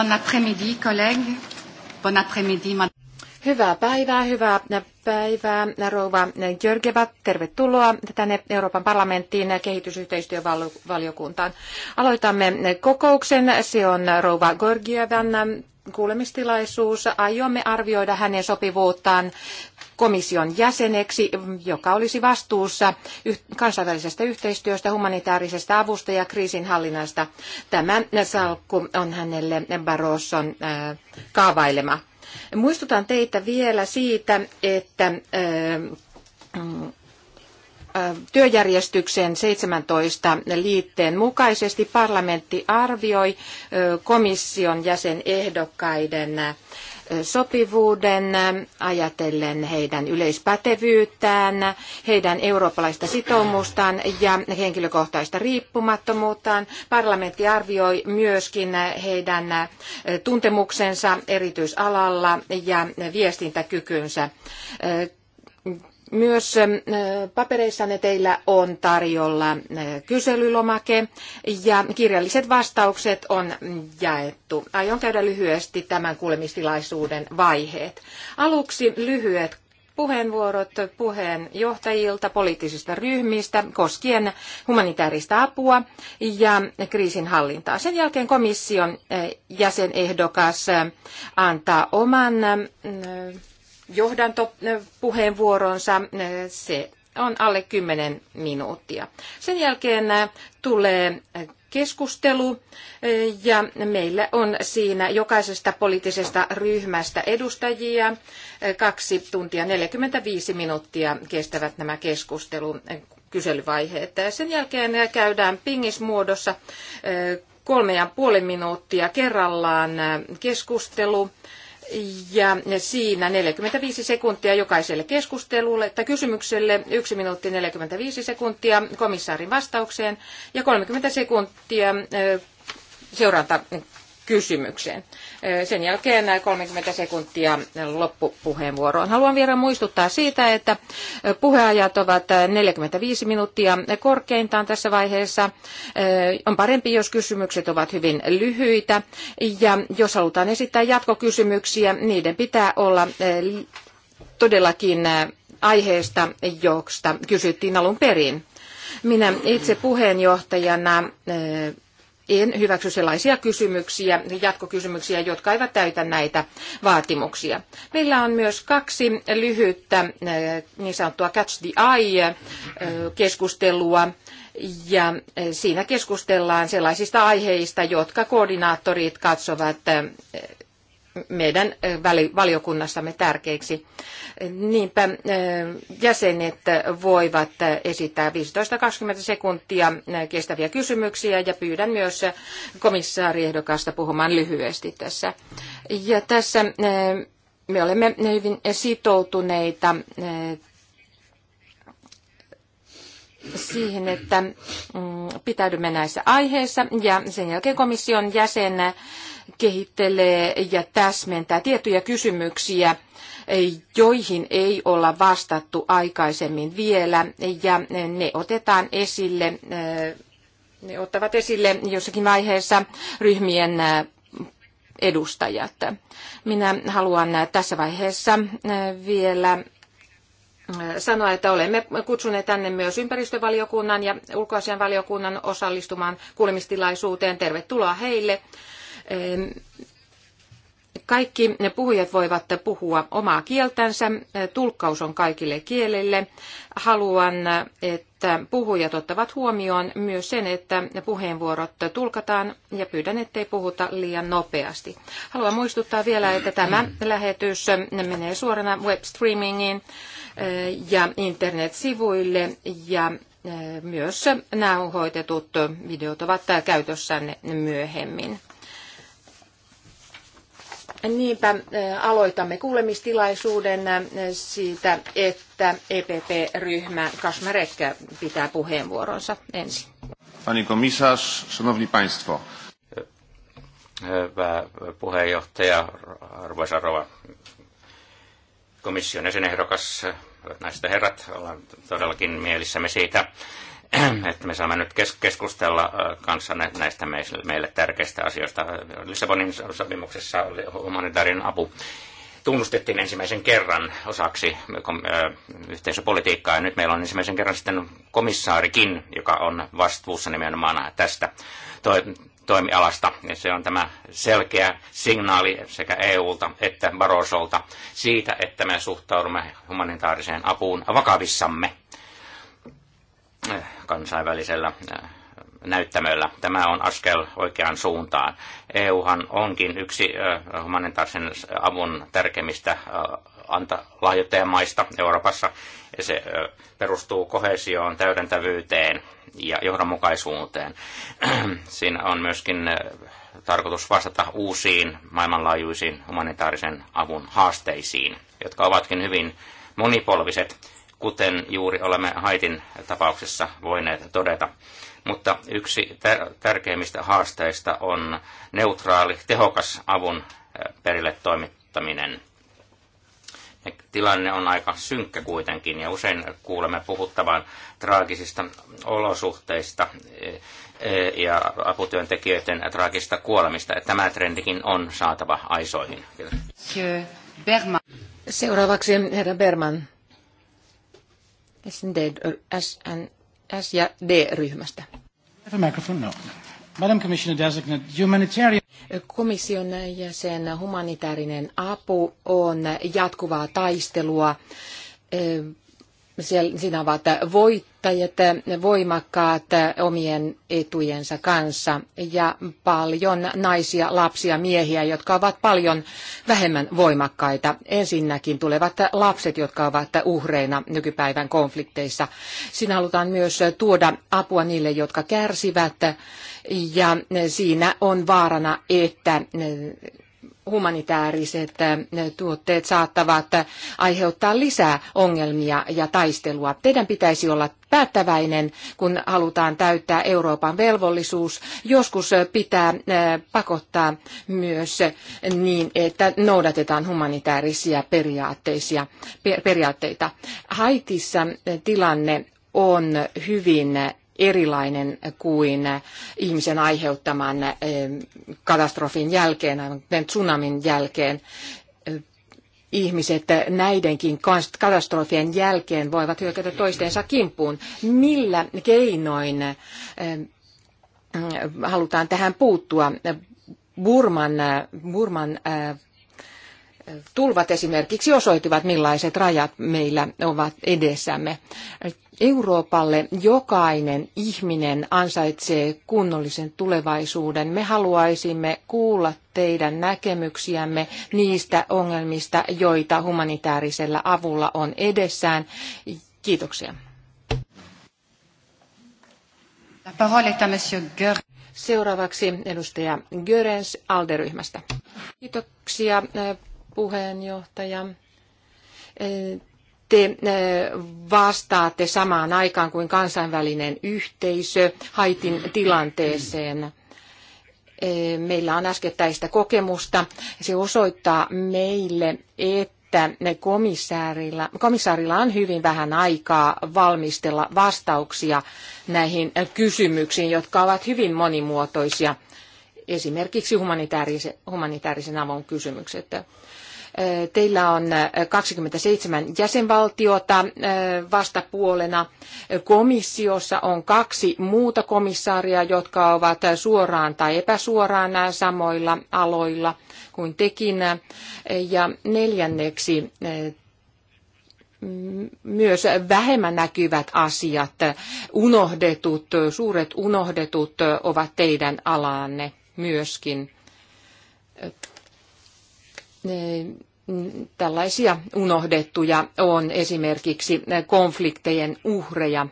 Bon après-midi, collègues. Bon après-midi, madame. Hyvää päivää, hyvää päivää, rouva Jörgeva. Tervetuloa tänne Euroopan parlamenttiin kehitysyhteistyövaliokuntaan. Aloitamme kokouksen. Se on rouva Gorgievan kuulemistilaisuus. Aiomme arvioida hänen sopivuuttaan komission jäseneksi, joka olisi vastuussa kansainvälisestä yhteistyöstä, humanitaarisesta avusta ja kriisinhallinnasta. Tämä salkku on hänelle Barroson äh, kaavailema. Muistutan teitä vielä siitä, että työjärjestyksen 17 liitteen mukaisesti parlamentti arvioi komission jäsenehdokkaiden sopivuuden ajatellen heidän yleispätevyyttään, heidän eurooppalaista sitoumustaan ja henkilökohtaista riippumattomuuttaan. Parlamentti arvioi myöskin heidän tuntemuksensa erityisalalla ja viestintäkykynsä. Myös papereissanne teillä on tarjolla kyselylomake ja kirjalliset vastaukset on jaettu. Aion käydä lyhyesti tämän kuulemistilaisuuden vaiheet. Aluksi lyhyet puheenvuorot puheenjohtajilta poliittisista ryhmistä koskien humanitaarista apua ja kriisinhallintaa. Sen jälkeen komission jäsenehdokas antaa oman johdantopuheenvuoronsa. Eh, eh, se on alle 10 minuuttia. Sen jälkeen eh, tulee keskustelu ja meillä on siinä jokaisesta poliittisesta ryhmästä edustajia. Kaksi tuntia 45 minuuttia kestävät nämä keskustelun kyselyvaiheet. Sen jälkeen käydään pingismuodossa kolme ja puoli minuuttia kerrallaan keskustelu ja siinä 45 sekuntia jokaiselle keskustelulle tai kysymykselle, 1 minuutti 45 sekuntia komissaarin vastaukseen ja 30 sekuntia seurantakysymykseen. kysymykseen. Sen jälkeen 30 sekuntia loppupuheenvuoroon. Haluan vielä muistuttaa siitä, että puheajat ovat 45 minuuttia korkeintaan tässä vaiheessa. On parempi, jos kysymykset ovat hyvin lyhyitä ja jos halutaan esittää jatkokysymyksiä, niiden pitää olla todellakin aiheesta, josta kysyttiin alun perin. Minä itse puheenjohtajana en hyväksy sellaisia kysymyksiä, jatkokysymyksiä, jotka eivät täytä näitä vaatimuksia. Meillä on myös kaksi lyhyttä eh, niin sanottua catch the eye-keskustelua. Eh, ja eh, siinä keskustellaan sellaisista aiheista, jotka koordinaattorit katsovat meidän valiokunnassamme tärkeiksi. Niinpä jäsenet voivat esittää 15-20 sekuntia kestäviä kysymyksiä ja pyydän myös komissaariehdokasta puhumaan lyhyesti tässä. Ja tässä me olemme hyvin sitoutuneita siihen, että mm, pitäydymme näissä aiheissa ja sen jälkeen komission jäsen kehittelee ja täsmentää tiettyjä kysymyksiä, joihin ei olla vastattu aikaisemmin vielä ja ne otetaan esille, eh, ne ottavat esille jossakin vaiheessa ryhmien eh, edustajat. Minä haluan eh, tässä vaiheessa vielä sanoa, että olemme kutsuneet tänne myös ympäristövaliokunnan ja ulkoasianvaliokunnan osallistumaan kuulemistilaisuuteen. Tervetuloa heille. Kaikki ne puhujat voivat puhua omaa kieltänsä. Tulkkaus on kaikille kielille. Haluan, että puhujat ottavat huomioon myös sen, että puheenvuorot tulkataan ja pyydän, ettei puhuta liian nopeasti. Haluan muistuttaa vielä, että tämä lähetys menee suorana webstreamingiin. streamingiin ja internetsivuille ja myös nauhoitetut videot ovat käytössänne myöhemmin. Niinpä aloitamme kuulemistilaisuuden siitä, että EPP-ryhmä Kasmarek pitää puheenvuoronsa ensin. Pani komisarz, szanowni państwo. Hyvä puheenjohtaja, arvoisa rouva komission jäsenehdokas, hyvät naiset ja herrat, ollaan todellakin mielissämme siitä, että me saamme nyt keskustella äh, kanssa näistä meille tärkeistä asioista. Lissabonin sopimuksessa humanitaarinen apu tunnustettiin ensimmäisen kerran osaksi äh, yhteisöpolitiikkaa ja nyt meillä on ensimmäisen kerran sitten komissaarikin, joka on vastuussa nimenomaan tästä toimialasta. Ja se on tämä selkeä signaali sekä EUlta että Barosolta siitä, että me suhtaudumme humanitaariseen apuun vakavissamme eh, kansainvälisellä eh, näyttämöllä. Tämä on askel oikeaan suuntaan. EUhan onkin yksi eh, humanitaarisen avun tärkeimmistä anta lahjoittajamaista Euroopassa. Ja se perustuu kohesioon, täydentävyyteen ja johdonmukaisuuteen. Siinä on myöskin tarkoitus vastata uusiin maailmanlaajuisiin humanitaarisen avun haasteisiin, jotka ovatkin hyvin monipolviset, kuten juuri olemme Haitin tapauksessa voineet todeta mutta yksi tärkeimmistä haasteista on neutraali, tehokas avun perille toimittaminen tilanne on aika synkkä kuitenkin ja usein kuulemme puhuttavan traagisista olosuhteista e, e, ja aputyöntekijöiden traagista kuolemista. Tämä trendikin on saatava aisoihin. Berman. Seuraavaksi herra Berman S- ja D-ryhmästä. Madam Commissioner Designate, humanitarian... Komission jäsen humanitaarinen apu on jatkuvaa taistelua siinä ovat voittajat, voimakkaat omien etujensa kanssa ja paljon naisia, lapsia, miehiä, jotka ovat paljon vähemmän voimakkaita. Ensinnäkin tulevat lapset, jotka ovat uhreina nykypäivän konflikteissa. Siinä halutaan myös tuoda apua niille, jotka kärsivät ja siinä on vaarana, että humanitaariset äh, tuotteet saattavat aiheuttaa lisää ongelmia ja taistelua. Teidän pitäisi olla päättäväinen, kun halutaan täyttää Euroopan velvollisuus. Joskus pitää äh, pakottaa myös niin, että noudatetaan humanitaarisia periaatteita. Haitissa tilanne on hyvin erilainen kuin ihmisen aiheuttaman eh, katastrofin jälkeen, aivan tsunamin jälkeen. Eh, ihmiset näidenkin katastrofien jälkeen voivat hyökätä toistensa kimppuun. Millä keinoin eh, mm, halutaan tähän puuttua? Burman, Burman tulvat esimerkiksi osoittivat, millaiset rajat meillä ovat edessämme. Euroopalle jokainen ihminen ansaitsee kunnollisen tulevaisuuden. Me haluaisimme kuulla teidän näkemyksiämme niistä ongelmista, joita humanitaarisella avulla on edessään. Kiitoksia. Seuraavaksi edustaja Görens Alderyhmästä. Kiitoksia puheenjohtaja. Te eh, vastaatte samaan aikaan kuin kansainvälinen yhteisö Haitin tilanteeseen. Eh, meillä on äskettäistä kokemusta. Se osoittaa meille, että että komissaarilla, komissaarilla on hyvin vähän aikaa valmistella vastauksia näihin kysymyksiin, jotka ovat hyvin monimuotoisia, esimerkiksi humanitaarisen, humanitaarisen avun kysymykset. Teillä on 27 jäsenvaltiota vastapuolena. Komissiossa on kaksi muuta komissaaria, jotka ovat suoraan tai epäsuoraan samoilla aloilla kuin tekin. Ja neljänneksi myös vähemmän näkyvät asiat, unohdetut, suuret unohdetut ovat teidän alaanne myöskin Tällaisia unohdettuja on esimerkiksi konfliktejen uhreja.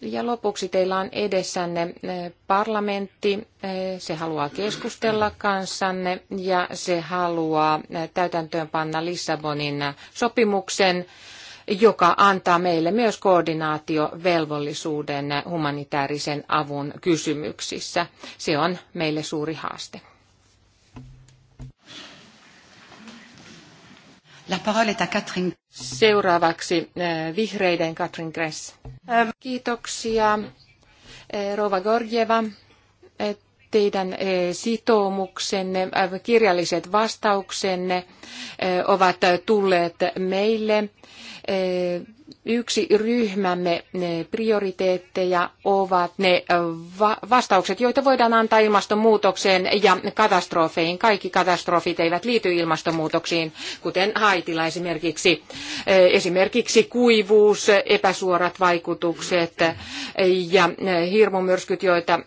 Ja lopuksi teillä on edessänne eh, parlamentti. Eh, se haluaa keskustella kanssanne ja se haluaa eh, täytäntöönpanna Lissabonin sopimuksen, joka antaa meille myös koordinaatiovelvollisuuden humanitaarisen avun kysymyksissä. Se on meille suuri haaste. La parole est à Catherine. Seuraavaksi eh, vihreiden Katrin Gress. Ähm. Kiitoksia eh, Rova Gorjeva eh, teidän sitoumuksenne, kirjalliset vastauksenne ovat tulleet meille Yksi ryhmämme prioriteetteja ovat ne vastaukset, joita voidaan antaa ilmastonmuutokseen ja katastrofeihin. Kaikki katastrofit eivät liity ilmastonmuutoksiin, kuten Haitilla esimerkiksi. Esimerkiksi kuivuus, epäsuorat vaikutukset ja hirmumyrskyt, joita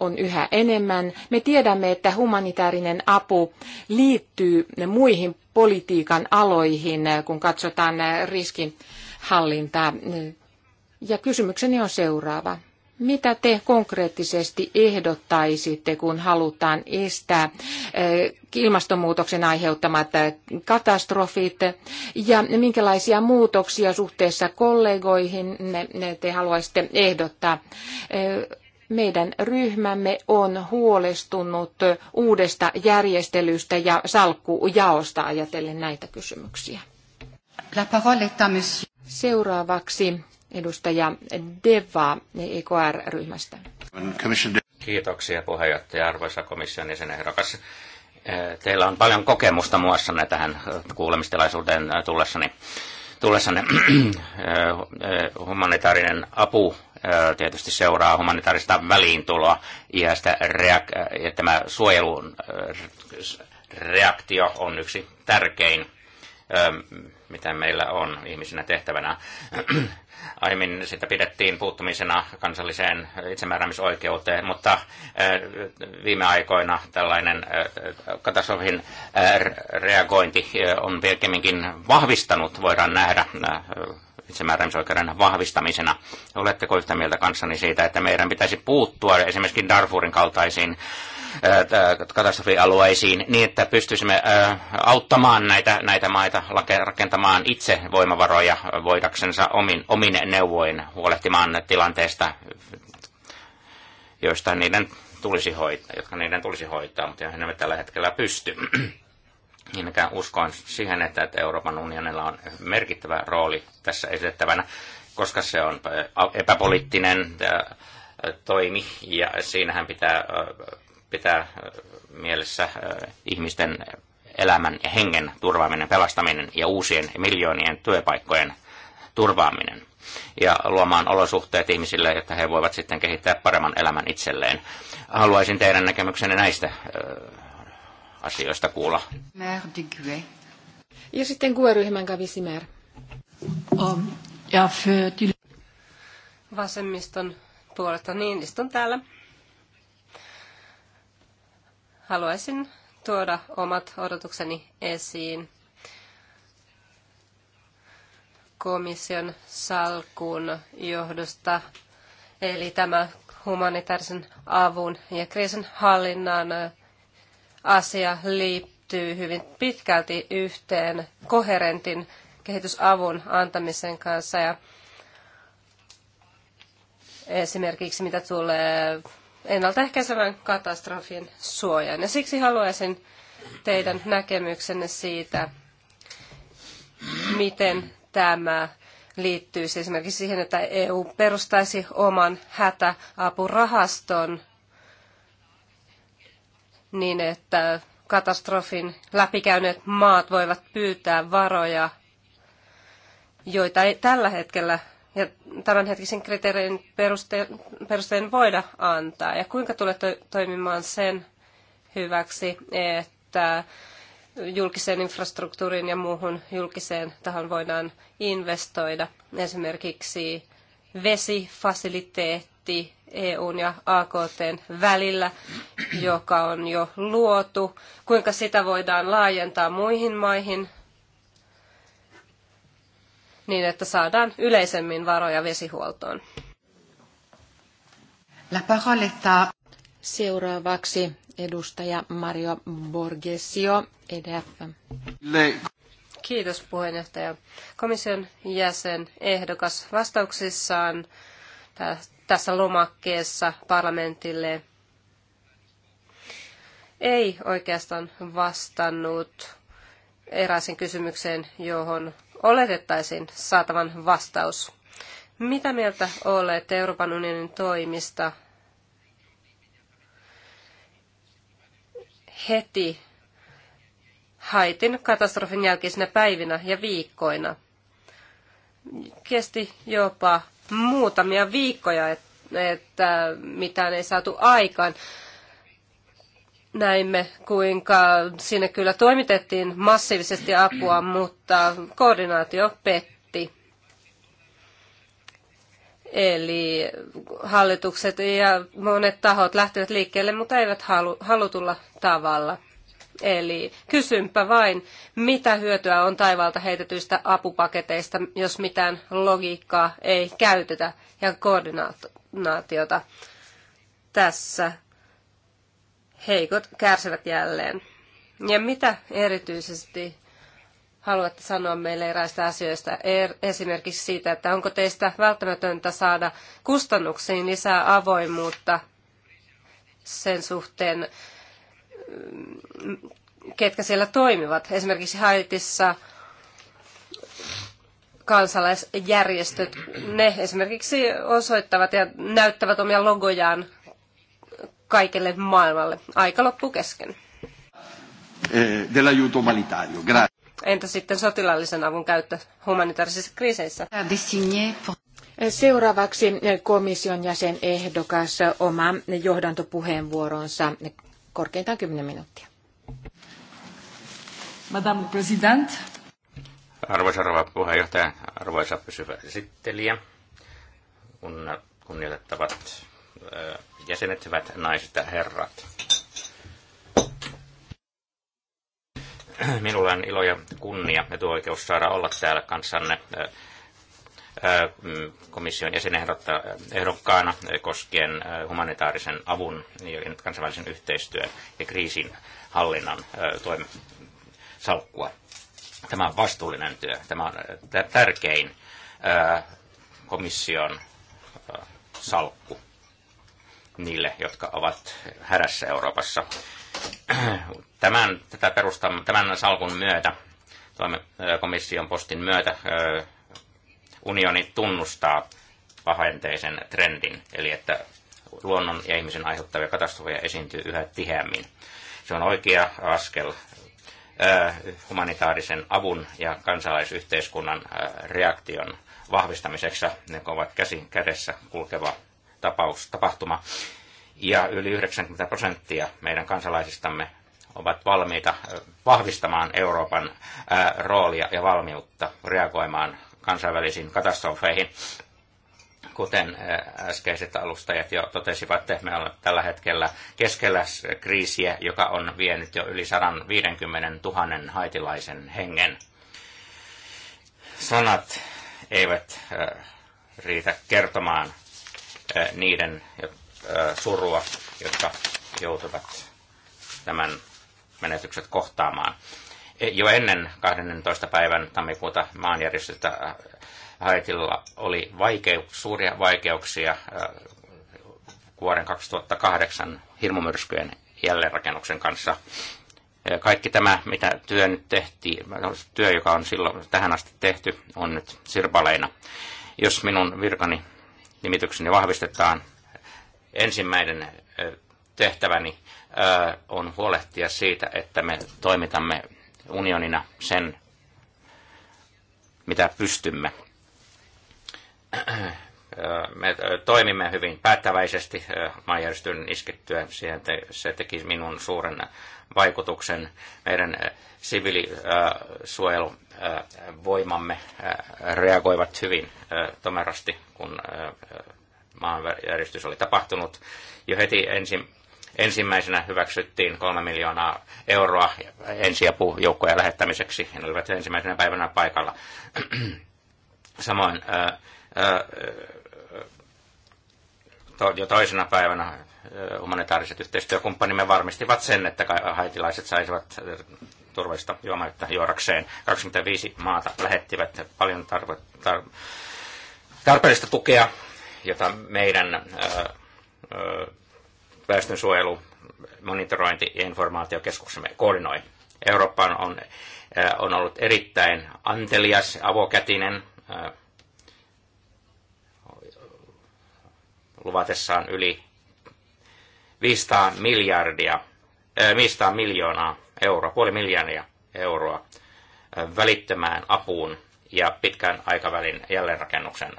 on yhä enemmän. Me tiedämme, että humanitaarinen apu liittyy muihin politiikan aloihin, kun katsotaan riskin hallintaa. Ja kysymykseni on seuraava. Mitä te konkreettisesti ehdottaisitte, kun halutaan estää eh, ilmastonmuutoksen aiheuttamat eh, katastrofit ja minkälaisia muutoksia suhteessa kollegoihin te haluaisitte ehdottaa? Eh, meidän ryhmämme on huolestunut uudesta järjestelystä ja salkkujaosta ajatellen näitä kysymyksiä. La parole est à monsieur. Seuraavaksi edustaja Deva EKR-ryhmästä. Kiitoksia puheenjohtaja, arvoisa komission jäsenen ehdokas. Eh, teillä on paljon kokemusta muassanne tähän eh, kuulemistilaisuuteen eh, tullessani. tullessanne. Humanitaarinen apu tietysti seuraa humanitaarista väliintuloa ja, sitä reak- ja tämä suojelun reaktio on yksi tärkein mitä meillä on ihmisinä tehtävänä. Aiemmin sitä pidettiin puuttumisena kansalliseen itsemääräämisoikeuteen, mutta viime aikoina tällainen katastrofin reagointi on pelkemminkin vahvistanut, voidaan nähdä itsemääräämisoikeuden vahvistamisena. Oletteko yhtä mieltä kanssani siitä, että meidän pitäisi puuttua esimerkiksi Darfurin kaltaisiin Äh, katastrofialueisiin niin, että pystyisimme äh, auttamaan näitä, näitä maita rakentamaan itse voimavaroja voidaksensa omin, omin neuvoin huolehtimaan tilanteesta, joista niiden tulisi hoitaa, jotka niiden tulisi hoitaa, mutta joihin emme tällä hetkellä pysty. Minäkään niin uskon siihen, että Euroopan unionilla on merkittävä rooli tässä esitettävänä, koska se on äh, epäpoliittinen toimi ja siinähän pitää pitää äh, mielessä äh, ihmisten elämän ja hengen turvaaminen, pelastaminen ja uusien miljoonien työpaikkojen turvaaminen ja luomaan olosuhteet ihmisille, että he voivat sitten kehittää paremman elämän itselleen. Haluaisin teidän näkemyksenne näistä äh, asioista kuulla. Ja sitten QE-ryhmän kävi Simer. Um, Vasemmiston puolesta niin istun täällä haluaisin tuoda omat odotukseni esiin komission salkun johdosta. Eli tämä humanitaarisen avun ja kriisin hallinnan asia liittyy hyvin pitkälti yhteen koherentin kehitysavun antamisen kanssa. Ja esimerkiksi mitä tulee ennaltaehkäisevän katastrofin suojaan. Ja siksi haluaisin teidän näkemyksenne siitä, miten tämä liittyy esimerkiksi siihen, että EU perustaisi oman hätäapurahaston niin, että katastrofin läpikäyneet maat voivat pyytää varoja, joita ei tällä hetkellä ja tämänhetkisen kriteerin perusteen, perusteen voida antaa? Ja kuinka tulee to, toimimaan sen hyväksi, että julkiseen infrastruktuuriin ja muuhun julkiseen tähän voidaan investoida. Esimerkiksi vesifasiliteetti EUn ja AKTn välillä, joka on jo luotu. Kuinka sitä voidaan laajentaa muihin maihin niin, että saadaan yleisemmin varoja vesihuoltoon. La Seuraavaksi edustaja Mario Borgesio, EDF. Le- Kiitos puheenjohtaja. Komission jäsen ehdokas vastauksissaan tässä lomakkeessa parlamentille ei oikeastaan vastannut eräisen kysymykseen, johon oletettaisiin saatavan vastaus. Mitä mieltä olette Euroopan unionin toimista heti Haitin katastrofin jälkeisinä päivinä ja viikkoina? Kesti jopa muutamia viikkoja, että mitään ei saatu aikaan näimme, kuinka sinne kyllä toimitettiin massiivisesti apua, mutta koordinaatio petti. Eli hallitukset ja monet tahot lähtivät liikkeelle, mutta eivät halu, halutulla tavalla. Eli kysynpä vain, mitä hyötyä on taivaalta heitetyistä apupaketeista, jos mitään logiikkaa ei käytetä ja koordinaatiota tässä heikot kärsivät jälleen. Ja mitä erityisesti haluatte sanoa meille eräistä asioista, er- esimerkiksi siitä, että onko teistä välttämätöntä saada kustannuksiin lisää avoimuutta sen suhteen, ketkä siellä toimivat. Esimerkiksi Haitissa kansalaisjärjestöt, ne esimerkiksi osoittavat ja näyttävät omia logojaan kaikelle maailmalle. Aika loppu kesken. Eh, dell'aiuto umanitario. Grazie. Entä sitten sotilaallisen avun käyttö humanitaarisissa kriiseissä? Eh, seuraavaksi eh, komission jäsen ehdokas oma johdantopuheenvuoronsa korkeintaan 10 minuuttia. Madame President. Arvoisa rouva puheenjohtaja, arvoisa pysyvä esittelijä, kun kunnioitettavat jäsenet, hyvät naiset ja herrat. Minulla on ilo ja kunnia ja tuo oikeus saada olla täällä kanssanne komission jäsenehdokkaana koskien humanitaarisen avun, kansainvälisen yhteistyön ja kriisin hallinnan salkkua. Tämä on vastuullinen työ. Tämä on tärkein komission salkku niille, jotka ovat hädässä Euroopassa. Tämän, tätä perustan, tämän salkun myötä, komission postin myötä, unioni tunnustaa pahenteisen trendin, eli että luonnon ja ihmisen aiheuttavia katastrofeja esiintyy yhä tiheämmin. Se on oikea askel humanitaarisen avun ja kansalaisyhteiskunnan reaktion vahvistamiseksi, ne ovat käsi kädessä kulkeva tapaus, tapahtuma. Ja yli 90 prosenttia meidän kansalaisistamme ovat valmiita vahvistamaan Euroopan roolia ja valmiutta reagoimaan kansainvälisiin katastrofeihin. Kuten äskeiset alustajat jo totesivat, että me olemme tällä hetkellä keskellä kriisiä, joka on vienyt jo yli 150 000 haitilaisen hengen. Sanat eivät riitä kertomaan Äh, niiden äh, surua, jotka joutuvat tämän menetykset kohtaamaan. E, jo ennen 12. päivän tammikuuta maanjärjestöstä äh, Haitilla oli vaikeuk- suuria vaikeuksia vuoden 2008 hirmumyrskyjen jälleenrakennuksen kanssa. Kaikki tämä, mitä työ nyt tehtiin, työ, joka on silloin tähän asti tehty, on nyt sirpaleina. Jos minun virkani nimitykseni vahvistetaan. Ensimmäinen tehtäväni on huolehtia siitä, että me toimitamme unionina sen, mitä pystymme me toimimme hyvin päättäväisesti maanjärjestön iskittyä Siihen te, se teki minun suuren vaikutuksen. Meidän siviilisuojeluvoimamme reagoivat hyvin tomerasti, kun maanjärjestys oli tapahtunut. Jo heti ensi, ensimmäisenä hyväksyttiin kolme miljoonaa euroa ensiapujoukkojen lähettämiseksi. Ne olivat ensimmäisenä päivänä paikalla. Samoin ää, ää, jo toisena päivänä humanitaariset yhteistyökumppanimme varmistivat sen, että haitilaiset saisivat turvallista juomautta juorakseen. 25 maata lähettivät paljon tarve, tar, tarpeellista tukea, jota meidän väestönsuojelu, monitorointi- ja informaatiokeskuksemme koordinoi. Eurooppa on, on ollut erittäin antelias, avokätinen, ää, luvatessaan yli 500 miljardia, äh, 500 miljoonaa euroa, puoli miljardia euroa välittömään apuun ja pitkän aikavälin jälleenrakennuksen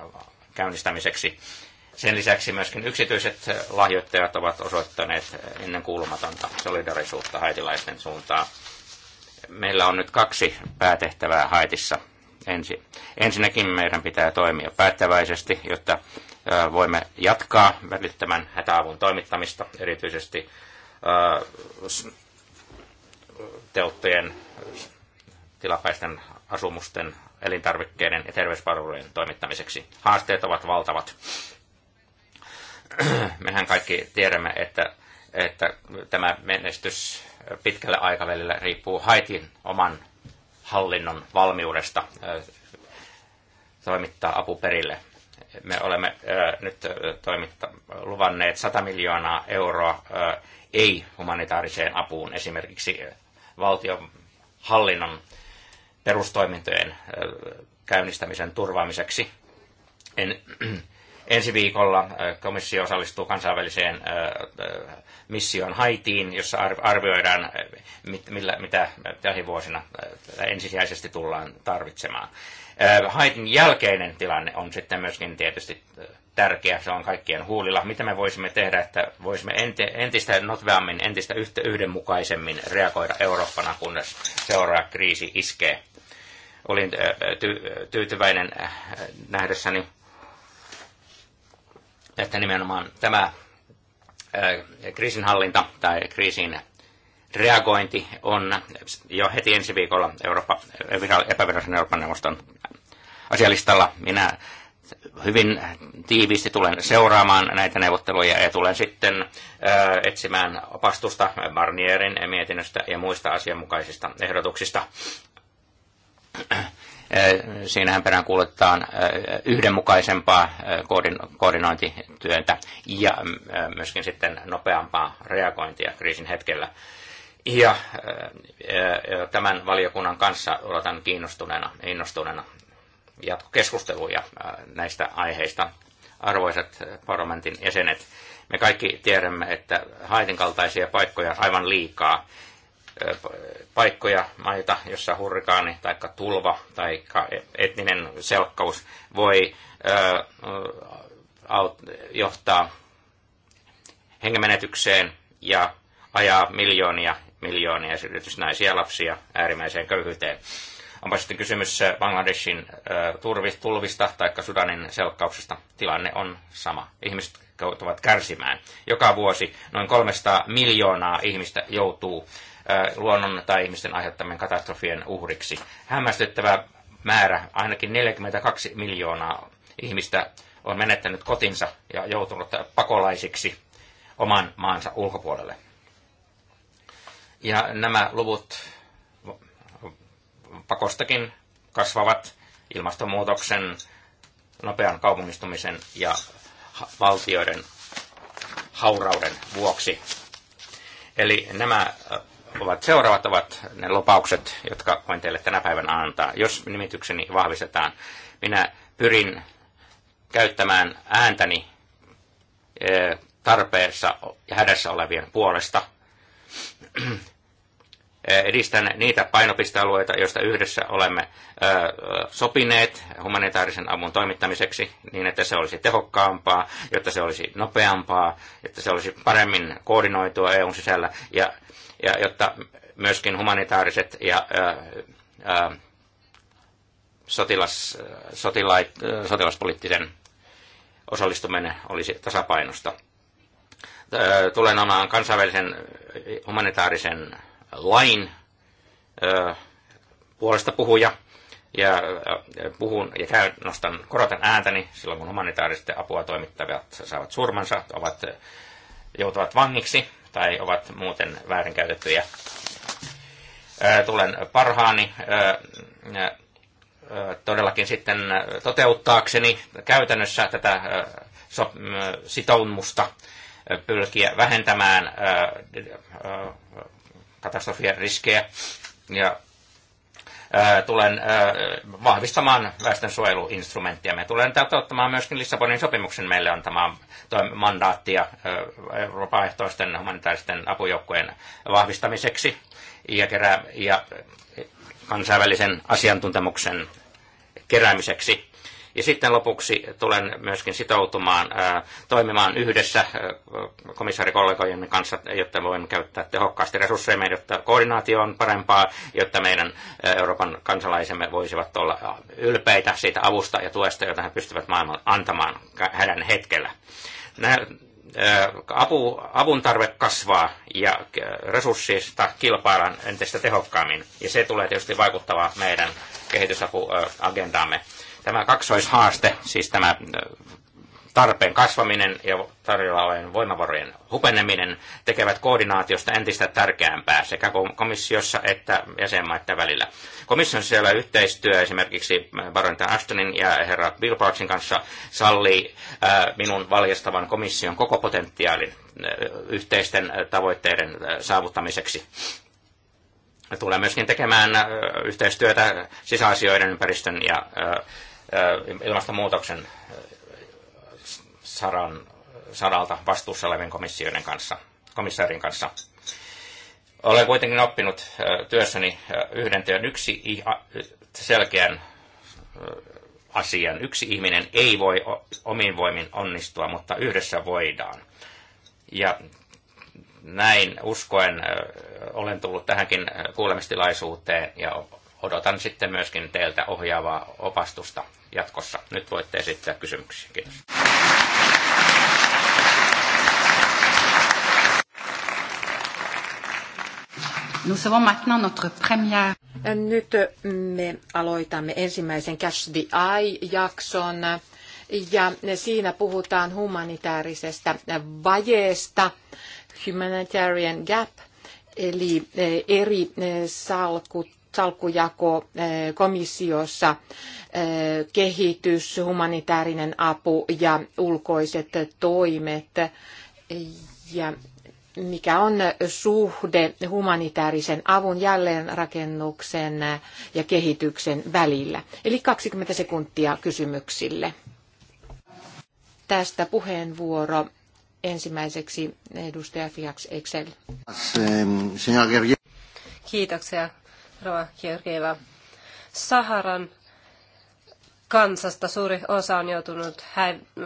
käynnistämiseksi. Sen lisäksi myöskin yksityiset lahjoittajat ovat osoittaneet ennen kuulumatonta solidarisuutta haitilaisten suuntaan. Meillä on nyt kaksi päätehtävää Haitissa. Ensi, ensinnäkin meidän pitää toimia päättäväisesti, jotta voimme jatkaa välittömän hätäavun toimittamista, erityisesti teottojen, tilapäisten asumusten, elintarvikkeiden ja terveyspalvelujen toimittamiseksi. Haasteet ovat valtavat. Mehän kaikki tiedämme, että, että tämä menestys pitkällä aikavälillä riippuu Haitin oman hallinnon valmiudesta toimittaa apu perille me olemme nyt toimitta, luvanneet 100 miljoonaa euroa ei-humanitaariseen apuun esimerkiksi valtion hallinnon perustoimintojen käynnistämisen turvaamiseksi. En, ensi viikolla komissio osallistuu kansainväliseen missioon Haitiin, jossa arvioidaan, mit, millä, mitä lähivuosina ensisijaisesti tullaan tarvitsemaan haitin jälkeinen tilanne on sitten myöskin tietysti tärkeä, se on kaikkien huulilla. Mitä me voisimme tehdä, että voisimme entistä notveammin, entistä yhdenmukaisemmin reagoida Eurooppana, kunnes seuraava kriisi iskee. Olin tyytyväinen äh, nähdessäni, että nimenomaan tämä kriisinhallinta tai kriisin reagointi on jo heti ensi viikolla Eurooppa, epävirallisen Euroopan neuvoston asialistalla. Minä hyvin tiiviisti tulen seuraamaan näitä neuvotteluja ja tulen sitten äh, etsimään opastusta Barnierin mietinnöstä ja muista asianmukaisista ehdotuksista. Äh, siinähän perään kuuletaan äh, yhdenmukaisempaa koordinointityötä ja myöskin sitten nopeampaa reagointia kriisin hetkellä. Ja tämän valiokunnan kanssa odotan kiinnostuneena, innostuneena jatkokeskusteluja näistä aiheista. Arvoisat parlamentin jäsenet, me kaikki tiedämme, että Haitin kaltaisia paikkoja aivan liikaa. Paikkoja, maita, jossa hurrikaani tai tulva tai etninen selkkaus voi johtaa hengenmenetykseen ja ajaa miljoonia, miljoonia yritysnaisia lapsia äärimmäiseen köyhyyteen Onpa sitten kysymys äh, Bangladeshin äh, tulvista tai Sudanin selkkauksesta, tilanne on sama. Ihmiset joutuvat kärsimään. Joka vuosi noin 300 miljoonaa ihmistä joutuu äh, luonnon tai ihmisten aiheuttamien katastrofien uhriksi. Hämmästyttävä määrä, ainakin 42 miljoonaa ihmistä on menettänyt kotinsa ja joutunut pakolaisiksi oman maansa ulkopuolelle. Ja nämä luvut pakostakin kasvavat ilmastonmuutoksen, nopean kaupungistumisen ja valtioiden haurauden vuoksi. Eli nämä ovat seuraavat ovat ne lopaukset, jotka voin teille tänä päivänä antaa. Jos nimitykseni vahvistetaan, minä pyrin käyttämään ääntäni tarpeessa ja hädässä olevien puolesta edistän niitä painopistealueita, joista yhdessä olemme sopineet humanitaarisen avun toimittamiseksi niin, että se olisi tehokkaampaa, jotta se olisi nopeampaa, että se olisi paremmin koordinoitua EUn sisällä ja, ja jotta myöskin humanitaariset ja ää, ää, sotilas, sotilait, sotilaspoliittisen osallistuminen olisi tasapainosta. Tulen omaan kansainvälisen humanitaarisen lain puolesta puhuja ja puhun ja käyn, nostan, korotan ääntäni silloin, kun humanitaariset apua toimittavat saavat surmansa, ovat, joutuvat vangiksi tai ovat muuten väärinkäytettyjä. Tulen parhaani todellakin sitten toteuttaakseni käytännössä tätä sitoumusta pyrkiä vähentämään katastrofien riskejä. Ja tulen vahvistamaan väestönsuojeluinstrumenttia. Me tulen toteuttamaan myöskin Lissabonin sopimuksen meille antamaan mandaattia vapaaehtoisten humanitaaristen apujoukkojen vahvistamiseksi ja, kerää, ja kansainvälisen asiantuntemuksen keräämiseksi. Ja sitten lopuksi tulen myöskin sitoutumaan toimimaan yhdessä komissaarikollegojen kanssa, jotta voimme käyttää tehokkaasti resursseja, jotta koordinaatio on parempaa, jotta meidän Euroopan kansalaisemme voisivat olla ylpeitä siitä avusta ja tuesta, jota he pystyvät maailman antamaan hädän hetkellä. Nämä apu, avun tarve kasvaa ja resursseista kilpaillaan entistä tehokkaammin. Ja se tulee tietysti vaikuttavaa meidän kehitysapuagendaamme. Tämä kaksoishaaste, siis tämä tarpeen kasvaminen ja tarjolla olevien voimavarojen hupeneminen tekevät koordinaatiosta entistä tärkeämpää sekä komissiossa että jäsenmaiden välillä. Komission siellä yhteistyö esimerkiksi Baronita Ashtonin ja herra Bilbaaksin kanssa sallii minun valjastavan komission koko potentiaalin yhteisten tavoitteiden saavuttamiseksi. Tulee myöskin tekemään yhteistyötä sisäasioiden, ympäristön ja ilmastonmuutoksen saran, saralta vastuussa olevien komissioiden kanssa, komissaarin kanssa. Olen kuitenkin oppinut työssäni yhden työn yksi selkeän asian. Yksi ihminen ei voi omin voimin onnistua, mutta yhdessä voidaan. Ja näin uskoen olen tullut tähänkin kuulemistilaisuuteen ja odotan sitten myöskin teiltä ohjaavaa opastusta jatkossa. Nyt voitte esittää kysymyksiä. Kiitos. Nous avons maintenant notre première... Nyt me aloitamme ensimmäisen Cash the Eye-jakson ja siinä puhutaan humanitaarisesta vajeesta, humanitarian gap, eli eri salkut salkkujako eh, komissiossa, eh, kehitys, humanitaarinen apu ja ulkoiset toimet. Ja mikä on suhde humanitaarisen avun jälleenrakennuksen ja kehityksen välillä. Eli 20 sekuntia kysymyksille. Tästä puheenvuoro ensimmäiseksi edustaja Fiax Excel. Kiitoksia Rova Saharan kansasta suuri osa on joutunut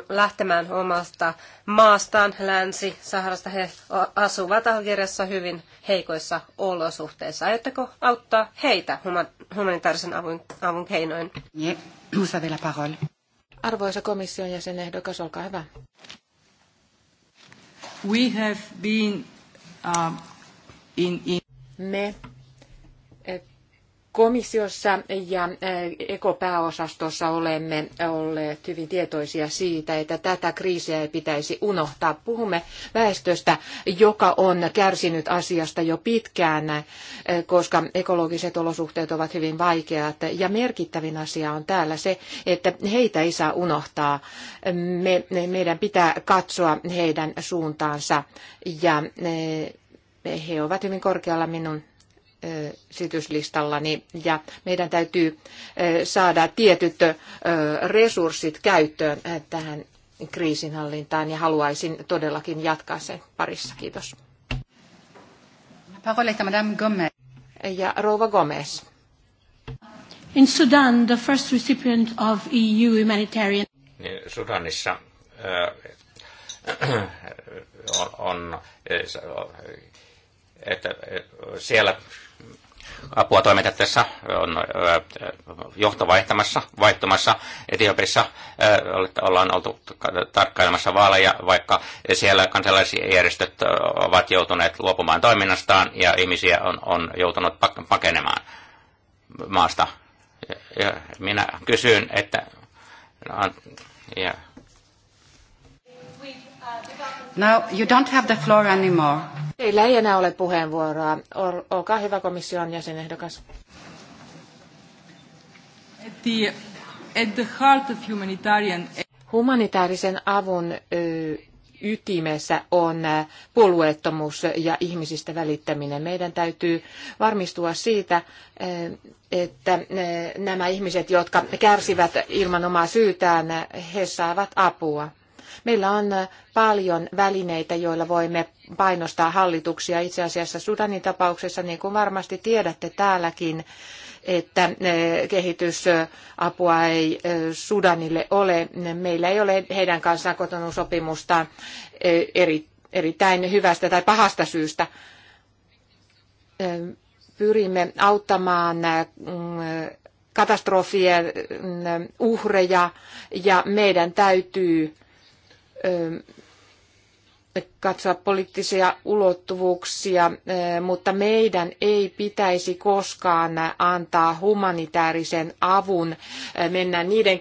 lähtemään omasta maastaan Länsi-Saharasta. He asuvat Algeriassa hyvin heikoissa olosuhteissa. Aiotteko auttaa heitä humanitaarisen avun, avun keinoin? Arvoisa komission ehdokas, olkaa hyvä. We have been, uh, in, in... Me Komissiossa ja eh, ekopääosastossa olemme olleet hyvin tietoisia siitä, että tätä kriisiä ei pitäisi unohtaa. Puhumme väestöstä, joka on kärsinyt asiasta jo pitkään, eh, koska ekologiset olosuhteet ovat hyvin vaikeat. Ja merkittävin asia on täällä se, että heitä ei saa unohtaa. Me, meidän pitää katsoa heidän suuntaansa ja eh, he ovat hyvin korkealla minun esityslistallani ja meidän täytyy saada tietyt resurssit käyttöön tähän kriisinhallintaan ja haluaisin todellakin jatkaa sen parissa. Kiitos. Ja Rouva Gomez. In Sudan, the first recipient of EU humanitarian... Niin, Sudanissa on, on, että siellä apua toimitettaessa on johto vaihtamassa, vaihtumassa. Etiopissa ollaan oltu tarkkailemassa vaaleja, vaikka siellä kansalaisjärjestöt ovat joutuneet luopumaan toiminnastaan ja ihmisiä on, on joutunut pakenemaan maasta. Ja minä kysyn, että... Ja. Now you don't have the floor anymore. Teillä ei enää ole puheenvuoroa. Olkaa hyvä komission jäsenehdokas. Humanitaarisen avun ytimessä on puolueettomuus ja ihmisistä välittäminen. Meidän täytyy varmistua siitä, että nämä ihmiset, jotka kärsivät ilman omaa syytään, he saavat apua. Meillä on paljon välineitä, joilla voimme painostaa hallituksia. Itse asiassa Sudanin tapauksessa, niin kuin varmasti tiedätte täälläkin, että eh, kehitysapua ei eh, Sudanille ole. Meillä ei ole heidän kanssaan kotonusopimustaan eh, eri, erittäin hyvästä tai pahasta syystä. Pyrimme auttamaan katastrofien uhreja ja meidän täytyy katsoa poliittisia ulottuvuuksia, mutta meidän ei pitäisi koskaan antaa humanitaarisen avun mennä niiden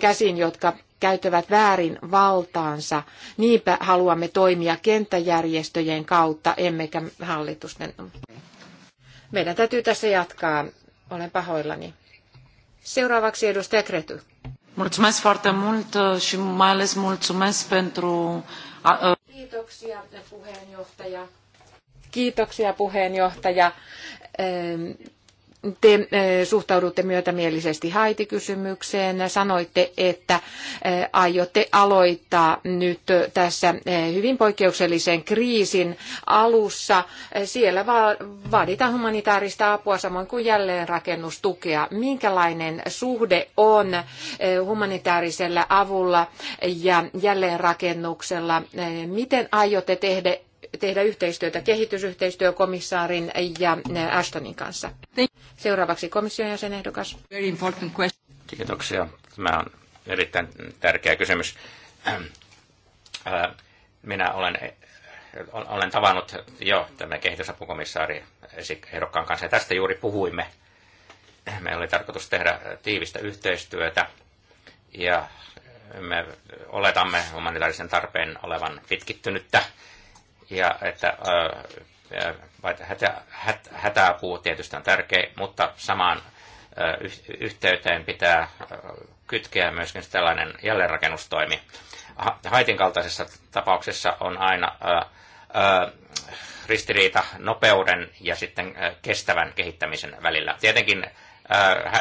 käsiin, jotka käyttävät väärin valtaansa. Niinpä haluamme toimia kenttäjärjestöjen kautta, emmekä hallitusten. Meidän täytyy tässä jatkaa. Olen pahoillani. Seuraavaksi edustaja Krety. Mulțumesc foarte mult uh, și mai ales mulțumesc pentru... Uh, Kiitoksia puheenjohtaja. Kiitoksia puheenjohtaja te eh, suhtaudutte myötämielisesti Haiti-kysymykseen. Sanoitte, että eh, aiotte aloittaa nyt tässä eh, hyvin poikkeuksellisen kriisin alussa. Siellä vaaditaan humanitaarista apua samoin kuin jälleenrakennustukea. Minkälainen suhde on humanitaarisella avulla ja jälleenrakennuksella? Miten aiotte tehdä tehdä yhteistyötä kehitysyhteistyökomissaarin ja Ashtonin kanssa. Seuraavaksi komission jäsenehdokas. Kiitoksia. Tämä on erittäin tärkeä kysymys. Äh, minä olen, äh, olen tavannut jo tämän kehitysapukomissaari ehdokkaan kanssa ja tästä juuri puhuimme. Meillä oli tarkoitus tehdä tiivistä yhteistyötä ja me oletamme humanitaarisen tarpeen olevan pitkittynyttä ja että hätä, hätä, hätäapu tietysti on tärkeä, mutta samaan yhteyteen pitää kytkeä myöskin tällainen jälleenrakennustoimi. Haitin kaltaisessa tapauksessa on aina ristiriita nopeuden ja sitten kestävän kehittämisen välillä. Tietenkin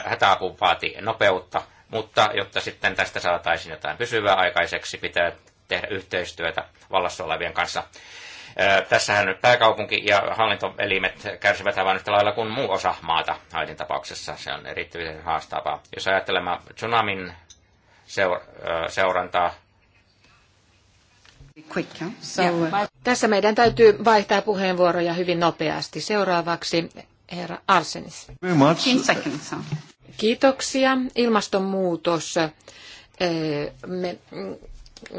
hätäapu vaatii nopeutta, mutta jotta sitten tästä saataisiin jotain pysyvää aikaiseksi, pitää tehdä yhteistyötä vallassa olevien kanssa. Tässähän nyt pääkaupunki ja hallintoelimet kärsivät aivan yhtä lailla kuin muu osa maata Haitin tapauksessa. Se on erityisen haastavaa. Jos ajattelemme tsunamin seura- seurantaa, uh, tässä meidän täytyy vaihtaa puheenvuoroja hyvin nopeasti. Seuraavaksi herra Arsenis. Kiitoksia. Ilmastonmuutos. Me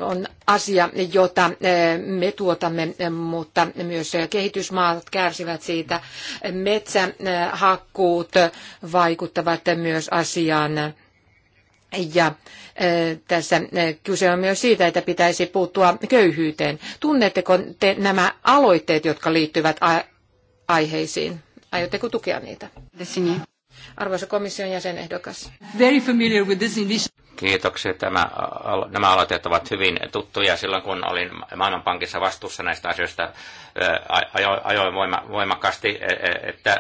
on asia, jota eh, me tuotamme, eh, mutta myös kehitysmaat kärsivät siitä. Metsähakkuut vaikuttavat myös asiaan. Ja eh, tässä kyse on myös siitä, että pitäisi puuttua köyhyyteen. Tunnetteko te nämä aloitteet, jotka liittyvät aiheisiin? Aiotteko tukea niitä? Arvoisa komission jäsenehdokas. Very familiar with this initiative. Kiitoksia. Tämä, nämä aloitteet ovat hyvin tuttuja silloin, kun olin Maailmanpankissa vastuussa näistä asioista. Ajoin voimakkaasti, e- e- että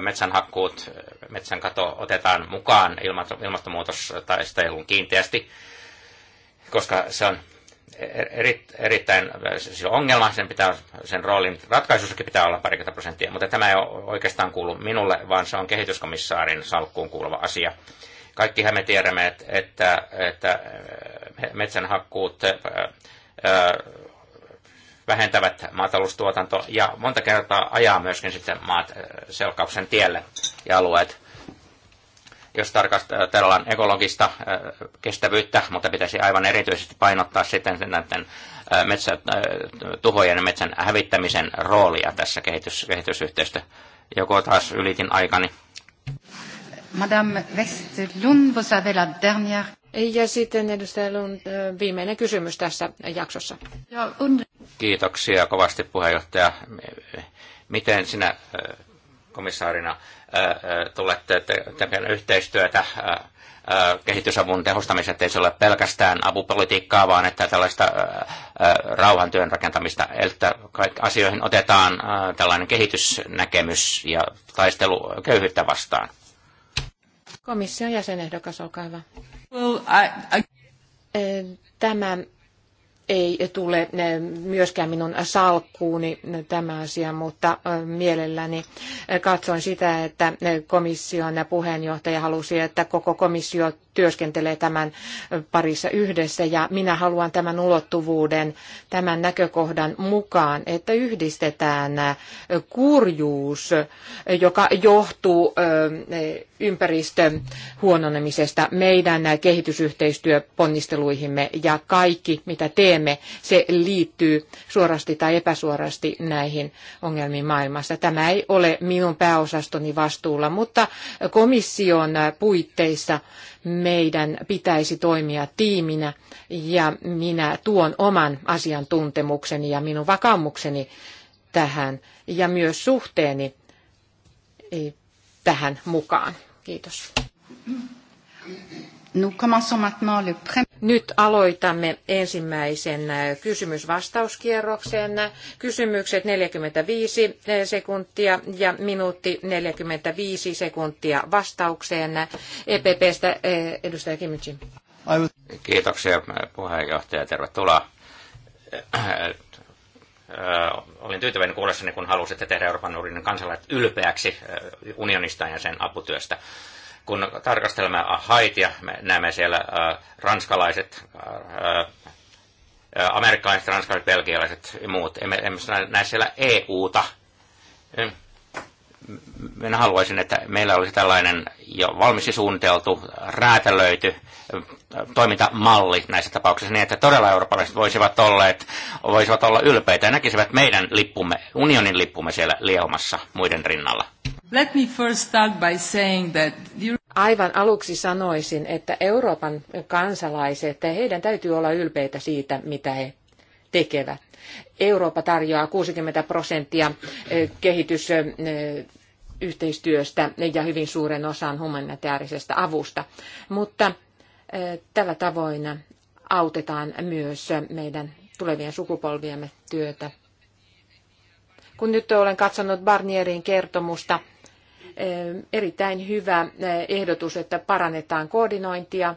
metsänhakkuut, metsänkato otetaan mukaan ilmastonmuutostaistelun kiinteästi, koska se on Er, eri, erittäin siis ongelma, sen, pitää, sen roolin ratkaisussakin pitää olla parikymmentä prosenttia, mutta tämä ei ole oikeastaan kuulu minulle, vaan se on kehityskomissaarin salkkuun kuuluva asia. Kaikkihan me tiedämme, että, että, että eh, metsänhakkuut eh, eh, vähentävät maataloustuotanto ja monta kertaa ajaa myöskin sitten maat selkauksen tielle ja alueet jos tarkastellaan ekologista äh, kestävyyttä, mutta pitäisi aivan erityisesti painottaa sitten näiden äh, metsä, äh, tuhojen ja metsän hävittämisen roolia tässä kehitys, kehitysyhteistyö. Joko taas ylitin aikani. Madame Westlund, vous avez la dernière. Ja sitten edustaja Lund, viimeinen kysymys tässä jaksossa. Kiitoksia kovasti puheenjohtaja. Miten sinä komissaarina tulette tekemään yhteistyötä kehitysavun tehostamiset ettei se ole pelkästään apupolitiikkaa, vaan että tällaista rauhantyön rakentamista, että asioihin otetaan tällainen kehitysnäkemys ja taistelu köyhyyttä vastaan. Komission jäsenehdokas, olkaa hyvä. Well, I, I... Tämä ei tule eh, myöskään minun salkkuuni tämä asia, mutta eh, mielelläni eh, katsoin sitä, että komission puheenjohtaja halusi, että koko komissio työskentelee tämän parissa yhdessä ja minä haluan tämän ulottuvuuden, tämän näkökohdan mukaan, että yhdistetään kurjuus, joka johtuu ympäristön huononemisesta meidän kehitysyhteistyöponnisteluihimme ja kaikki, mitä teemme, se liittyy suorasti tai epäsuorasti näihin ongelmiin maailmassa. Tämä ei ole minun pääosastoni vastuulla, mutta komission puitteissa meidän pitäisi toimia tiiminä ja minä tuon oman asiantuntemukseni ja minun vakaumukseni tähän ja myös suhteeni tähän mukaan. Kiitos. Nyt aloitamme ensimmäisen äh, kysymysvastauskierroksen. Kysymykset 45 äh, sekuntia ja minuutti 45 sekuntia vastaukseen. EPPstä äh, edustaja Kimchi. Kiitoksia puheenjohtaja, tervetuloa. Olin tyytyväinen kuullessani, kun halusitte tehdä Euroopan unionin kansalaiset ylpeäksi unionista ja sen aputyöstä kun tarkastelemme Haitia, me näemme siellä äh, ranskalaiset, äh, äh, amerikkalaiset, ranskalaiset, belgialaiset ja muut. Emme, emme näe siellä EUta. Hm. Minä haluaisin, että meillä olisi tällainen jo valmiiksi suunniteltu, räätälöity toimintamalli näissä tapauksissa niin, että todella eurooppalaiset voisivat, olleet, voisivat olla ylpeitä ja näkisivät meidän lippumme, unionin lippumme siellä liehomassa muiden rinnalla. Let me first start by saying that Aivan aluksi sanoisin, että Euroopan kansalaiset, heidän täytyy olla ylpeitä siitä, mitä he tekevät. Eurooppa tarjoaa 60 prosenttia eh, kehitysyhteistyöstä eh, ja hyvin suuren osan humanitaarisesta avusta, mutta eh, tällä tavoin autetaan myös meidän tulevien sukupolviemme työtä. Kun nyt olen katsonut Barnierin kertomusta, erittäin hyvä ehdotus, että parannetaan koordinointia.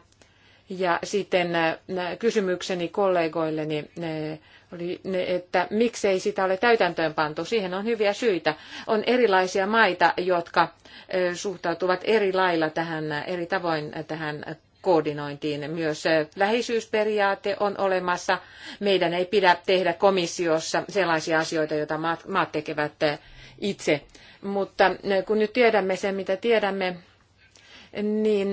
Ja sitten kysymykseni kollegoilleni oli, että miksei sitä ole täytäntöönpanto? Siihen on hyviä syitä. On erilaisia maita, jotka suhtautuvat eri lailla tähän, eri tavoin tähän koordinointiin. Myös läheisyysperiaate on olemassa. Meidän ei pidä tehdä komissiossa sellaisia asioita, joita maat tekevät itse. Mutta kun nyt tiedämme sen, mitä tiedämme, niin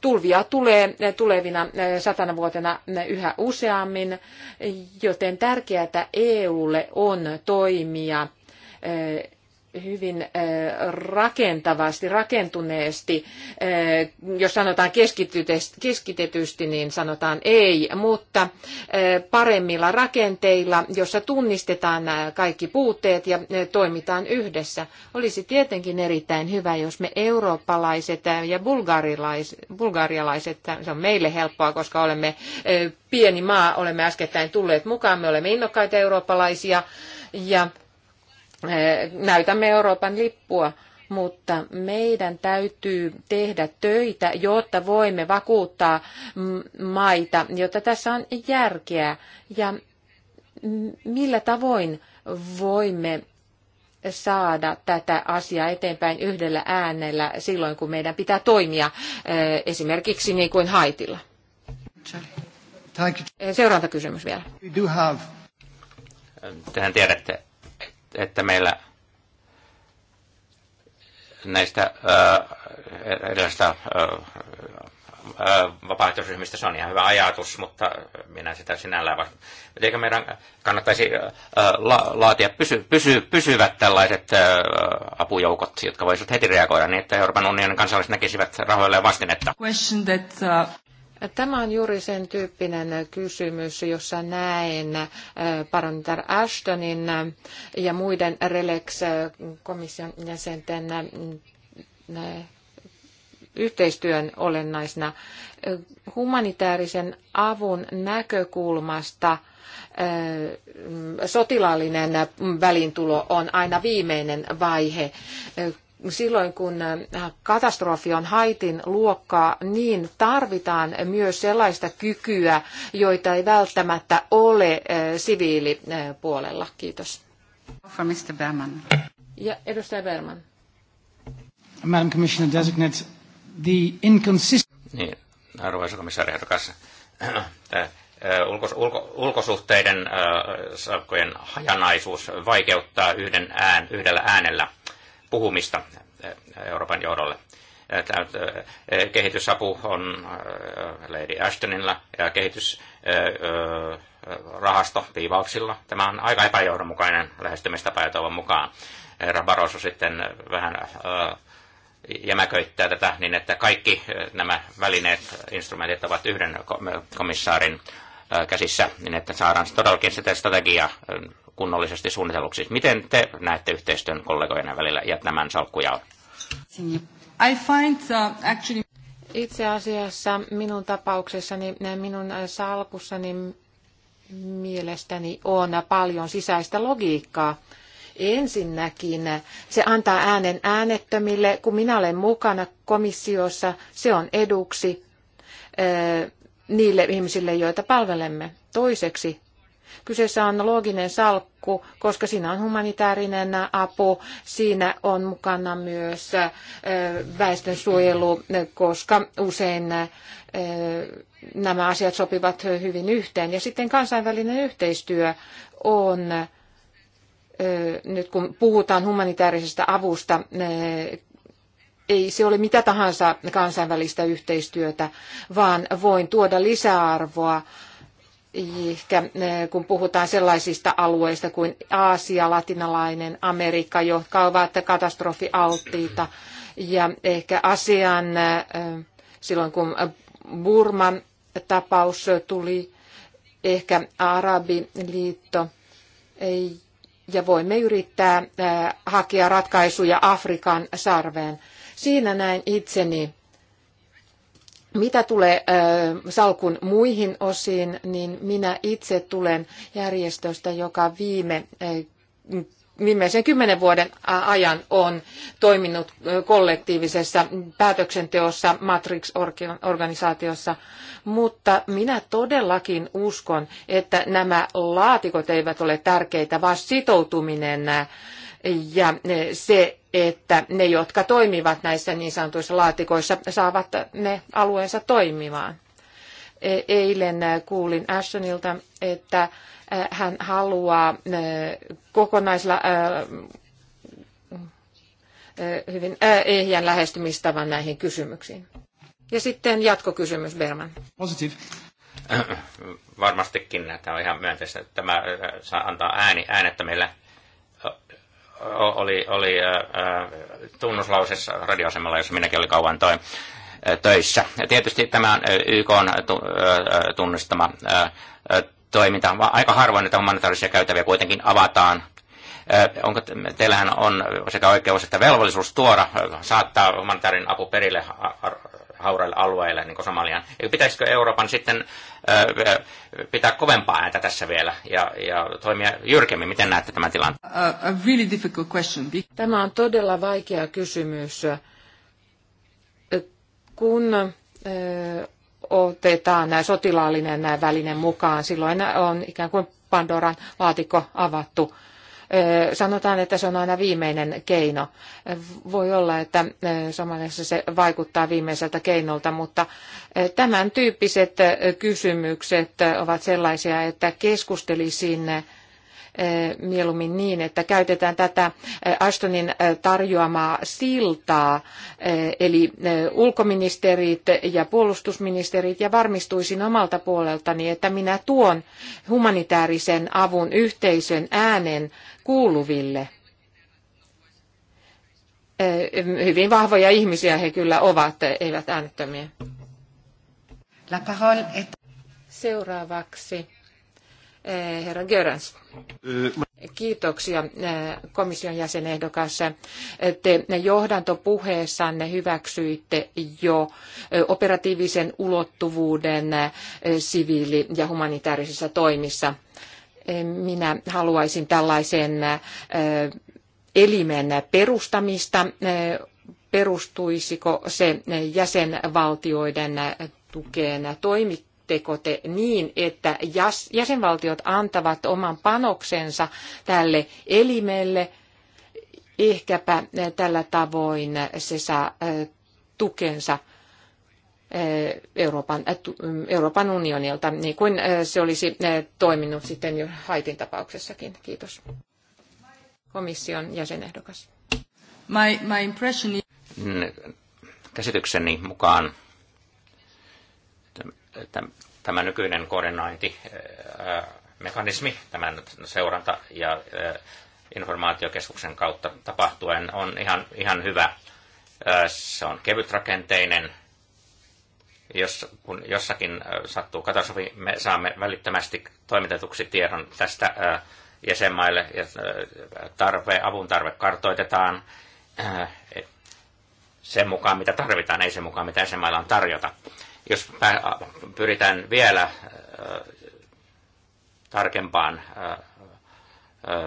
tulvia tulee tulevina satana vuotena yhä useammin, joten tärkeää EUlle on toimia hyvin äh, rakentavasti, rakentuneesti, äh, jos sanotaan keskitetysti, niin sanotaan ei, mutta äh, paremmilla rakenteilla, jossa tunnistetaan nämä kaikki puutteet ja toimitaan yhdessä. Olisi tietenkin erittäin hyvä, jos me eurooppalaiset ja bulgarialaiset, se on meille helppoa, koska olemme pieni maa, olemme äskettäin tulleet mukaan, me olemme innokkaita eurooppalaisia ja Eh, näytämme Euroopan lippua, mutta meidän täytyy tehdä töitä, jotta voimme vakuuttaa maita, jotta tässä on järkeä ja millä tavoin voimme saada tätä asiaa eteenpäin yhdellä äänellä silloin, kun meidän pitää toimia eh, esimerkiksi niin kuin Haitilla. Eh, seuraava kysymys vielä. Tehän tiedätte, että meillä näistä erilaisista vapaaehtoisryhmistä se on ihan hyvä ajatus, mutta minä sitä sinällään vasta. Eikö meidän kannattaisi laatia pysy, pysy, pysyvät tällaiset apujoukot, jotka voisivat heti reagoida niin, että Euroopan unionin kansalaiset näkisivät rahoilleen vastinetta? Tämä on juuri sen tyyppinen kysymys, jossa näen äh, parantar Ashtonin äh, ja muiden RELEX-komission jäsenten äh, yhteistyön olennaisena humanitaarisen avun näkökulmasta sotilaallinen välintulo on aina viimeinen vaihe, silloin kun äh, katastrofi on haitin luokkaa, niin tarvitaan myös sellaista kykyä, joita ei välttämättä ole äh, siviilipuolella. Kiitos. For Mr. Berman. Ja edustaja Berman. Madam Commissioner Designate, the inconsistent... Niin, arvoisa komissaari ehdokas. Ulkos, ulkosuhteiden äh, sakkojen hajanaisuus vaikeuttaa yhden ään, yhdellä äänellä – puhumista eh, Euroopan johdolle. Eh, kehitysapu on eh, Lady Ashtonilla ja kehitysrahasto viivauksilla. Tämä on aika epäjohdonmukainen lähestymistapa ja toivon mukaan. Herra Barroso sitten vähän jämäköittää tätä niin, että kaikki nämä välineet, instrumentit ovat yhden komissaarin käsissä, niin että saadaan todellakin sitä strategia kunnollisesti suunnitelluksi. Siis miten te näette yhteistyön kollegojen välillä ja tämän on? I find, uh, actually... Itse asiassa minun tapauksessani, minun salkussani mielestäni on paljon sisäistä logiikkaa. Ensinnäkin se antaa äänen äänettömille, kun minä olen mukana komissiossa, se on eduksi eh, niille ihmisille, joita palvelemme. Toiseksi Kyseessä on looginen salkku, koska siinä on humanitaarinen apu, siinä on mukana myös väestönsuojelu, koska usein nämä asiat sopivat hyvin yhteen. Ja sitten kansainvälinen yhteistyö on, nyt kun puhutaan humanitaarisesta avusta, ei se ole mitä tahansa kansainvälistä yhteistyötä, vaan voin tuoda lisäarvoa ehkä eh, kun puhutaan sellaisista alueista kuin Aasia, latinalainen Amerikka, jotka ovat katastrofialttiita ja ehkä asian eh, silloin kun Burman tapaus tuli, ehkä Arabiliitto ja voimme yrittää eh, hakea ratkaisuja Afrikan sarveen. Siinä näin itseni mitä tulee salkun muihin osiin, niin minä itse tulen järjestöstä, joka viime viimeisen kymmenen vuoden ajan on toiminut kollektiivisessa päätöksenteossa Matrix-organisaatiossa, mutta minä todellakin uskon, että nämä laatikot eivät ole tärkeitä, vaan sitoutuminen ja e, se, että ne, jotka toimivat näissä niin sanotuissa laatikoissa, saavat ne alueensa toimimaan. E, eilen kuulin Ashtonilta, että e, hän haluaa kokonaisla hyvin ehjän lähestymistavan näihin kysymyksiin. Ja sitten jatkokysymys, Berman. Positive. Äh, äh, varmastikin tämä on ihan myönteistä. Tämä äh, antaa ääni, äänettä meillä oli, oli tunnuslausessa radioasemalla, jossa minäkin oli kauan toi, töissä. Ja tietysti tämä YK on toiminta. Aika harvoin näitä humanitaarisia käytäviä kuitenkin avataan. Onko, teillähän on sekä oikeus että velvollisuus tuoda, saattaa humanitaarinen apu perille hauraille alueille, niin kuin Somalian. Pitäisikö Euroopan sitten pitää kovempaa ääntä tässä vielä ja, ja toimia jyrkemmin? Miten näette tämän tilanteen? Really Tämä on todella vaikea kysymys. Kun otetaan sotilaallinen väline mukaan, silloin on ikään kuin Pandoran laatikko avattu Sanotaan, että se on aina viimeinen keino. Voi olla, että Somaliassa se vaikuttaa viimeiseltä keinolta, mutta tämän tyyppiset kysymykset ovat sellaisia, että keskustelisin sinne mieluummin niin, että käytetään tätä Ashtonin tarjoamaa siltaa, eli ulkoministerit ja puolustusministerit, ja varmistuisin omalta puoleltani, että minä tuon humanitaarisen avun yhteisön äänen kuuluville hyvin vahvoja ihmisiä he kyllä ovat, eivät äänettömiä. Seuraavaksi Eh, herra Görans. Kiitoksia eh, komission jäsenehdokas. Eh, te johdantopuheessanne hyväksyitte jo operatiivisen ulottuvuuden siviili- ja humanitaarisissa toimissa. Minä haluaisin tällaisen elimen perustamista. Perustuisiko se jäsenvaltioiden tukeen? Toimi, Haluatteko te niin, että jäsenvaltiot antavat oman panoksensa tälle elimelle? Ehkäpä eh, tällä tavoin se saa eh, tukensa eh, Euroopan, Euroopan unionilta, niin kuin se olisi toiminut sitten jo Haitin tapauksessakin. Kiitos. Komission jäsenehdokas. My, my impression is... Käsitykseni mukaan tämä nykyinen koordinointimekanismi tämän seuranta- ja informaatiokeskuksen kautta tapahtuen on ihan, ihan hyvä. Se on kevytrakenteinen. Jos, kun jossakin sattuu katastrofi, me saamme välittömästi toimitetuksi tiedon tästä jäsenmaille ja tarve, avun tarve kartoitetaan sen mukaan, mitä tarvitaan, ei sen mukaan, mitä jäsenmailla on tarjota jos äh, pyritään vielä äh, tarkempaan äh,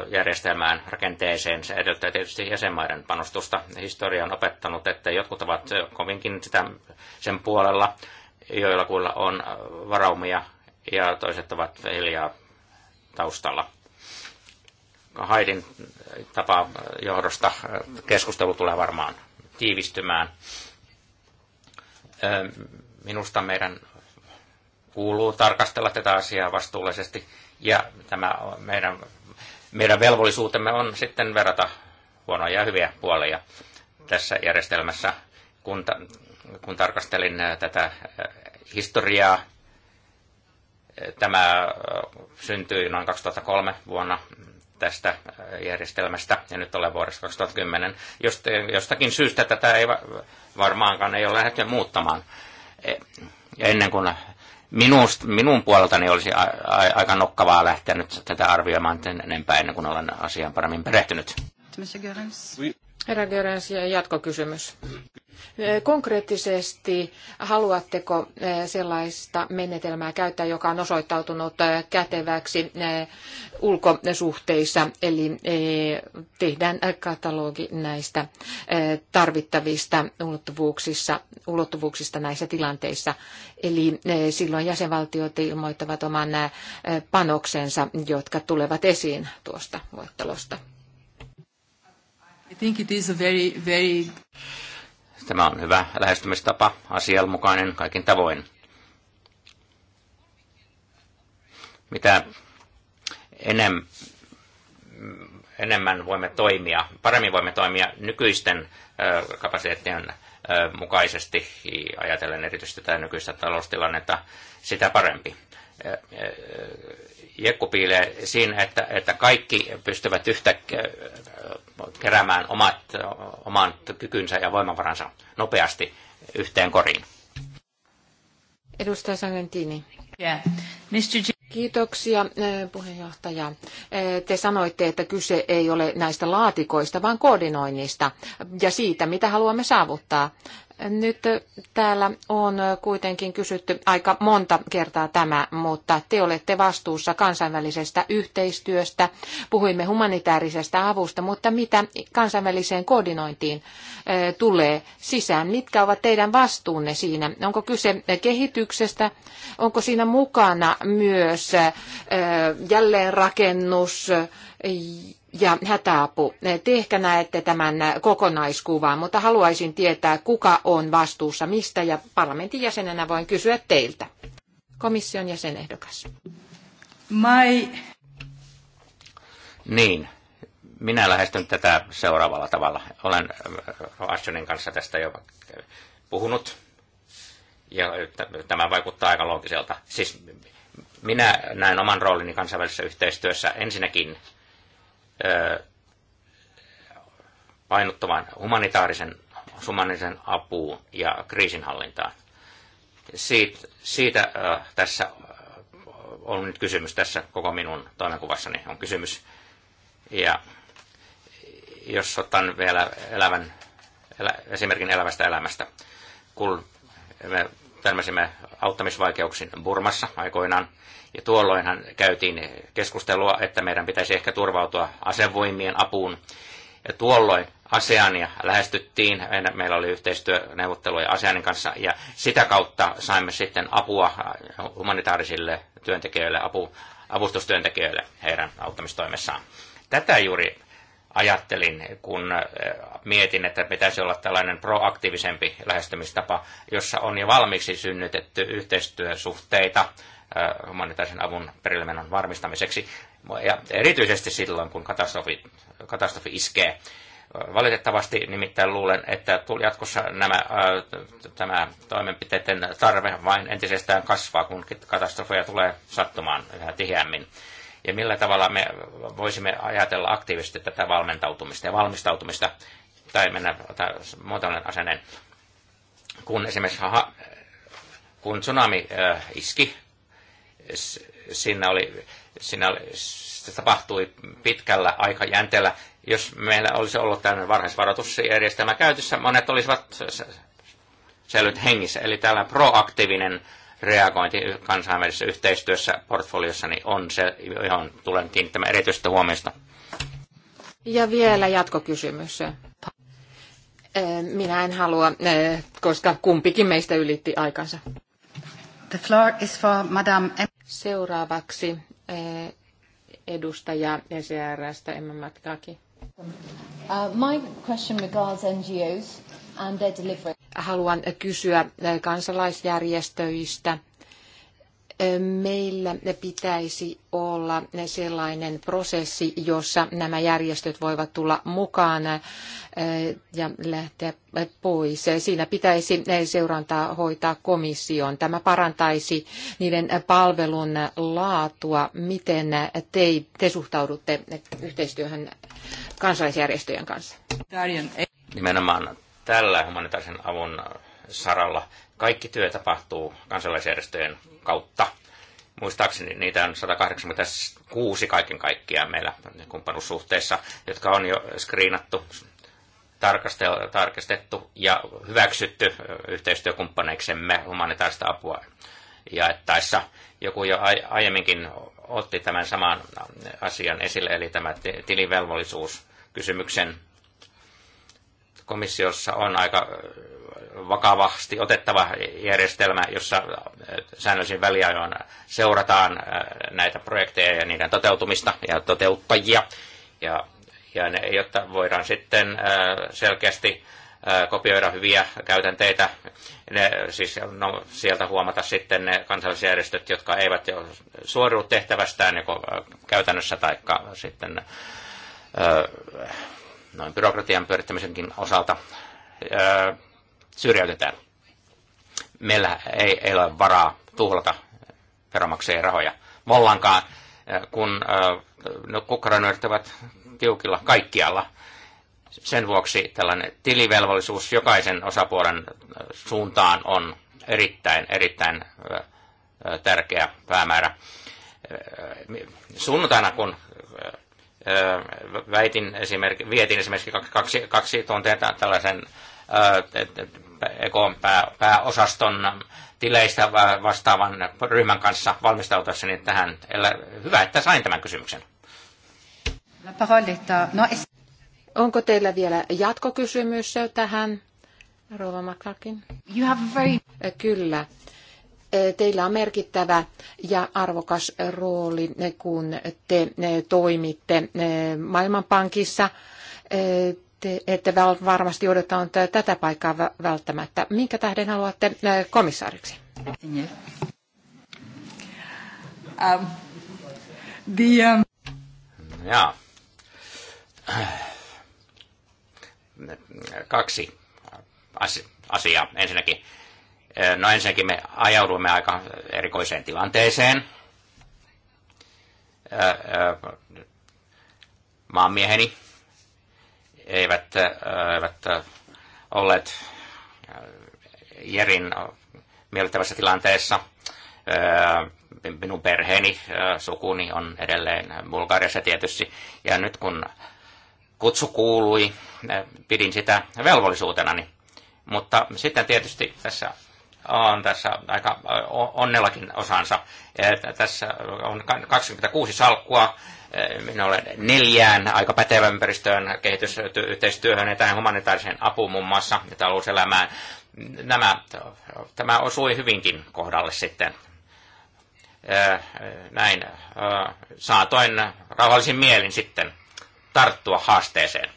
järjestelmään, rakenteeseen. Se edellyttää tietysti jäsenmaiden panostusta. Historia on opettanut, että jotkut ovat kovinkin sitä sen puolella, joilla kuilla on varaumia ja toiset ovat hiljaa taustalla. Haidin tapa johdosta keskustelu tulee varmaan tiivistymään. Minusta meidän kuuluu tarkastella tätä asiaa vastuullisesti ja tämä meidän, meidän velvollisuutemme on sitten verrata huonoja ja hyviä puolia tässä järjestelmässä. Kun, ta, kun tarkastelin tätä historiaa, tämä syntyi noin 2003 vuonna tästä järjestelmästä, ja nyt olen vuodessa 2010. jostakin syystä tätä ei varmaankaan ei ole lähdetty muuttamaan ennen kuin minust, minun puoleltani olisi a, a, aika nokkavaa lähteä nyt tätä arvioimaan niin enempää ennen kuin olen asiaan paremmin perehtynyt. Herra Görens, jatkokysymys. Konkreettisesti haluatteko eh, sellaista menetelmää käyttää, joka on osoittautunut eh, käteväksi eh, ulkosuhteissa, eli tehdään katalogi näistä tarvittavista ulottuvuuksista, ulottuvuuksista näissä tilanteissa. Eli silloin jäsenvaltiot ilmoittavat oman panoksensa, jotka tulevat esiin tuosta luettelosta. I think it is a very, very... Tämä on hyvä lähestymistapa, asianmukainen kaikin tavoin. Mitä enem, enemmän voimme toimia, paremmin voimme toimia nykyisten kapasiteettien mukaisesti, ajatellen erityisesti tätä nykyistä taloustilannetta, sitä parempi jekku piilee siinä, että, että kaikki pystyvät yhtäkkiä keräämään omat, oman kykynsä ja voimavaransa nopeasti yhteen koriin. Edustaja Sanentini. Yeah. Mr. Kiitoksia eh, puheenjohtaja. Eh, te sanoitte, että kyse ei ole näistä laatikoista, vaan koordinoinnista ja siitä, mitä haluamme saavuttaa. Nyt täällä on kuitenkin kysytty aika monta kertaa tämä, mutta te olette vastuussa kansainvälisestä yhteistyöstä. Puhuimme humanitaarisesta avusta, mutta mitä kansainväliseen koordinointiin e, tulee sisään? Mitkä ovat teidän vastuunne siinä? Onko kyse kehityksestä? Onko siinä mukana myös e, jälleenrakennus? ja hätäapu. Te ehkä näette tämän kokonaiskuvan, mutta haluaisin tietää, kuka on vastuussa mistä ja parlamentin jäsenenä voin kysyä teiltä. Komission jäsenehdokas. Mai. Niin, minä lähestyn tätä seuraavalla tavalla. Olen äh, Ashtonin kanssa tästä jo puhunut ja tämä vaikuttaa aika loogiselta. Siis minä näen oman roolini kansainvälisessä yhteistyössä ensinnäkin painottuvan humanitaarisen, summanisen apuun ja kriisinhallintaan. Siit, siitä äh, tässä on nyt kysymys, tässä koko minun toimenkuvassani on kysymys. Ja jos otan vielä elävän, elä, esimerkin elävästä elämästä, kun me törmäsimme auttamisvaikeuksiin Burmassa aikoinaan. Ja tuolloinhan käytiin keskustelua, että meidän pitäisi ehkä turvautua asevoimien apuun. Ja tuolloin ASEANia lähestyttiin, meillä oli yhteistyöneuvotteluja ASEANin kanssa, ja sitä kautta saimme sitten apua humanitaarisille työntekijöille, apu, avustustyöntekijöille heidän auttamistoimessaan. Tätä juuri ajattelin, kun äh, mietin, että pitäisi olla tällainen proaktiivisempi lähestymistapa, jossa on jo valmiiksi synnytetty yhteistyösuhteita äh, humanitaarisen avun perillemenon varmistamiseksi, ja erityisesti silloin, kun katastrofi, katastrofi iskee. Valitettavasti nimittäin luulen, että jatkossa nämä, äh, tämä toimenpiteiden tarve vain entisestään kasvaa, kun katastrofeja tulee sattumaan yhä tiheämmin ja millä tavalla me voisimme ajatella aktiivisesti tätä valmentautumista ja valmistautumista, tai mennä tai muotoinen asenen, kun esimerkiksi ha, kun tsunami äh, iski, siinä oli, siinä oli, se tapahtui pitkällä aikajänteellä. Jos meillä olisi ollut tämmöinen varhaisvaroitusjärjestelmä käytössä, monet olisivat sellyt hengissä. Eli täällä proaktiivinen äh, reagointi kansainvälisessä yhteistyössä portfoliossa, niin on se, johon tulen kiinnittämään erityistä huomiosta. Ja vielä jatkokysymys. Eh, minä en halua, eh, koska kumpikin meistä ylitti aikansa. The floor is for Madame Seuraavaksi eh, edustaja ECRstä Emma Matkaki. Uh, my question regards NGOs. Haluan kysyä kansalaisjärjestöistä. Meillä pitäisi olla sellainen prosessi, jossa nämä järjestöt voivat tulla mukaan ja lähteä pois. Siinä pitäisi seurantaa hoitaa komission. Tämä parantaisi niiden palvelun laatua. Miten te, te suhtaudutte yhteistyöhön kansalaisjärjestöjen kanssa? Nimenomaan tällä humanitaarisen avun saralla kaikki työ tapahtuu kansalaisjärjestöjen kautta. Muistaakseni niitä on 186 kaiken kaikkiaan meillä niin kumppanuussuhteissa, jotka on jo skriinattu, tarkastettu ja hyväksytty yhteistyökumppaneiksemme humanitaarista apua jaettaessa. Joku jo aiemminkin otti tämän saman asian esille, eli tämä tilivelvollisuuskysymyksen komissiossa on aika äh, vakavasti otettava järjestelmä, jossa äh, säännöllisin väliajoin seurataan äh, näitä projekteja ja niiden toteutumista ja toteuttajia. Ja, ja ne, jotta voidaan sitten selkeästi kopioida hyviä käytänteitä, ne, siis no, sieltä huomata sitten ne kansallisjärjestöt, jotka eivät jo suoriudu tehtävästään joko käytännössä tai sitten noin byrokratian pyörittämisenkin osalta syrjäytetään. Meillä ei, ei ole varaa tuhlata veronmaksajien rahoja. Mollankaan, kun no, kukkaranöörit ovat tiukilla kaikkialla. Sen vuoksi tällainen tilivelvollisuus jokaisen osapuolen suuntaan on erittäin, erittäin tärkeä päämäärä. Sunnuntaina, kun väitin esimerkiksi, vietin esimerkiksi kaksi, kaksi tuntia tällaisen ekon pää, pääosaston tileistä vastaavan ryhmän kanssa valmistautuessani tähän. Hyvä, että sain tämän kysymyksen. No, Onko teillä vielä jatkokysymys tähän? Rova Maklakin. You have very... Kyllä teillä on merkittävä ja arvokas rooli, kun te toimitte Maailmanpankissa. että varmasti odottanut tätä paikkaa välttämättä. Minkä tähden haluatte komissaariksi? Um, um, ja. Kaksi asiaa. Ensinnäkin No ensinnäkin me ajauduimme aika erikoiseen tilanteeseen. Maanmieheni eivät, eivät olleet Jerin miellyttävässä tilanteessa. Minun perheeni, sukuni on edelleen Bulgariassa tietysti. Ja nyt kun kutsu kuului, pidin sitä velvollisuutenani. Mutta sitten tietysti tässä on tässä aika onnellakin osansa. Tässä on 26 salkkua, minä olen neljään aika pätevän ympäristöön, kehitysyhteistyöhön ja tähän humanitaariseen apuun muun muassa ja talouselämään. Nämä, tämä osui hyvinkin kohdalle sitten. Näin saatoin rauhallisin mielin sitten tarttua haasteeseen.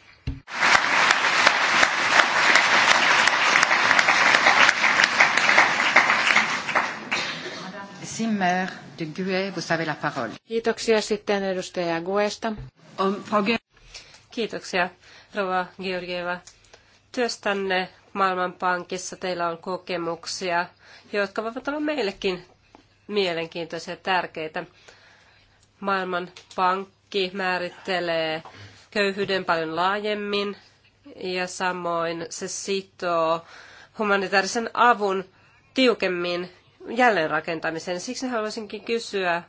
Zimmer de Gue, vous la parole. Kiitoksia sitten edustaja Guesta. Kiitoksia, Rova Georgieva. Työstänne Maailmanpankissa teillä on kokemuksia, jotka voivat olla meillekin mielenkiintoisia ja tärkeitä. Maailmanpankki määrittelee köyhyyden paljon laajemmin ja samoin se sitoo humanitaarisen avun tiukemmin jälleenrakentamiseen. Siksi haluaisinkin kysyä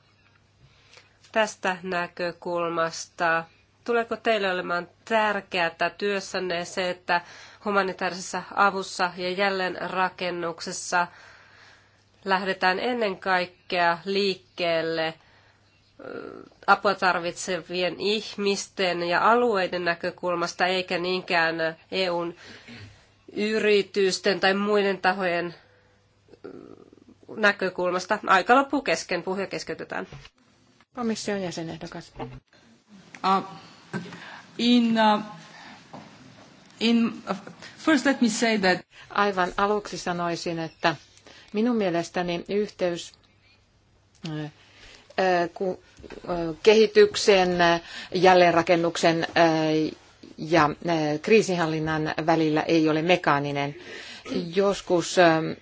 tästä näkökulmasta. Tuleeko teille olemaan tärkeää työssänne se, että humanitaarisessa avussa ja jälleenrakennuksessa lähdetään ennen kaikkea liikkeelle apua tarvitsevien ihmisten ja alueiden näkökulmasta, eikä niinkään EUn yritysten tai muiden tahojen näkökulmasta. Aika loppuu kesken, puhuja keskeytetään. Komission jäsenehdokas. Uh, in, uh, in, uh, first let me say that... Aivan aluksi sanoisin, että minun mielestäni yhteys uh, uh, uh kehityksen, uh, jälleenrakennuksen ja kriisinhallinnan välillä ei ole mekaaninen. Joskus um,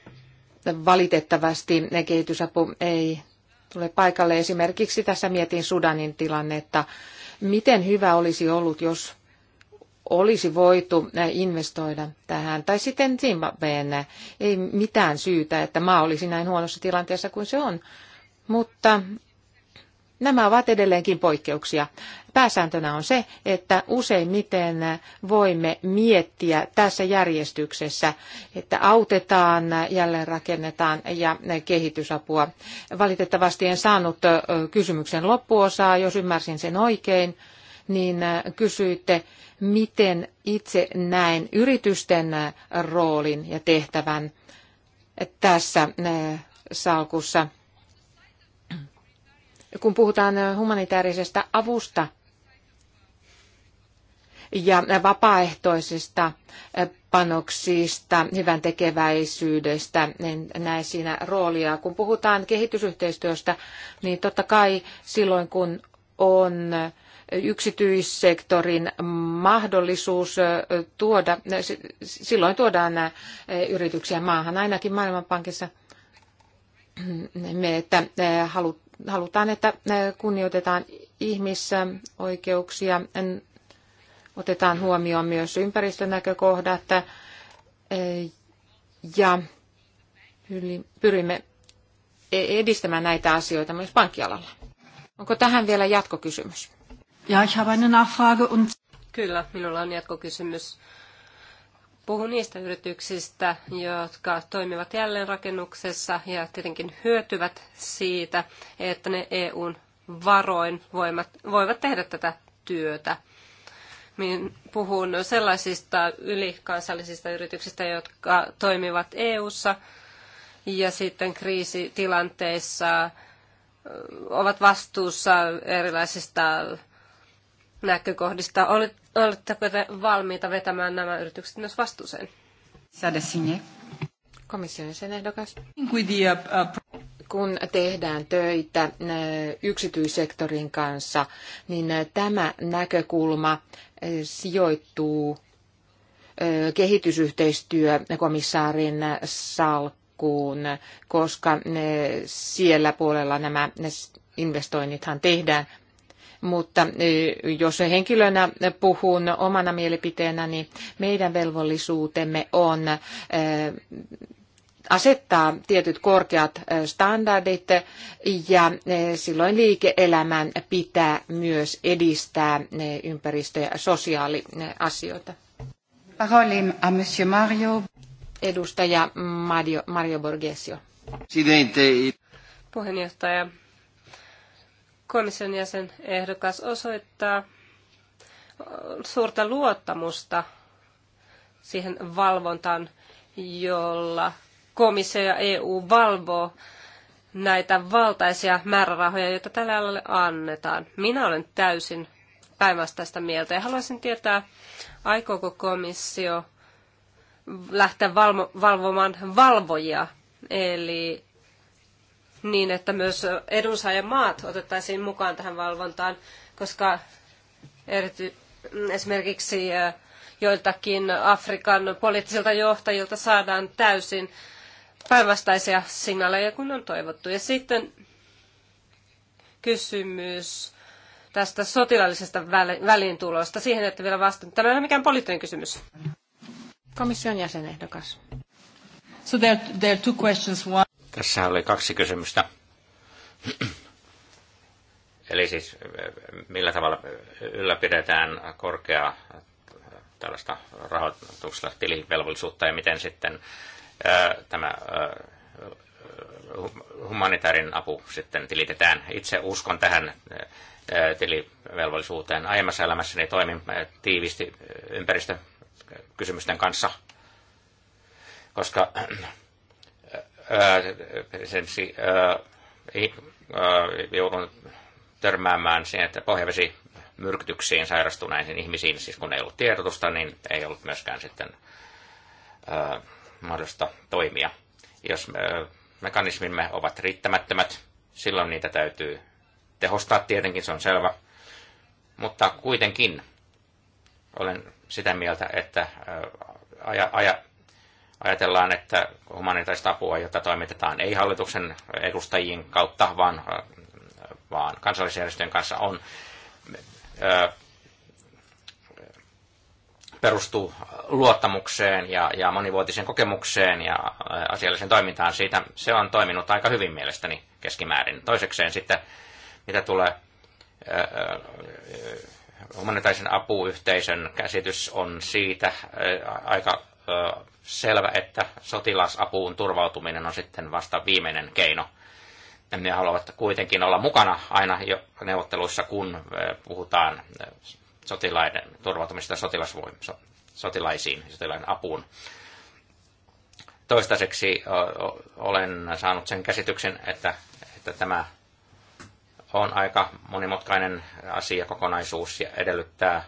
Valitettavasti ne kehitysapu ei tule paikalle. Esimerkiksi tässä mietin Sudanin tilannetta. Miten hyvä olisi ollut, jos olisi voitu investoida tähän. Tai sitten Zimbabween ei mitään syytä, että maa olisi näin huonossa tilanteessa kuin se on. Mutta Nämä ovat edelleenkin poikkeuksia. Pääsääntönä on se, että useimmiten voimme miettiä tässä järjestyksessä, että autetaan, jälleenrakennetaan ja kehitysapua. Valitettavasti en saanut kysymyksen loppuosaa, jos ymmärsin sen oikein, niin kysyitte, miten itse näen yritysten roolin ja tehtävän tässä salkussa – kun puhutaan äh, humanitaarisesta avusta ja äh, vapaaehtoisista äh, panoksista, hyvän tekeväisyydestä, en niin näe siinä roolia. Kun puhutaan kehitysyhteistyöstä, niin totta kai silloin kun on yksityissektorin mahdollisuus tuoda, silloin tuodaan nämä yrityksiä maahan, ainakin Maailmanpankissa me, että halut, halutaan, että kunnioitetaan ihmisoikeuksia, otetaan huomioon myös ympäristönäkökohdat ja pyrimme e, edistämään näitä asioita myös pankkialalla. Onko tähän vielä jatkokysymys? Ja, ich habe eine Nachfrage und... Kyllä, minulla on jatkokysymys. Puhun niistä yrityksistä, jotka toimivat jälleenrakennuksessa ja tietenkin hyötyvät siitä, että ne EUn varoin voimat, voivat tehdä tätä työtä. Min puhun sellaisista ylikansallisista yrityksistä, jotka toimivat EU:ssa ja sitten kriisitilanteissa ovat vastuussa erilaisista näkökohdista. Oletteko te valmiita vetämään nämä yritykset myös vastuuseen? Komission sen ehdokas. Kun tehdään töitä äh, yksityissektorin kanssa, niin äh, tämä näkökulma äh, sijoittuu kehitysyhteistyökomissaarin salkkuun, koska siellä puolella nämä investoinnithan tehdään mutta e, jos henkilönä puhun omana mielipiteenäni, niin meidän velvollisuutemme on e, asettaa tietyt korkeat e, standardit ja silloin liike-elämän pitää myös edistää ympäristö- ja sosiaaliasioita. Parolim a Monsieur Mario. Edustaja Mario, Mario Borgesio. Puheenjohtaja, komission jäsen ehdokas osoittaa suurta luottamusta siihen valvontaan, jolla komissio ja EU valvoo näitä valtaisia määrärahoja, joita tälle alalle annetaan. Minä olen täysin päinvastaista mieltä ja haluaisin tietää, aikooko komissio lähteä valvo- valvomaan valvojia, eli niin, että myös edunsaajamaat otettaisiin mukaan tähän valvontaan, koska erity, esimerkiksi joiltakin Afrikan poliittisilta johtajilta saadaan täysin päinvastaisia signaaleja kuin on toivottu. Ja sitten kysymys tästä sotilaallisesta väliintulosta siihen, että vielä vastaan. Tämä ei ole mikään poliittinen kysymys. Komission jäsenehdokas. So there, there are two questions. One... Tässä oli kaksi kysymystä. Eli siis millä tavalla ylläpidetään korkeaa tällaista rahoituksella tilivelvollisuutta ja miten sitten ää, tämä ää, humanitaarinen apu sitten tilitetään. Itse uskon tähän ää, tilivelvollisuuteen. Aiemmassa elämässäni toimin tiivisti ympäristökysymysten kanssa, koska esimerkiksi joudun törmäämään siihen, että pohjavesi myrkytyksiin sairastuneisiin ihmisiin, siis kun ei ollut tiedotusta, niin ei ollut myöskään sitten ää, mahdollista toimia. Jos ää, mekanismimme ovat riittämättömät, silloin niitä täytyy tehostaa tietenkin, se on selvä. Mutta kuitenkin olen sitä mieltä, että ää, aja, aja, ajatellaan, että humanitaista apua, jota toimitetaan ei hallituksen edustajien kautta, vaan, vaan kansallisjärjestöjen kanssa on, perustuu luottamukseen ja, ja monivuotiseen kokemukseen ja asialliseen toimintaan. Siitä se on toiminut aika hyvin mielestäni keskimäärin. Toisekseen sitten, mitä tulee humanitaarisen apuyhteisön käsitys on siitä aika selvä, että sotilasapuun turvautuminen on sitten vasta viimeinen keino. Ne haluavat kuitenkin olla mukana aina jo neuvotteluissa, kun puhutaan sotilaiden turvautumista sotilasvoim, sotilaisiin, sotilaiden apuun. Toistaiseksi olen saanut sen käsityksen, että, että tämä on aika monimutkainen asia kokonaisuus ja edellyttää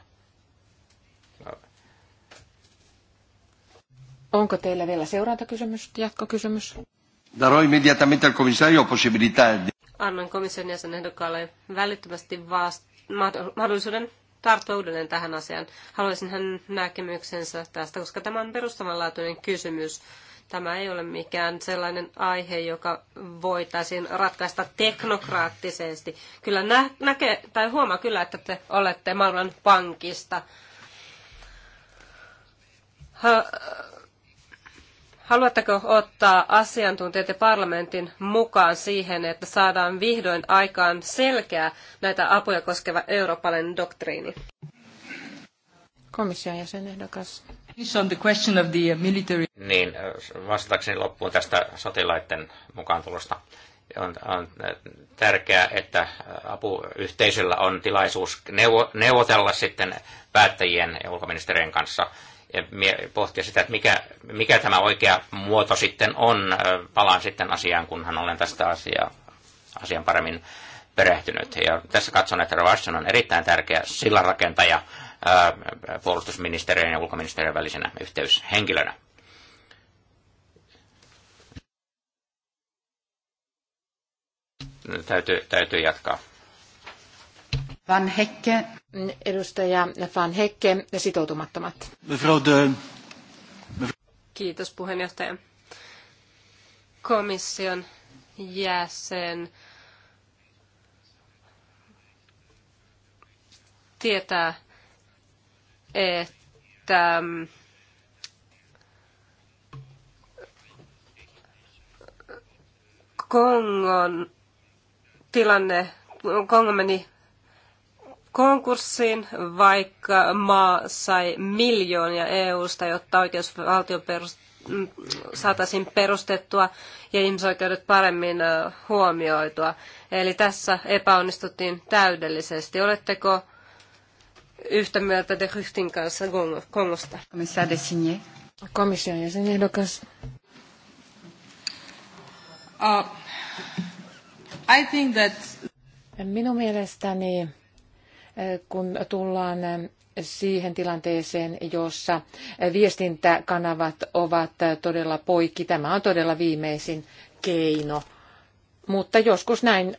Onko teillä vielä seurantakysymys, jatkokysymys? Darò immediatamente al commissario possibilità di... Annan komission jäsenehdokkaalle välittömästi vast... mahdollisuuden tarttua uudelleen tähän asiaan. Haluaisin hänen näkemyksensä tästä, koska tämä on perustavanlaatuinen kysymys. Tämä ei ole mikään sellainen aihe, joka voitaisiin ratkaista teknokraattisesti. Kyllä nä- näkee tai huomaa kyllä, että te olette maailman pankista. Ha- Haluatteko ottaa asiantuntijat ja parlamentin mukaan siihen, että saadaan vihdoin aikaan selkeä näitä apuja koskeva eurooppalainen doktriini? Komission jäsenehdokas. On the question of the uh, military. Niin, äh, vastatakseni loppuun tästä sotilaiden mukaan tulosta. On, on äh, tärkeää, että äh, apuyhteisöllä on tilaisuus neuvo, neuvotella sitten päättäjien ja ulkoministerien kanssa – pohtia sitä, että mikä, mikä tämä oikea muoto sitten on. Palaan sitten asiaan, kunhan olen tästä asiaa, asian paremmin perehtynyt. Ja tässä katson, että Ravasson on erittäin tärkeä sillanrakentaja puolustusministeriön ja ulkoministeriön välisenä yhteyshenkilönä. Täytyy, täytyy jatkaa Van Hekke. Edustaja Van Hekke, sitoutumattomat. Mevrouw de... Kiitos puheenjohtaja. Komission jäsen tietää, että mm, Kongon tilanne, Kongo meni konkurssiin, vaikka maa sai miljoonia EUsta, jotta oikeusvaltio mm, saataisiin perustettua ja ihmisoikeudet paremmin huomioitua. Eli tässä epäonnistuttiin täydellisesti. Oletteko yhtä mieltä de Ryhtin kanssa Kongosta? Komission jäsenehdokas. Uh, I think that... Minun mielestäni kun tullaan siihen tilanteeseen, jossa viestintäkanavat ovat todella poikki. Tämä on todella viimeisin keino. Mutta joskus näin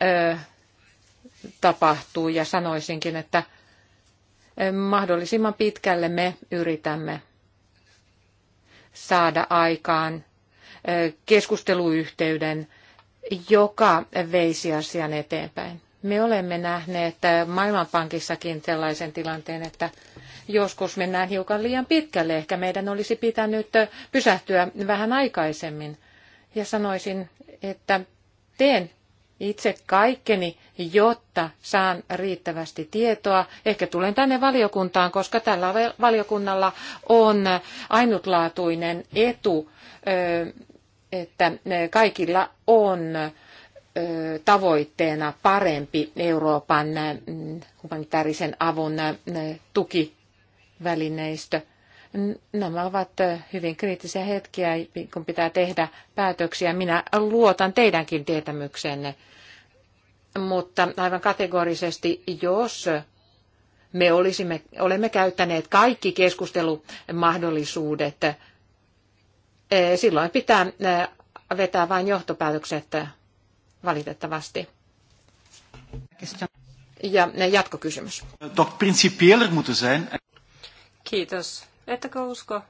tapahtuu ja sanoisinkin, että mahdollisimman pitkälle me yritämme saada aikaan keskusteluyhteyden, joka veisi asian eteenpäin. Me olemme nähneet äh, Maailmanpankissakin sellaisen tilanteen, että joskus mennään hiukan liian pitkälle. Ehkä meidän olisi pitänyt äh, pysähtyä vähän aikaisemmin. Ja sanoisin, että teen itse kaikkeni, jotta saan riittävästi tietoa. Ehkä tulen tänne valiokuntaan, koska tällä valiokunnalla on ainutlaatuinen etu, että kaikilla on tavoitteena parempi Euroopan humanitaarisen avun tukivälineistö. Nämä ovat hyvin kriittisiä hetkiä, kun pitää tehdä päätöksiä. Minä luotan teidänkin tietämykseenne, mutta aivan kategorisesti, jos me olisimme, olemme käyttäneet kaikki keskustelumahdollisuudet, silloin pitää vetää vain johtopäätökset valitettavasti. Ja jatkokysymys. Toch principieler moeten zijn. Kiitos. Ettäkö usko,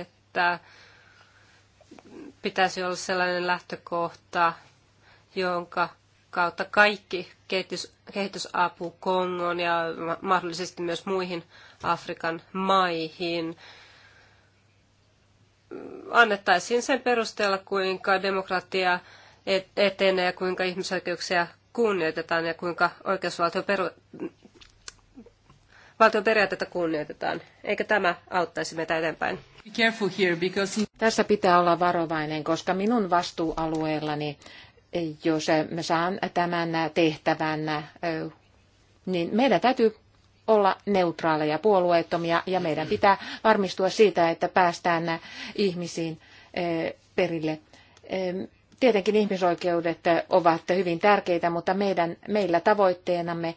että pitäisi olla sellainen lähtökohta, jonka kautta kaikki kehitys, kehitysapu Kongon ja mahdollisesti myös muihin Afrikan maihin annettaisiin sen perusteella, kuinka demokratia etenee ja kuinka ihmisoikeuksia kunnioitetaan ja kuinka oikeusvaltion peru- valtion periaatteita kunnioitetaan. Eikä tämä auttaisi meitä eteenpäin. Tässä pitää olla varovainen, koska minun vastuualueellani, jos mä saan tämän tehtävän, niin meidän täytyy olla neutraaleja, puolueettomia ja meidän pitää varmistua siitä, että päästään ihmisiin perille. Tietenkin ihmisoikeudet ovat hyvin tärkeitä, mutta meidän, meillä tavoitteenamme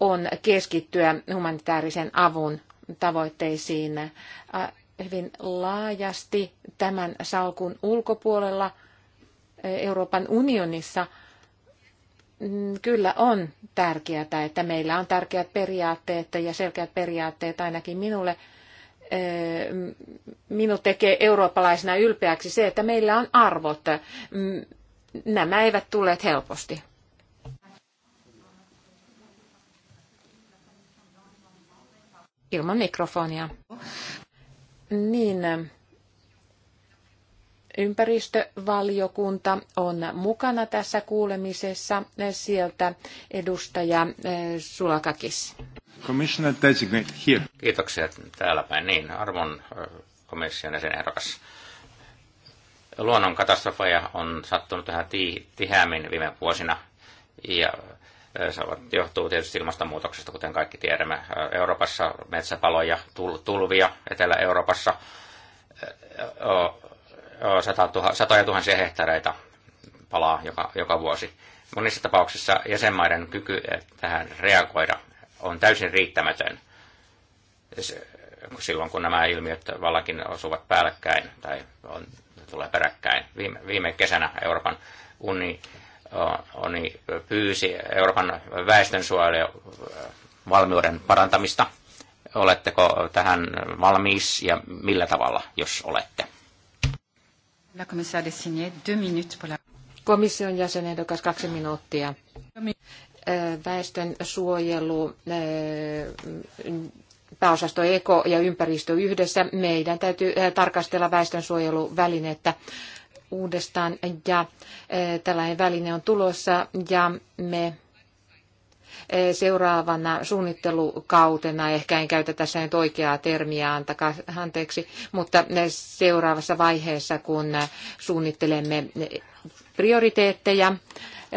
on keskittyä humanitaarisen avun tavoitteisiin hyvin laajasti tämän salkun ulkopuolella e, Euroopan unionissa. Mm, kyllä on tärkeää, että meillä on tärkeät periaatteet ja selkeät periaatteet ainakin minulle – minut tekee eurooppalaisena ylpeäksi se, että meillä on arvot. Nämä eivät tulleet helposti. Ilman mikrofonia. Niin, Ympäristövaliokunta on mukana tässä kuulemisessa. Sieltä edustaja eh, Sulakakis. Commissioner designate here. Kiitoksia täälläpä. Niin, arvon eh, komission jäsenehdokas. Luonnon katastrofeja on sattunut tähän tiheämmin viime vuosina ja eh, se johtuu tietysti ilmastonmuutoksesta, kuten kaikki tiedämme. Euroopassa metsäpaloja, tulvia Etelä-Euroopassa satoja tuhansia hehtaareita palaa joka, joka vuosi. Monissa tapauksissa jäsenmaiden kyky eh, tähän reagoida on täysin riittämätön silloin, kun nämä ilmiöt vallakin osuvat päällekkäin tai on, tulee peräkkäin. Viime, viime kesänä Euroopan uni oni pyysi Euroopan valmiuden parantamista. Oletteko tähän valmiis ja millä tavalla, jos olette? Komission jäsenehdokas kaksi minuuttia. Väestön suojelu, pääosasto Eko ja ympäristö yhdessä. Meidän täytyy tarkastella väestönsuojeluvälinettä uudestaan ja tällainen väline on tulossa ja me seuraavana suunnittelukautena, ehkä en käytä tässä nyt oikeaa termiä, antakaa anteeksi, mutta seuraavassa vaiheessa, kun suunnittelemme prioriteetteja,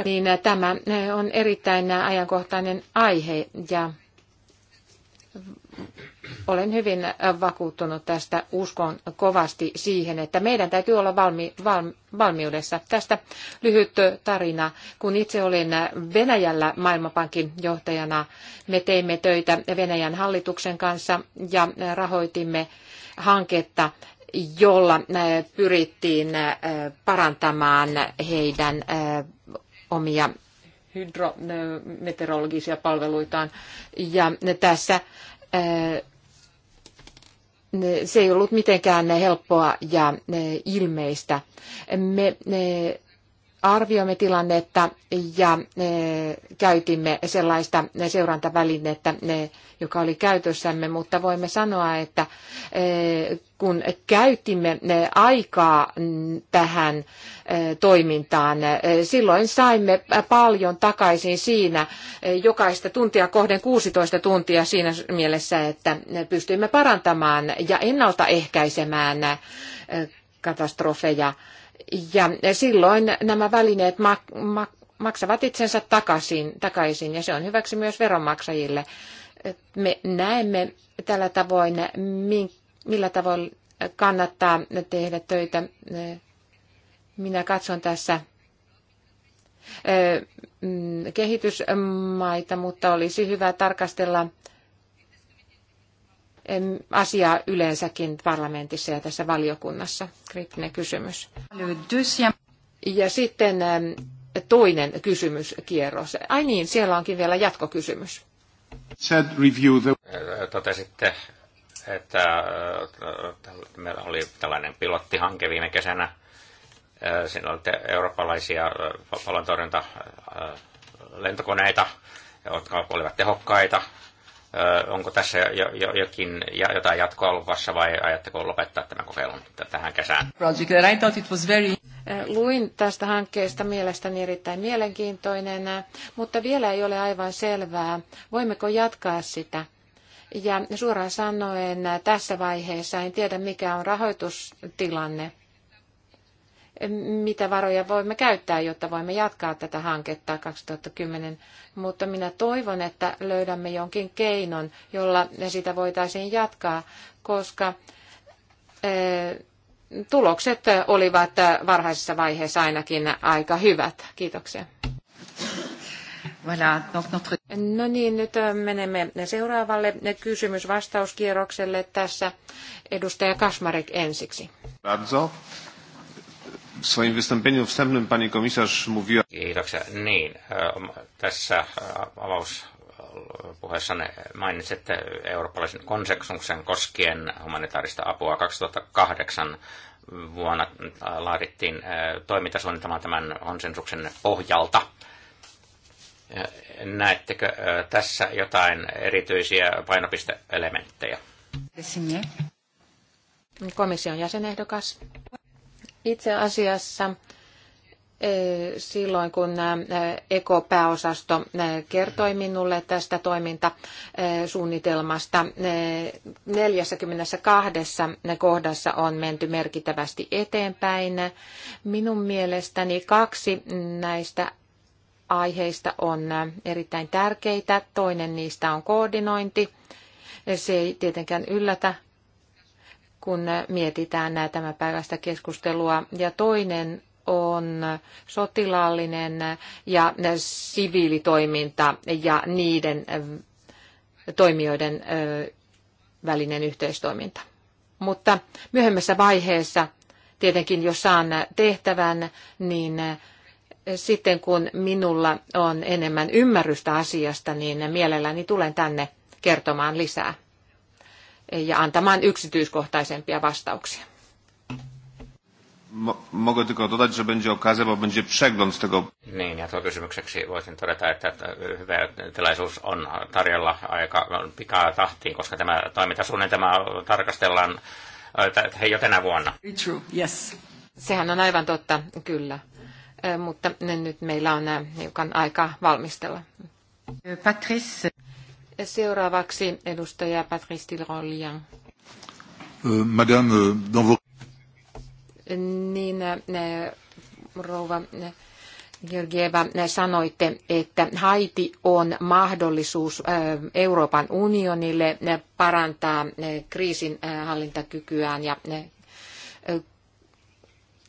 niin tämä on erittäin ajankohtainen aihe ja olen hyvin vakuuttunut tästä. Uskon kovasti siihen, että meidän täytyy olla valmi, valmi, valmiudessa. Tästä lyhyt tarina. Kun itse olin Venäjällä Maailmanpankin johtajana, me teimme töitä Venäjän hallituksen kanssa ja rahoitimme hanketta, jolla pyrittiin parantamaan heidän omia hydrometeorologisia palveluitaan. Ja tässä eh, se ei ollut mitenkään helppoa ja eh, ilmeistä. Me eh, arvioimme tilannetta ja e, käytimme sellaista seurantavälinettä, e, joka oli käytössämme, mutta voimme sanoa, että e, kun käytimme aikaa tähän toimintaan, silloin saimme paljon takaisin siinä jokaista tuntia kohden 16 tuntia siinä mielessä, että pystyimme parantamaan ja ennaltaehkäisemään katastrofeja ja silloin nämä välineet maksavat itsensä takaisin, takaisin ja se on hyväksi myös veronmaksajille. Me näemme tällä tavoin, millä tavoin kannattaa tehdä töitä. Minä katson tässä mm, kehitysmaita, mutta olisi hyvä tarkastella asiaa yleensäkin parlamentissa ja tässä valiokunnassa. Kriittinen kysymys. Ja sitten ähm, toinen kysymyskierros. Ai niin, siellä onkin vielä jatkokysymys. Totesitte, äh, että meillä oli tällainen pilottihanke viime kesänä. Siinä oli eurooppalaisia palontorjunta lentokoneita, jotka olivat tehokkaita Onko tässä jo, jo, jokin, jotain jatkoa luvassa vai ajatteko lopettaa tämän kokeilun tähän kesään? Luin tästä hankkeesta mielestäni erittäin mielenkiintoinen, mutta vielä ei ole aivan selvää, voimmeko jatkaa sitä. Ja suoraan sanoen tässä vaiheessa en tiedä, mikä on rahoitustilanne mitä varoja voimme käyttää, jotta voimme jatkaa tätä hanketta 2010. Mutta minä toivon, että löydämme jonkin keinon, jolla sitä voitaisiin jatkaa, koska tulokset olivat varhaisessa vaiheessa ainakin aika hyvät. Kiitoksia. No niin, nyt menemme seuraavalle kysymys tässä. Edustaja Kasmarek ensiksi. Bardzo swoim wystąpieniu wstępnym pani komisarz mówiła... Kiitoksia. Niin, ähm, tässä äh, avauspuheessanne mainitsette eurooppalaisen konseksuksen koskien humanitaarista apua 2008 vuonna äh, laadittiin äh, toimintasuunnitelma tämän konsensuksen pohjalta. Näettekö tässä jotain erityisiä painopisteelementtejä? Komission jäsenehdokas. Itse asiassa eh, silloin, kun eh, ekopääosasto eh, kertoi minulle tästä toimintasuunnitelmasta. 42 kohdassa on menty merkittävästi eteenpäin. Minun mielestäni kaksi näistä aiheista on erittäin tärkeitä. Toinen niistä on koordinointi. Se ei tietenkään yllätä kun mietitään tämän päivästä keskustelua. Ja toinen on sotilaallinen ja siviilitoiminta ja niiden toimijoiden välinen yhteistoiminta. Mutta myöhemmässä vaiheessa, tietenkin jos saan tehtävän, niin sitten kun minulla on enemmän ymmärrystä asiasta, niin mielelläni tulen tänne kertomaan lisää ja antamaan yksityiskohtaisempia vastauksia. Mogę tylko dodać, że będzie okazja, bo będzie przegląd tego. Niin, ja tuo kysymykseksi voisin todeta, että hyvä tilaisuus on tarjolla aika pikaa tahtiin, koska tämä toimintasuunnitelma tarkastellaan jo tänä vuonna. True, yes. Sehän on aivan totta, kyllä. Mutta nyt meillä on äh, hiukan aikaa valmistella. Patrice. Seuraavaksi edustaja Patrice Tilrolian. Euh, madame, euh, dans vos... Niin, äh, rouva äh, Georgieva, äh, sanoitte, että Haiti on mahdollisuus Euroopan unionille parantaa kriisin hallintakykyään ja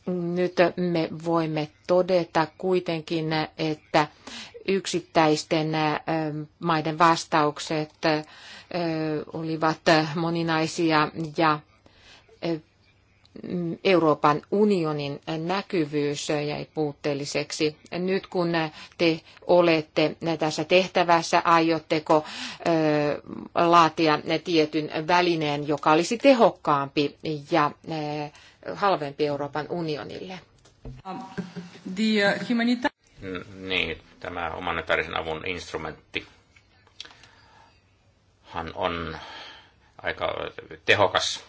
nyt me voimme todeta kuitenkin, että yksittäisten maiden vastaukset olivat moninaisia ja mm, Euroopan unionin näkyvyys jäi puutteelliseksi. Nyt kun te olette tässä tehtävässä, aiotteko laatia tietyn välineen, joka olisi tehokkaampi ja halvempi Euroopan unionille? Um, uh, niin, Tämä humanitaarisen avun instrumentti hän on aika tehokas.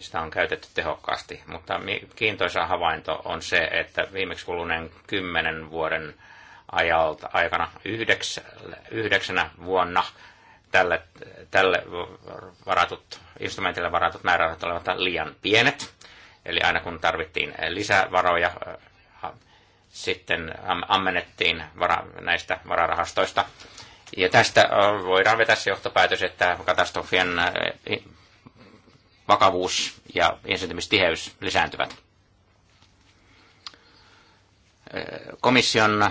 Sitä on käytetty tehokkaasti, mutta kiintoisa havainto on se, että viimeksi kuluneen kymmenen vuoden ajalta, aikana yhdeks, yhdeksänä vuonna tälle, tälle varatut, instrumentille varatut määrärahat olivat liian pienet. Eli aina kun tarvittiin lisävaroja, sitten ammennettiin vara, näistä vararahastoista. Ja tästä voidaan vetää se johtopäätös, että katastrofien vakavuus ja esiintymistiheys lisääntyvät. Komission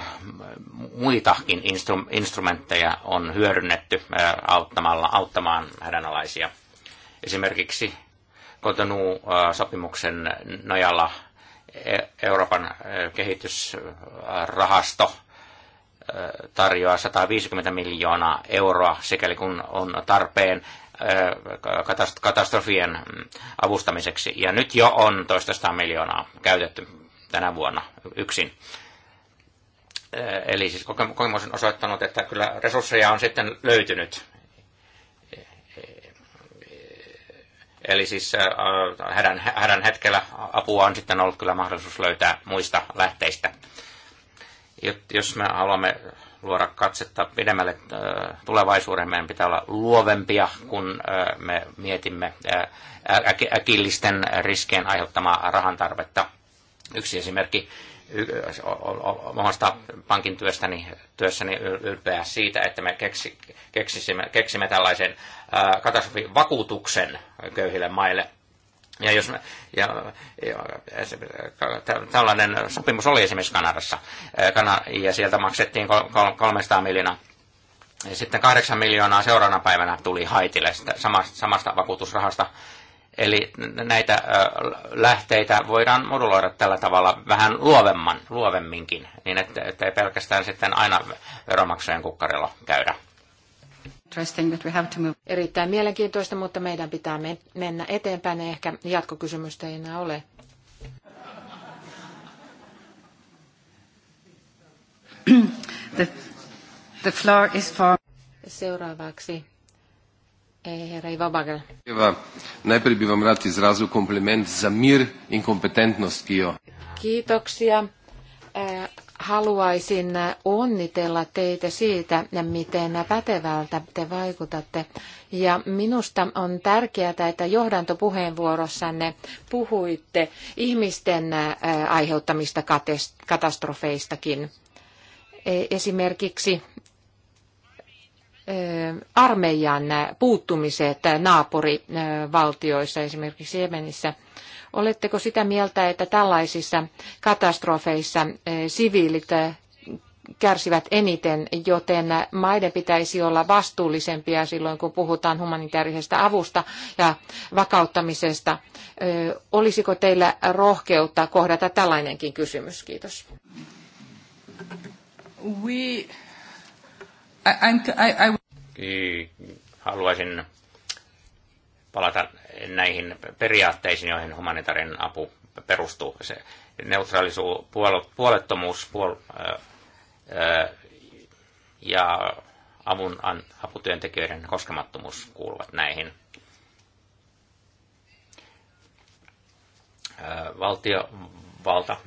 muitakin instru- instrumentteja on hyödynnetty auttamalla, auttamaan hädänalaisia. Esimerkiksi kotonu sopimuksen nojalla E- Euroopan e, kehitysrahasto e, tarjoaa 150 miljoonaa euroa, sikäli kun on tarpeen katastrofien avustamiseksi. Ja nyt jo on toistaista miljoonaa käytetty tänä vuonna yksin. Eli siis kokemus on osoittanut, että kyllä resursseja on sitten löytynyt Eli siis äh, hädän, hädän hetkellä apua on sitten ollut kyllä mahdollisuus löytää muista lähteistä. Jos me haluamme luoda katsetta pidemmälle äh, tulevaisuuden, meidän pitää olla luovempia, kun äh, me mietimme äkillisten riskien aiheuttamaa rahantarvetta. Yksi esimerkki omasta pankin työstäni, työssäni ylpeä siitä, että me keksi, keksisimme, keksimme tällaisen katastrofivakuutuksen köyhille maille. Ja jos me, ja, ja, tällainen sopimus oli esimerkiksi Kanadassa, ja sieltä maksettiin 300 miljoonaa. Ja sitten 8 miljoonaa seuraavana päivänä tuli Haitille samasta, samasta vakuutusrahasta. Eli näitä lähteitä voidaan moduloida tällä tavalla vähän luovemman, luovemminkin, niin että, että ei pelkästään sitten aina veromaksujen kukkarilla käydä. Erittäin mielenkiintoista, mutta meidän pitää mennä eteenpäin. Ehkä jatkokysymystä ei enää ole. The, the floor is for... Seuraavaksi Eh, herra Ivo Bagel. Najprej bi vam rad izrazil kompliment za mir in kompetentnost, ki jo. Kiitoksia. Eh, haluaisin eh, onnitella teitä siitä, miten pätevältä te vaikutatte. Ja minusta on tärkeää, että johdantopuheenvuorossanne puhuitte ihmisten aiheuttamista katastrofeistakin e-, esimerkiksi armeijan puuttumiset naapurivaltioissa, esimerkiksi Jemenissä. Oletteko sitä mieltä, että tällaisissa katastrofeissa siviilit kärsivät eniten, joten maiden pitäisi olla vastuullisempia silloin, kun puhutaan humanitaarisesta avusta ja vakauttamisesta. Olisiko teillä rohkeutta kohdata tällainenkin kysymys? Kiitos. We... I, I, I niin, haluaisin palata näihin periaatteisiin, joihin humanitaarinen apu perustuu. Se neutraalisuus, puolettomuus puol, ja avun, aputyöntekijöiden koskemattomuus kuuluvat näihin. Valtiovalta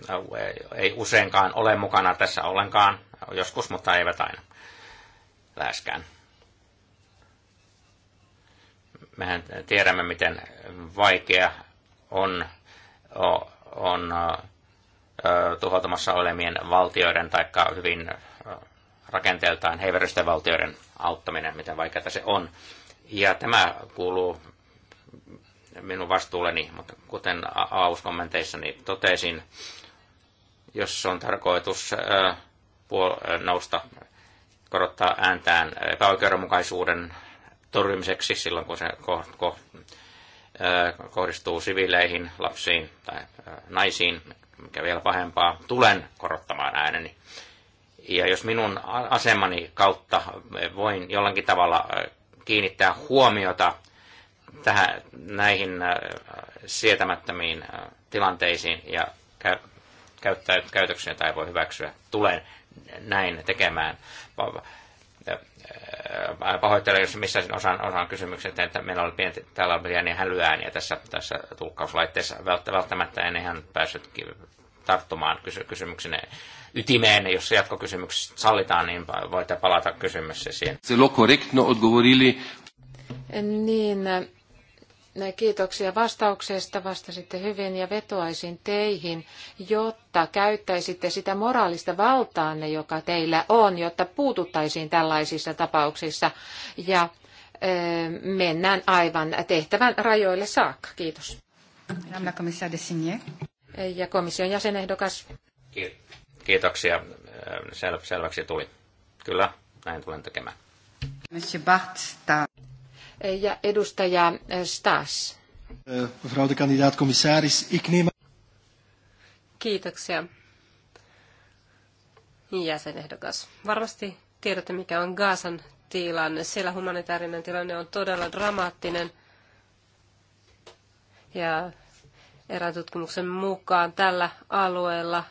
ei useinkaan ole mukana tässä ollenkaan, joskus, mutta eivät aina läheskään. Mehän tiedämme, miten vaikea on, on tuhoutumassa olemien valtioiden tai hyvin rakenteeltaan heiveristen valtioiden auttaminen, miten vaikeaa se on. Ja tämä kuuluu minun vastuulleni, mutta kuten AUS-kommenteissani totesin, jos on tarkoitus nousta, korottaa ääntään epäoikeudenmukaisuuden torjumiseksi silloin, kun se ko, ko, äh, kohdistuu siviileihin, lapsiin tai äh, naisiin, mikä vielä pahempaa, tulen korottamaan ääneni. Ja jos minun asemani kautta voin jollakin tavalla äh, kiinnittää huomiota tähän, näihin sietämättömiin tilanteisiin ja käyttää, käytöksiä tai voi hyväksyä, tulen näin tekemään pahoittelen, jos missä osaan osaan kysymyksen, että meillä oli pieni, täällä oli pieni hälyääniä tässä, tässä tulkkauslaitteessa. Välttämättä en ihan päässyt tarttumaan kysy, kysymyksen ytimeen, jos jatkokysymykset sallitaan, niin voitte palata kysymykseen. Se lo correctno odgovorili. Niin, Kiitoksia vastauksesta. Vastasitte hyvin ja vetoaisin teihin, jotta käyttäisitte sitä moraalista valtaanne, joka teillä on, jotta puututtaisiin tällaisissa tapauksissa ja mennään aivan tehtävän rajoille saakka. Kiitos. Ja komission jäsenehdokas. Kiitoksia. Sel- selväksi tuli. Kyllä, näin tulen tekemään. Monsieur ja edustaja Stas. Mevrouw de kandidaat commissaris, ik neem... Kiitoksia. Jäsenehdokas. Varmasti tiedätte, mikä on Gaasan tilanne. Siellä humanitaarinen tilanne on todella dramaattinen. Ja erään tutkimuksen mukaan tällä alueella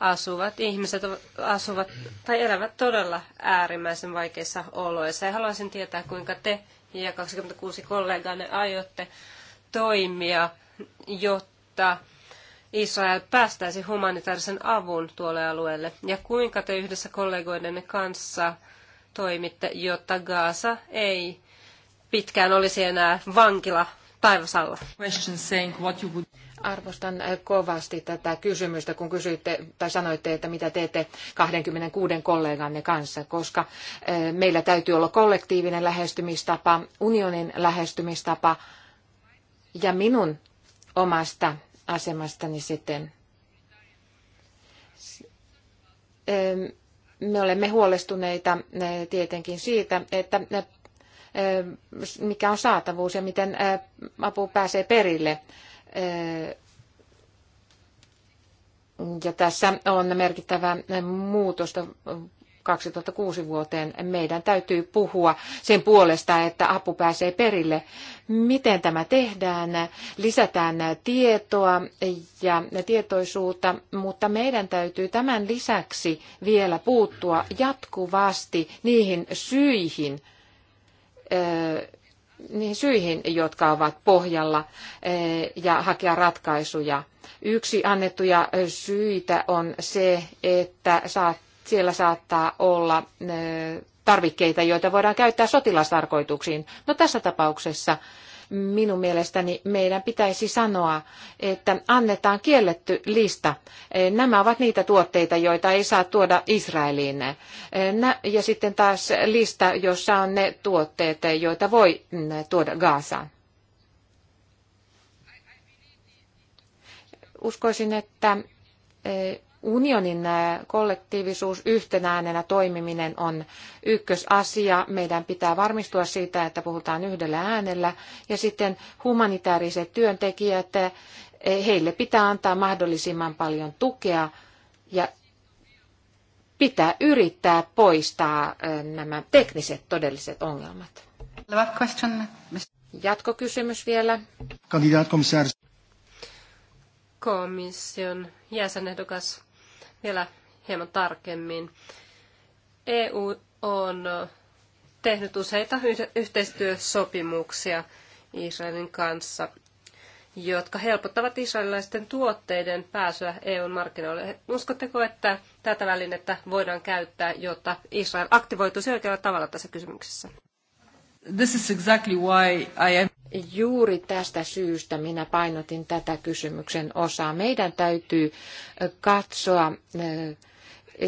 asuvat ihmiset asuvat tai elävät todella äärimmäisen vaikeissa oloissa. Ja haluaisin tietää, kuinka te ja 26 ne aiotte toimia, jotta Israel päästäisi humanitaarisen avun tuolle alueelle? Ja kuinka te yhdessä kollegoidenne kanssa toimitte, jotta Gaasa ei pitkään olisi enää vankila taivasalla? Arvostan äh, kovasti tätä kysymystä, kun kysyitte tai sanoitte, että mitä teette 26 kolleganne kanssa, koska äh, meillä täytyy olla kollektiivinen lähestymistapa, unionin lähestymistapa ja minun omasta asemastani sitten. Ähm, me olemme huolestuneita äh, tietenkin siitä, että mikä on saatavuus ja miten apu pääsee perille ja tässä on merkittävä muutosta 2006 vuoteen. Meidän täytyy puhua sen puolesta, että apu pääsee perille. Miten tämä tehdään? Lisätään tietoa ja tietoisuutta, mutta meidän täytyy tämän lisäksi vielä puuttua jatkuvasti niihin syihin, niihin syihin, jotka ovat pohjalla eh, ja hakea ratkaisuja. Yksi annettuja syitä on se, että siellä saattaa olla eh, tarvikkeita, joita voidaan käyttää sotilastarkoituksiin. No tässä tapauksessa minun mielestäni meidän pitäisi sanoa, että annetaan kielletty lista. E, nämä ovat niitä tuotteita, joita ei saa tuoda Israeliin. E, ja sitten taas lista, jossa on ne tuotteet, joita voi mm, tuoda Gaasaan. Uskoisin, että e, unionin kollektiivisuus yhtenäänenä toimiminen on ykkösasia. Meidän pitää varmistua siitä, että puhutaan yhdellä äänellä. Ja sitten humanitaariset työntekijät, heille pitää antaa mahdollisimman paljon tukea ja pitää yrittää poistaa nämä tekniset todelliset ongelmat. Jatkokysymys vielä. Kandidaatkomissaari komission jäsenehdokas vielä hieman tarkemmin. EU on tehnyt useita yhteistyösopimuksia Israelin kanssa, jotka helpottavat israelilaisten tuotteiden pääsyä EUn markkinoille. Uskotteko, että tätä välinettä voidaan käyttää, jotta Israel aktivoituisi oikealla tavalla tässä kysymyksessä? This is exactly why I Juuri tästä syystä minä painotin tätä kysymyksen osaa. Meidän täytyy katsoa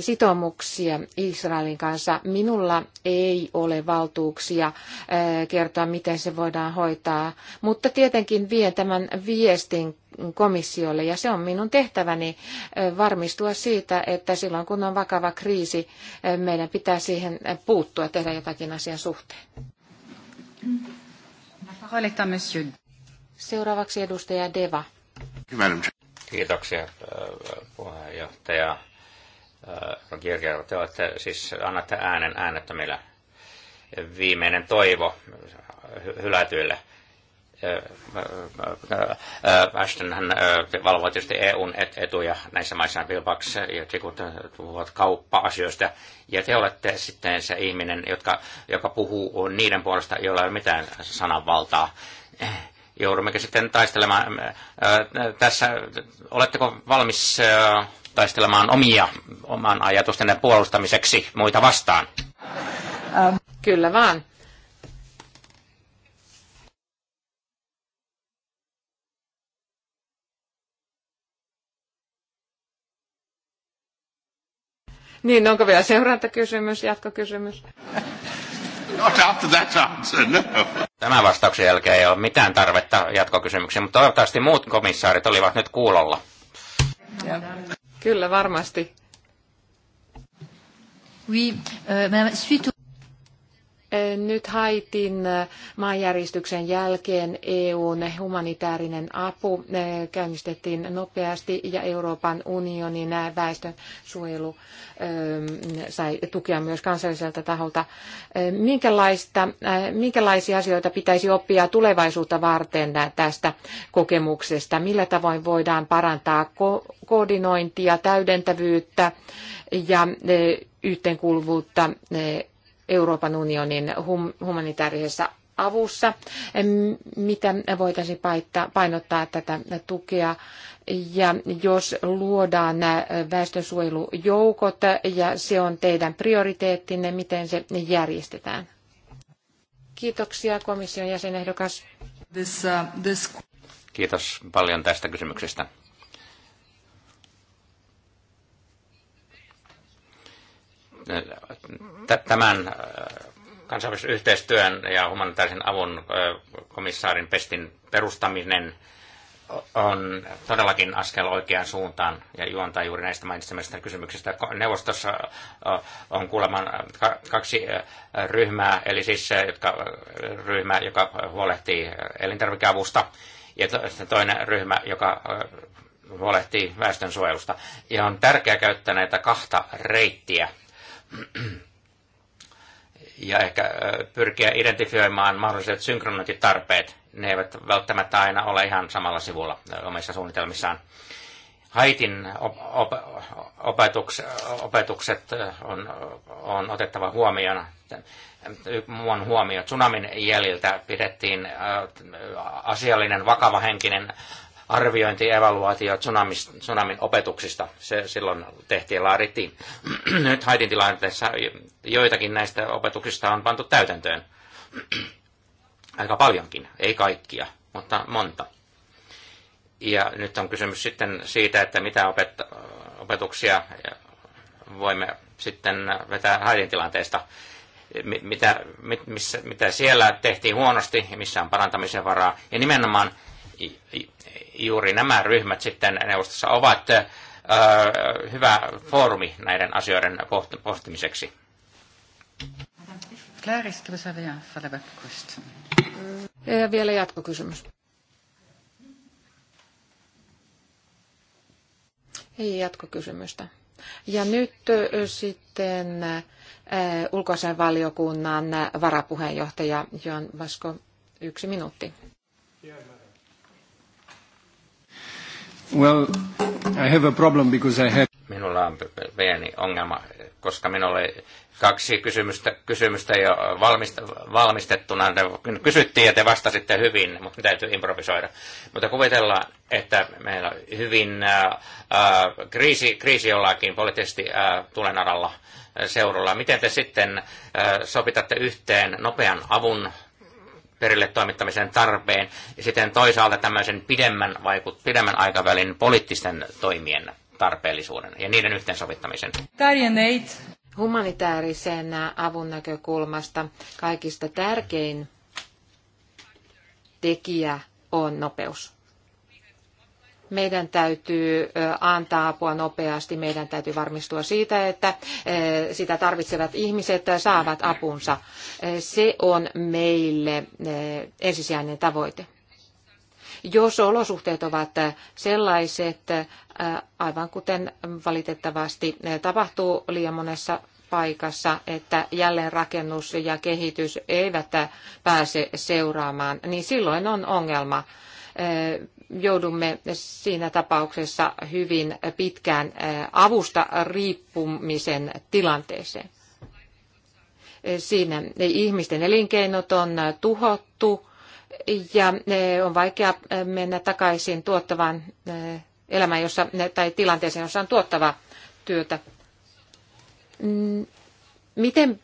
sitoumuksia Israelin kanssa. Minulla ei ole valtuuksia kertoa, miten se voidaan hoitaa, mutta tietenkin vien tämän viestin komissiolle ja se on minun tehtäväni varmistua siitä, että silloin kun on vakava kriisi, meidän pitää siihen puuttua, tehdä jotakin asian suhteen parole est à monsieur. Seuraavaksi edustaja Deva. Kiitoksia äh, puheenjohtaja. Kirjalla, äh, te olette, siis annatte äänen äänettömille. Viimeinen toivo hylätyille Äh, äh, äh, Ashton hän valvoi tietysti EUn etuja näissä maissa, Bill Bucks ja Tikut puhuvat kauppa-asioista, ja te olette sitten se ihminen, jotka, joka puhuu niiden puolesta, jolla ei ole mitään sananvaltaa. Joudummekö sitten taistelemaan tässä, oletteko valmis taistelemaan omia, oman ajatustenne puolustamiseksi muita vastaan? Kyllä vaan. Niin, onko vielä seurantakysymys, jatkokysymys? Not after that answer, no. Tämän vastauksen jälkeen ei ole mitään tarvetta jatkokysymyksiin, mutta toivottavasti muut komissaarit olivat nyt kuulolla. Ja. Kyllä, varmasti. Oui, euh, suite nyt Haitin maanjäristyksen jälkeen EUn humanitaarinen apu eh, käynnistettiin nopeasti ja Euroopan unionin väestönsuojelu suojelu eh, sai tukea myös kansalliselta taholta. Eh, minkälaista, minkälaisia asioita pitäisi oppia tulevaisuutta varten tästä kokemuksesta? Millä tavoin voidaan parantaa ko- koordinointia, täydentävyyttä ja yhteenkuuluvuutta Euroopan unionin hum- humanitaarisessa avussa, mitä voitaisiin painottaa tätä tukea. Ja jos luodaan väestönsuojelujoukot ja se on teidän prioriteettinne, miten se järjestetään? Kiitoksia komission jäsenehdokas. This, uh, this... Kiitos paljon tästä kysymyksestä. tämän äh, kansainvälisen yhteistyön ja humanitaarisen avun äh, komissaarin pestin perustaminen on todellakin askel oikeaan suuntaan ja juontaa juuri näistä mainitsemista kysymyksistä. Neuvostossa äh, on kuulemma kaksi ryhmää, eli siis se, jotka, ryhmä, joka huolehtii elintarvikeavusta ja toinen ryhmä, joka huolehtii väestönsuojelusta. Ja on tärkeää käyttää näitä kahta reittiä – ja ehkä pyrkiä identifioimaan mahdolliset synkronointitarpeet. Ne eivät välttämättä aina ole ihan samalla sivulla omissa suunnitelmissaan. Haitin op- op- opetukset, opetukset on, on otettava huomioon. Muun huomio. Tsunamin jäljiltä pidettiin asiallinen, vakava henkinen arviointi ja evaluaatio tsunamin opetuksista. Se silloin tehtiin ja laadittiin. Nyt Haitin tilanteessa joitakin näistä opetuksista on pantu täytäntöön. Aika paljonkin, ei kaikkia, mutta monta. Ja nyt on kysymys sitten siitä, että mitä opet- opetuksia voimme sitten vetää Haitin tilanteesta. Mitä, mit, missä, mitä siellä tehtiin huonosti ja missä on parantamisen varaa. Ja nimenomaan juuri nämä ryhmät sitten neuvostossa ovat hyvä foorumi näiden asioiden pohtimiseksi. Ja vielä jatkokysymys. Ei jatkokysymystä. Ja nyt sitten valiokunnan varapuheenjohtaja Jan Vasko, yksi minuutti. Well, I have a problem because I have... Minulla on pieni ongelma, koska minulla oli kaksi kysymystä, kysymystä jo valmist, valmistettuna. Ne kysyttiin ja te vastasitte hyvin, mutta täytyy improvisoida. Mutta kuvitellaan, että meillä on hyvin äh, äh kriisi, kriisi jollakin poliittisesti ää, äh, tulenaralla äh, seudulla. Miten te sitten ää, sopitatte yhteen nopean avun perille toimittamisen tarpeen ja sitten toisaalta tämmöisen pidemmän, vaikut, pidemmän aikavälin poliittisten toimien tarpeellisuuden ja niiden yhteensovittamisen. Tarjonneet. Humanitaarisen avun näkökulmasta kaikista tärkein tekijä on nopeus meidän täytyy antaa apua nopeasti, meidän täytyy varmistua siitä, että sitä tarvitsevat ihmiset saavat apunsa. Se on meille ensisijainen tavoite. Jos olosuhteet ovat sellaiset, aivan kuten valitettavasti tapahtuu liian monessa paikassa, että jälleenrakennus ja kehitys eivät pääse seuraamaan, niin silloin on ongelma joudumme siinä tapauksessa hyvin pitkään avusta riippumisen tilanteeseen. Siinä ihmisten elinkeinot on tuhottu ja on vaikea mennä takaisin tuottavaan elämään jossa, tai tilanteeseen, jossa on tuottavaa työtä. Miten,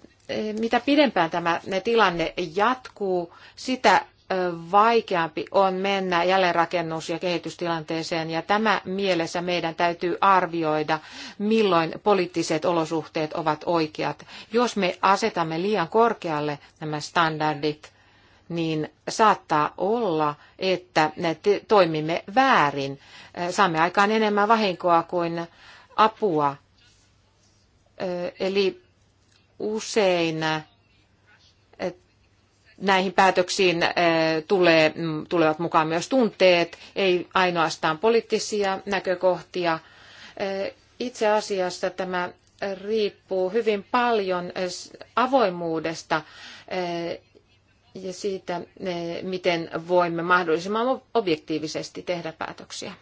mitä pidempään tämä tilanne jatkuu, sitä vaikeampi on mennä jälleenrakennus- ja kehitystilanteeseen, ja tämä mielessä meidän täytyy arvioida, milloin poliittiset olosuhteet ovat oikeat. Jos me asetamme liian korkealle nämä standardit, niin saattaa olla, että toimimme väärin. Saamme aikaan enemmän vahinkoa kuin apua. Eli usein näihin päätöksiin äh, tulee, mm, tulevat mukaan myös tunteet, ei ainoastaan poliittisia näkökohtia. Äh, itse asiassa tämä riippuu hyvin paljon äh, avoimuudesta ja siitä, miten voimme mahdollisimman objektiivisesti tehdä päätöksiä.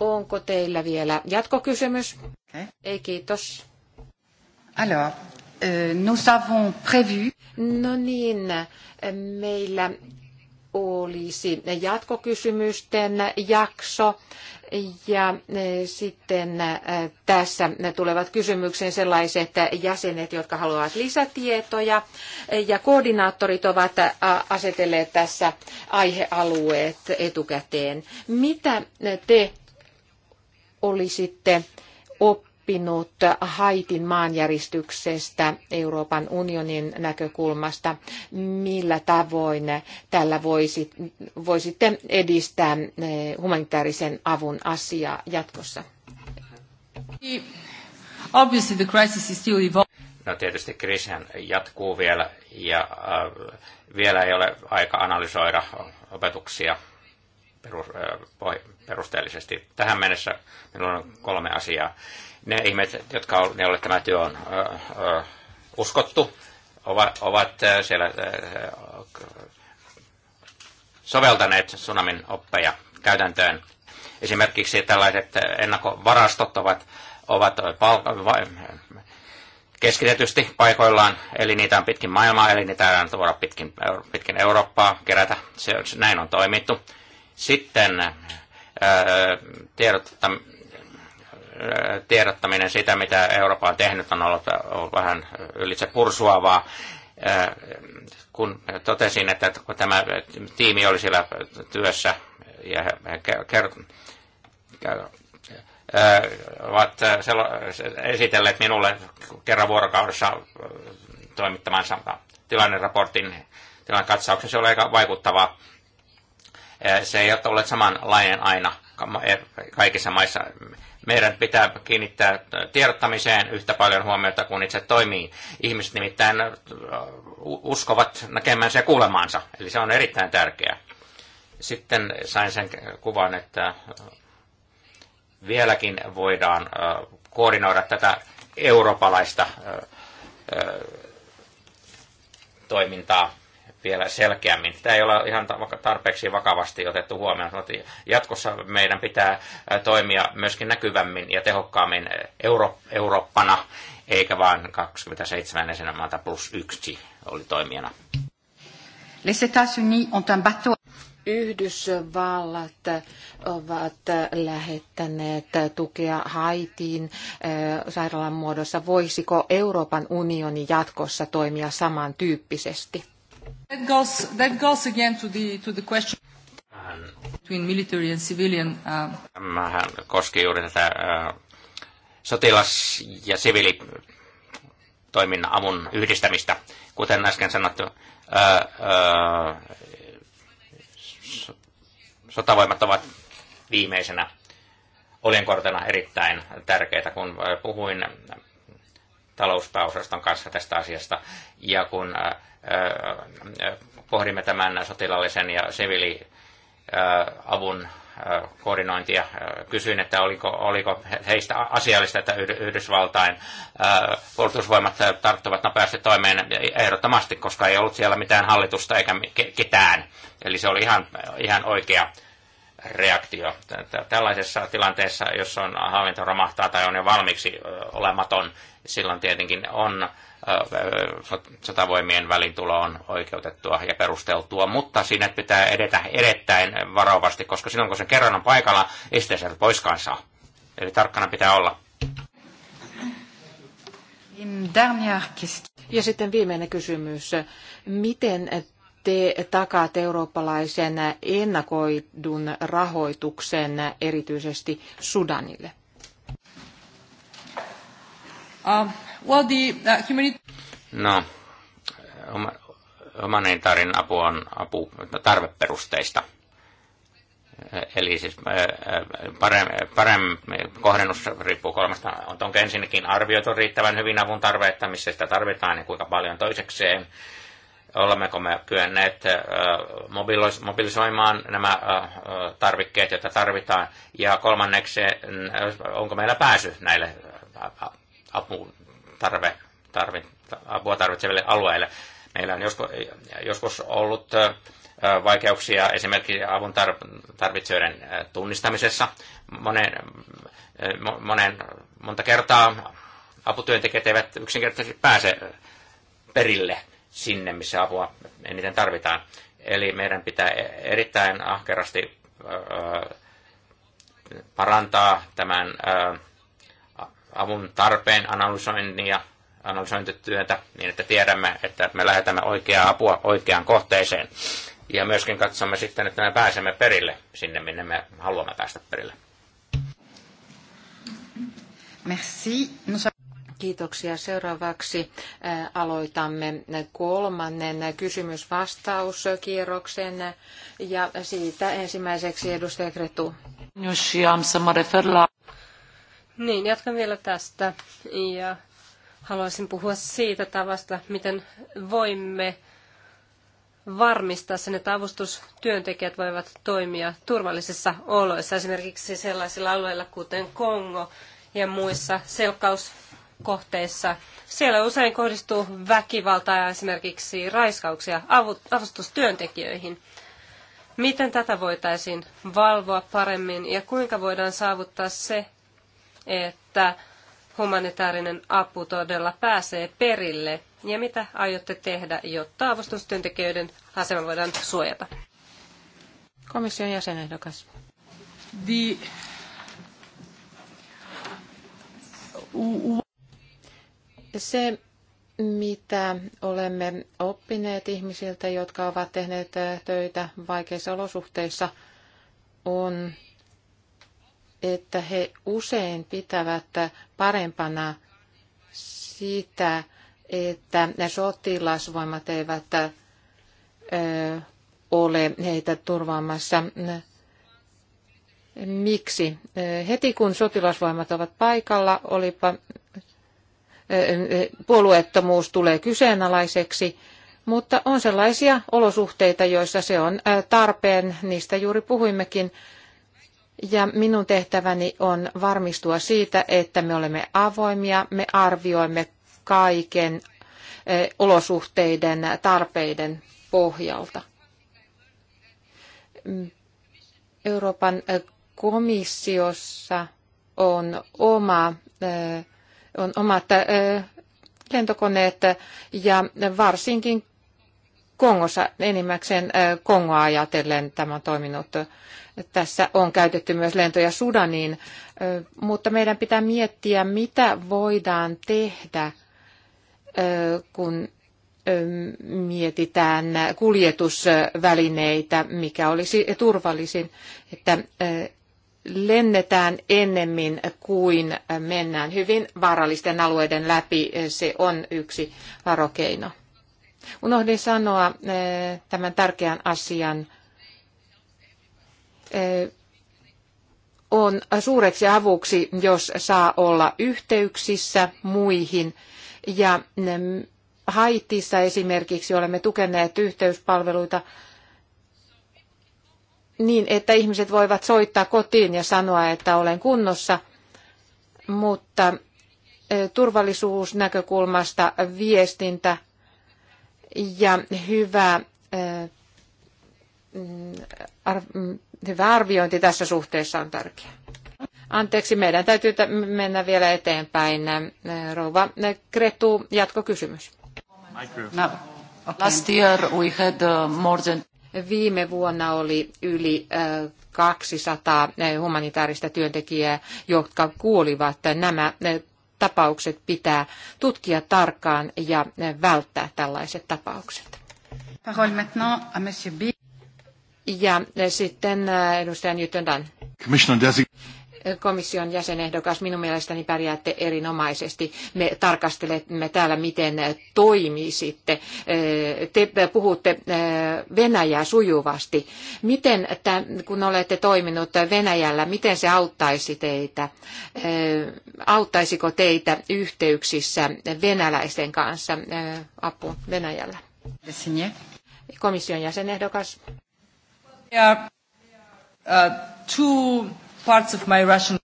Onko teillä vielä jatkokysymys? Okay. Ei, kiitos. Alors, Euh, nous avons prévu. No niin, meillä olisi jatkokysymysten jakso. Ja e, sitten e, tässä tulevat kysymykseen sellaiset jäsenet, jotka haluavat lisätietoja. E, ja koordinaattorit ovat asetelleet tässä aihealueet etukäteen. Mitä te olisitte oppineet? oppinut Haitin maanjäristyksestä Euroopan unionin näkökulmasta? Millä tavoin tällä voisi, voisitte edistää eh, humanitaarisen avun asiaa jatkossa? Obviously the crisis is still evolving. No tietysti kriisihän jatkuu vielä ja äh, vielä ei ole aika analysoida opetuksia perus, äh, perusteellisesti. Tähän mennessä minulla on kolme asiaa ne ihmiset, jotka, ne, joille tämä työ on uskottu, ovat, ovat siellä soveltaneet tsunamin oppeja käytäntöön. Esimerkiksi tällaiset ennakkovarastot ovat, ovat keskitetysti paikoillaan, eli niitä on pitkin maailmaa, eli niitä on tuoda pitkin, pitkin Eurooppaa, kerätä, se, näin on toimittu. Sitten ää, tiedot, tiedottaminen sitä, mitä Eurooppa on tehnyt, on ollut vähän ylitse pursuavaa. Äh, kun totesin, että kun tämä tiimi oli siellä työssä ja he äh, ovat esitelleet minulle kerran vuorokaudessa toimittamansa tilanneraportin tilannekatsauksen. Se oli aika vaikuttavaa. Äh, se ei ole ollut samanlainen aina e-, kaikissa maissa meidän pitää kiinnittää tiedottamiseen yhtä paljon huomiota kuin itse toimii. Ihmiset nimittäin uskovat näkemänsä ja kuulemaansa, eli se on erittäin tärkeää. Sitten sain sen kuvan, että vieläkin voidaan koordinoida tätä eurooppalaista toimintaa vielä selkeämmin. Tämä ei ole ihan tarpeeksi vakavasti otettu huomioon. Jatkossa meidän pitää toimia myöskin näkyvämmin ja tehokkaammin Euro- Eurooppana, eikä vain 27 jäsenmaata plus yksi oli toimijana. Les États-Unis ont un bateau. Yhdysvallat ovat lähettäneet tukea Haitiin sairaalan muodossa. Voisiko Euroopan unioni jatkossa toimia samantyyppisesti? That goes, that goes again to the, to the question between military and civilian. Uh... Tämähän koski juuri tätä uh, sotilas- ja siviilitoiminnan avun yhdistämistä. Kuten äsken sanottu, uh, uh, sotavoimat ovat viimeisenä olinkortena erittäin tärkeitä, kun uh, puhuin talouspääosaston kanssa tästä asiasta. Ja kun uh, pohdimme tämän sotilaallisen ja siviiliavun koordinointia. Kysyin, että oliko, oliko heistä asiallista, että Yhdysvaltain puolustusvoimat tarttuvat nopeasti toimeen ehdottomasti, koska ei ollut siellä mitään hallitusta eikä ketään. Eli se oli ihan, ihan oikea reaktio tällaisessa tilanteessa, jos on hallinto romahtaa tai on jo valmiiksi olematon, silloin tietenkin on sotavoimien välintulo on oikeutettua ja perusteltua, mutta siinä pitää edetä erittäin varovasti, koska silloin kun se kerran on paikalla, ei sieltä poiskaan saa. Eli tarkkana pitää olla. Ja sitten viimeinen kysymys. Miten te takaat eurooppalaisen ennakoidun rahoituksen erityisesti Sudanille? Uh, well, the, uh, humanit- no, humanitaarinen apu on apu tarveperusteista. Eli siis paremmin, äh, äh, paremmin kohdennus riippuu kolmesta. Onko ensinnäkin arvioitu riittävän hyvin avun tarvetta, missä sitä tarvitaan ja kuinka paljon toisekseen olemmeko me kyenneet mobilisoimaan nämä tarvikkeet, joita tarvitaan, ja kolmanneksi, onko meillä pääsy näille apuun tarve, tarvi, apua tarvitseville alueille. Meillä on joskus, joskus ollut vaikeuksia esimerkiksi avun tarvitsijoiden tunnistamisessa. Monen, monen, monta kertaa aputyöntekijät eivät yksinkertaisesti pääse perille sinne, missä apua eniten tarvitaan. Eli meidän pitää erittäin ahkerasti parantaa tämän avun tarpeen analysointia, analysointityötä niin, että tiedämme, että me lähetämme oikeaa apua oikeaan kohteeseen. Ja myöskin katsomme sitten, että me pääsemme perille sinne, minne me haluamme päästä perille. Merci. Kiitoksia. Seuraavaksi aloitamme kolmannen kysymysvastauskierroksen ja siitä ensimmäiseksi edustaja Kretu. Niin, jatkan vielä tästä ja haluaisin puhua siitä tavasta, miten voimme varmistaa sen, että avustustyöntekijät voivat toimia turvallisissa oloissa, esimerkiksi sellaisilla alueilla kuten Kongo ja muissa selkkaus kohteissa. Siellä usein kohdistuu väkivaltaa ja esimerkiksi raiskauksia avustustyöntekijöihin. Miten tätä voitaisiin valvoa paremmin ja kuinka voidaan saavuttaa se, että humanitaarinen apu todella pääsee perille? Ja mitä aiotte tehdä, jotta avustustyöntekijöiden asema voidaan suojata? Komission jäsenehdokas. The se, mitä olemme oppineet ihmisiltä, jotka ovat tehneet töitä vaikeissa olosuhteissa, on, että he usein pitävät parempana sitä, että ne sotilasvoimat eivät ole heitä turvaamassa. Miksi? Heti kun sotilasvoimat ovat paikalla, olipa puolueettomuus tulee kyseenalaiseksi, mutta on sellaisia olosuhteita, joissa se on tarpeen, niistä juuri puhuimmekin, ja minun tehtäväni on varmistua siitä, että me olemme avoimia, me arvioimme kaiken olosuhteiden tarpeiden pohjalta. Euroopan komissiossa on oma on omat lentokoneet ja varsinkin Kongossa enimmäkseen Kongoa ajatellen tämä on toiminut. Tässä on käytetty myös lentoja Sudaniin, mutta meidän pitää miettiä, mitä voidaan tehdä, kun mietitään kuljetusvälineitä, mikä olisi turvallisin, että lennetään ennemmin kuin mennään hyvin vaarallisten alueiden läpi. Se on yksi varokeino. Unohdin sanoa eh, tämän tärkeän asian. Eh, on suureksi avuksi, jos saa olla yhteyksissä muihin. Ja mm, Haitissa esimerkiksi olemme tukeneet yhteyspalveluita niin, että ihmiset voivat soittaa kotiin ja sanoa, että olen kunnossa, mutta turvallisuusnäkökulmasta viestintä ja hyvä, mm, mm, hyvä arviointi tässä suhteessa on tärkeää. Anteeksi, meidän täytyy mennä vielä eteenpäin. Rouva Kretu, jatkokysymys. No, last year we had uh, more than Viime vuonna oli yli 200 äh, äh, humanitaarista työntekijää, jotka kuolivat. Nämä äh, tapaukset pitää tutkia tarkkaan ja välttää tällaiset tapaukset. Ja sitten edustaja Newton Dunn komission jäsenehdokas, minun mielestäni pärjäätte erinomaisesti. Me tarkastelemme täällä, miten toimisitte. Te puhutte eh, Venäjää sujuvasti. Miten, kun olette toiminut Venäjällä, miten se auttaisi teitä? Eh, auttaisiko teitä yhteyksissä venäläisten kanssa eh, apu Venäjällä? Komission jäsenehdokas. Ja, uh, parts of my Russian...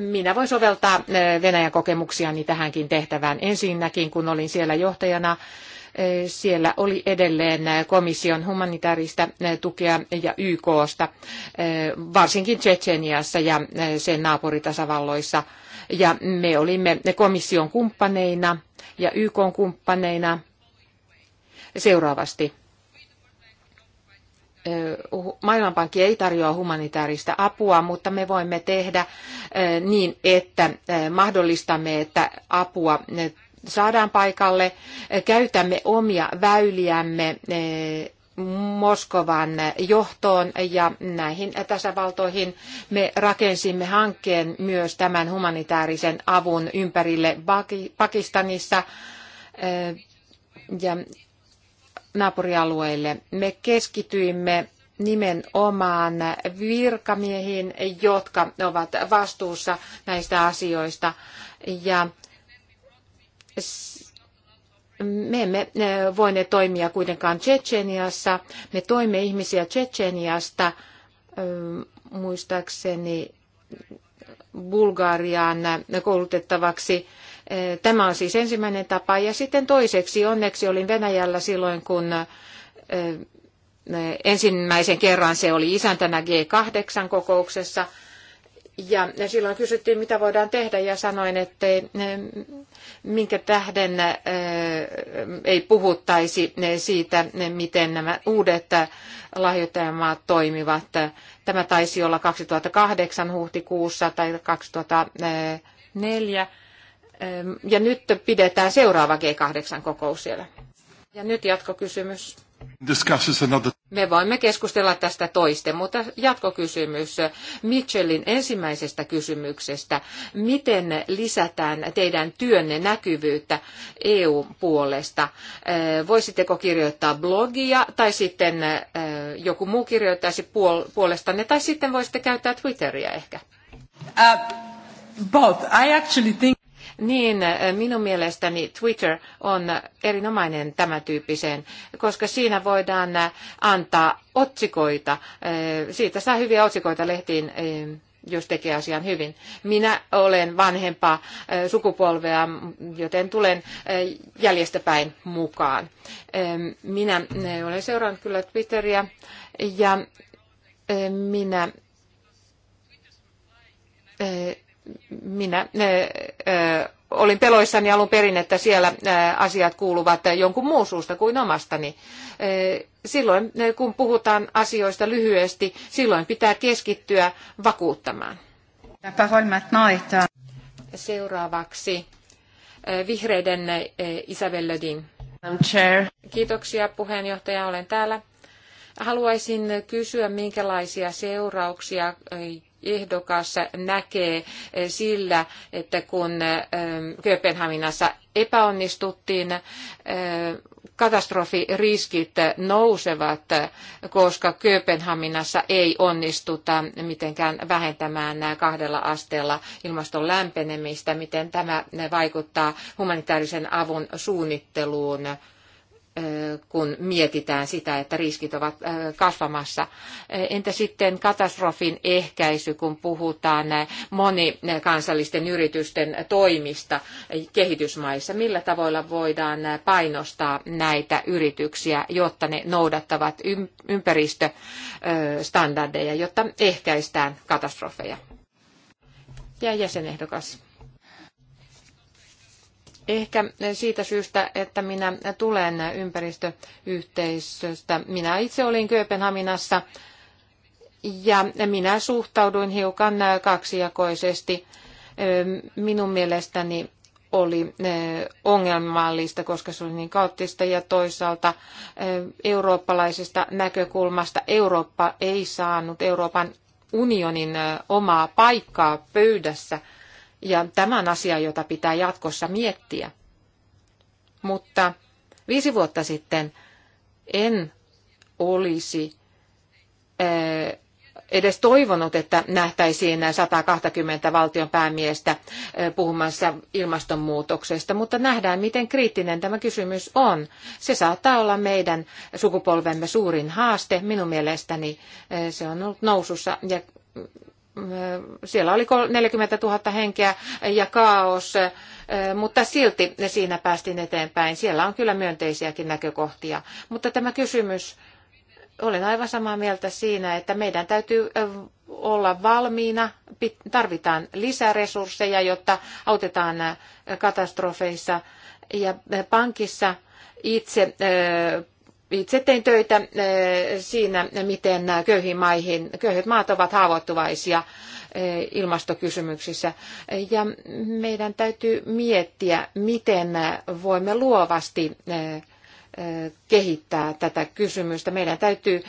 Minä voin soveltaa eh, Venäjän kokemuksiani tähänkin tehtävään. Ensinnäkin, kun olin siellä johtajana, eh, siellä oli edelleen eh, komission humanitaarista tukea ja YKsta, varsinkin Tsetseniassa ja sen naapuritasavalloissa. Ja me olimme komission kumppaneina ja YK kumppaneina seuraavasti. Maailmanpankki ei tarjoa humanitaarista apua, mutta me voimme tehdä niin, että mahdollistamme, että apua saadaan paikalle. Käytämme omia väyliämme Moskovan johtoon ja näihin tasavaltoihin. Me rakensimme hankkeen myös tämän humanitaarisen avun ympärille Pakistanissa ja naapurialueille. Me keskityimme nimenomaan virkamiehiin, jotka ovat vastuussa näistä asioista. Ja me emme eh, voineet toimia kuitenkaan Tsecheniassa. Me toimme ihmisiä Tsecheniasta, eh, muistaakseni Bulgariaan koulutettavaksi Tämä on siis ensimmäinen tapa. Ja sitten toiseksi, onneksi olin Venäjällä silloin, kun ensimmäisen kerran se oli isäntänä G8-kokouksessa. Ja silloin kysyttiin, mitä voidaan tehdä, ja sanoin, että minkä tähden ei puhuttaisi siitä, miten nämä uudet lahjoittajamaat toimivat. Tämä taisi olla 2008 huhtikuussa tai 2004 Ehm, ja nyt pidetään seuraava G8-kokous siellä. Ja nyt jatkokysymys. Me voimme keskustella tästä toisten, mutta jatkokysymys Mitchellin ensimmäisestä kysymyksestä. Miten lisätään teidän työnne näkyvyyttä EU-puolesta? Ehm, voisitteko kirjoittaa blogia tai sitten ehm, joku muu kirjoittaisi puolestanne tai sitten voisitte käyttää Twitteriä ehkä? Uh, both. I actually think niin eh, minun mielestäni Twitter on erinomainen tämän tyyppiseen, koska siinä voidaan eh, antaa otsikoita. Eh, siitä saa hyviä otsikoita lehtiin jos tekee asian hyvin. Minä olen vanhempaa sukupolvea, joten tulen jäljestä päin mukaan. Minä olen seurannut kyllä Twitteriä ja minä minä olin peloissani alun perin, että siellä asiat kuuluvat jonkun muun suusta kuin omastani. Silloin, kun puhutaan asioista lyhyesti, silloin pitää keskittyä vakuuttamaan. Seuraavaksi vihreiden Isabel Lödin. Kiitoksia puheenjohtaja, olen täällä. Haluaisin kysyä, minkälaisia seurauksia ehdokas näkee eh, sillä, että kun eh, Kööpenhaminassa epäonnistuttiin, eh, katastrofiriskit nousevat, koska Kööpenhaminassa ei onnistuta mitenkään vähentämään kahdella asteella ilmaston lämpenemistä, miten tämä vaikuttaa humanitaarisen avun suunnitteluun kun mietitään sitä, että riskit ovat kasvamassa. Entä sitten katastrofin ehkäisy, kun puhutaan monikansallisten yritysten toimista kehitysmaissa? Millä tavoilla voidaan painostaa näitä yrityksiä, jotta ne noudattavat ympäristöstandardeja, jotta ehkäistään katastrofeja? Ja jäsenehdokas. Ehkä siitä syystä, että minä tulen ympäristöyhteisöstä. Minä itse olin Kööpenhaminassa ja minä suhtauduin hiukan kaksijakoisesti. Minun mielestäni oli ongelmallista, koska se oli niin kaoottista ja toisaalta eurooppalaisesta näkökulmasta Eurooppa ei saanut Euroopan unionin omaa paikkaa pöydässä – ja tämä on asia, jota pitää jatkossa miettiä. Mutta viisi vuotta sitten en olisi eh, edes toivonut, että nähtäisiin 120 valtion päämiestä eh, puhumassa ilmastonmuutoksesta, mutta nähdään, miten kriittinen tämä kysymys on. Se saattaa olla meidän sukupolvemme suurin haaste. Minun mielestäni eh, se on ollut nousussa ja siellä oli 40 000 henkeä ja kaos, eh, mutta silti siinä päästiin eteenpäin. Siellä on kyllä myönteisiäkin näkökohtia. Mutta tämä kysymys, olen aivan samaa mieltä siinä, että meidän täytyy eh, olla valmiina, tarvitaan lisäresursseja, jotta autetaan eh, katastrofeissa ja pankissa itse itse tein töitä eh, siinä, miten köyhiin maihin, köyhät maat ovat haavoittuvaisia eh, ilmastokysymyksissä. Ja meidän täytyy miettiä, miten voimme luovasti eh, kehittää tätä kysymystä. Meidän täytyy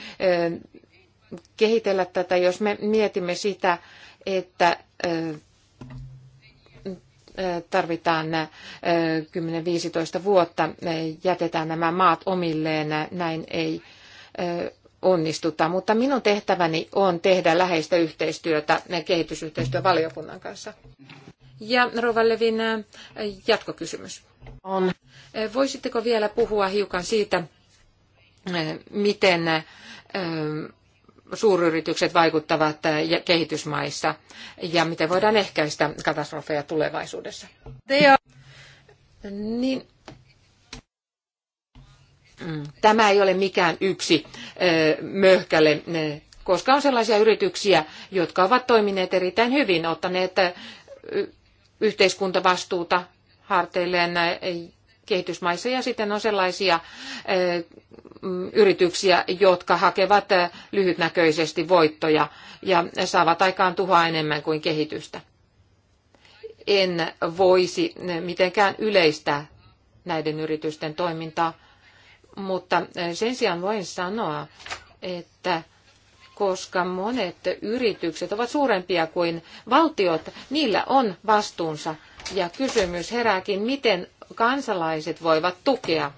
kehitellä tätä, jos me mietimme sitä, että tarvitaan 10-15 vuotta, jätetään nämä maat omilleen, näin ei onnistuta. Mutta minun tehtäväni on tehdä läheistä yhteistyötä kehitysyhteistyövaliokunnan kanssa. Ja Rova Levin jatkokysymys. On. Voisitteko vielä puhua hiukan siitä, miten suuryritykset vaikuttavat kehitysmaissa ja miten voidaan ehkäistä katastrofeja tulevaisuudessa. Niin, mm, tämä ei ole mikään yksi möhkäle, koska on sellaisia yrityksiä, jotka ovat toimineet erittäin hyvin, ottaneet yhteiskuntavastuuta harteilleen kehitysmaissa ja sitten on sellaisia eh, mm, yrityksiä, jotka hakevat eh, lyhytnäköisesti voittoja ja saavat aikaan tuhoa enemmän kuin kehitystä. En voisi eh, mitenkään yleistää näiden yritysten toimintaa, mutta sen sijaan voin sanoa, että koska monet yritykset ovat suurempia kuin valtiot, niillä on vastuunsa. Ja kysymys herääkin, miten kansalaiset voivat tukea.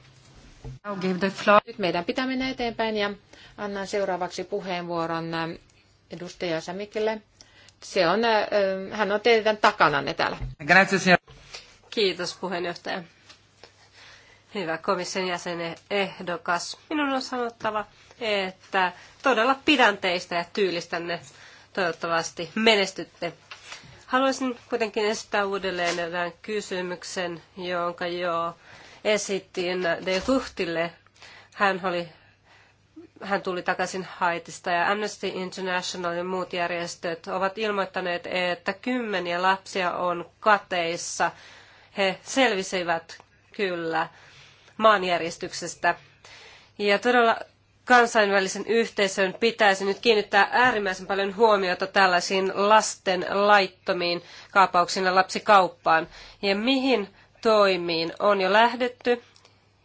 Nyt meidän pitää mennä eteenpäin ja annan seuraavaksi puheenvuoron äh, edustaja Samikille. Se on, äh, hän on teidän takananne täällä. Kiitos puheenjohtaja. Hyvä komission jäsen ehdokas. Minun on sanottava, että todella pidän teistä ja tyylistänne. Toivottavasti menestytte Haluaisin kuitenkin esittää uudelleen erään kysymyksen, jonka jo esittiin De Huhtille. Hän, oli, hän tuli takaisin Haitista ja Amnesty International ja muut järjestöt ovat ilmoittaneet, että kymmeniä lapsia on kateissa. He selvisivät kyllä maanjäristyksestä. Ja todella kansainvälisen yhteisön pitäisi nyt kiinnittää äärimmäisen paljon huomiota tällaisiin lasten laittomiin kaapauksiin ja lapsikauppaan. Ja mihin toimiin on jo lähdetty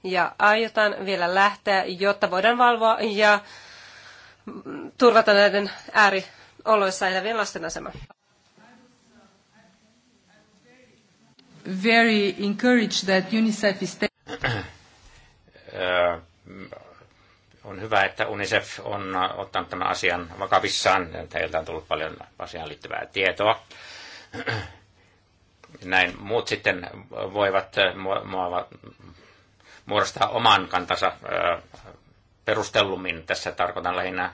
ja aiotaan vielä lähteä, jotta voidaan valvoa ja turvata näiden äärioloissa elävien lasten asema. Very encouraged that UNICEF is äh, on hyvä, että UNICEF on ottanut tämän asian vakavissaan. Teiltä on tullut paljon asiaan liittyvää tietoa. Näin muut sitten voivat muodostaa oman kantansa perustellummin. Tässä tarkoitan lähinnä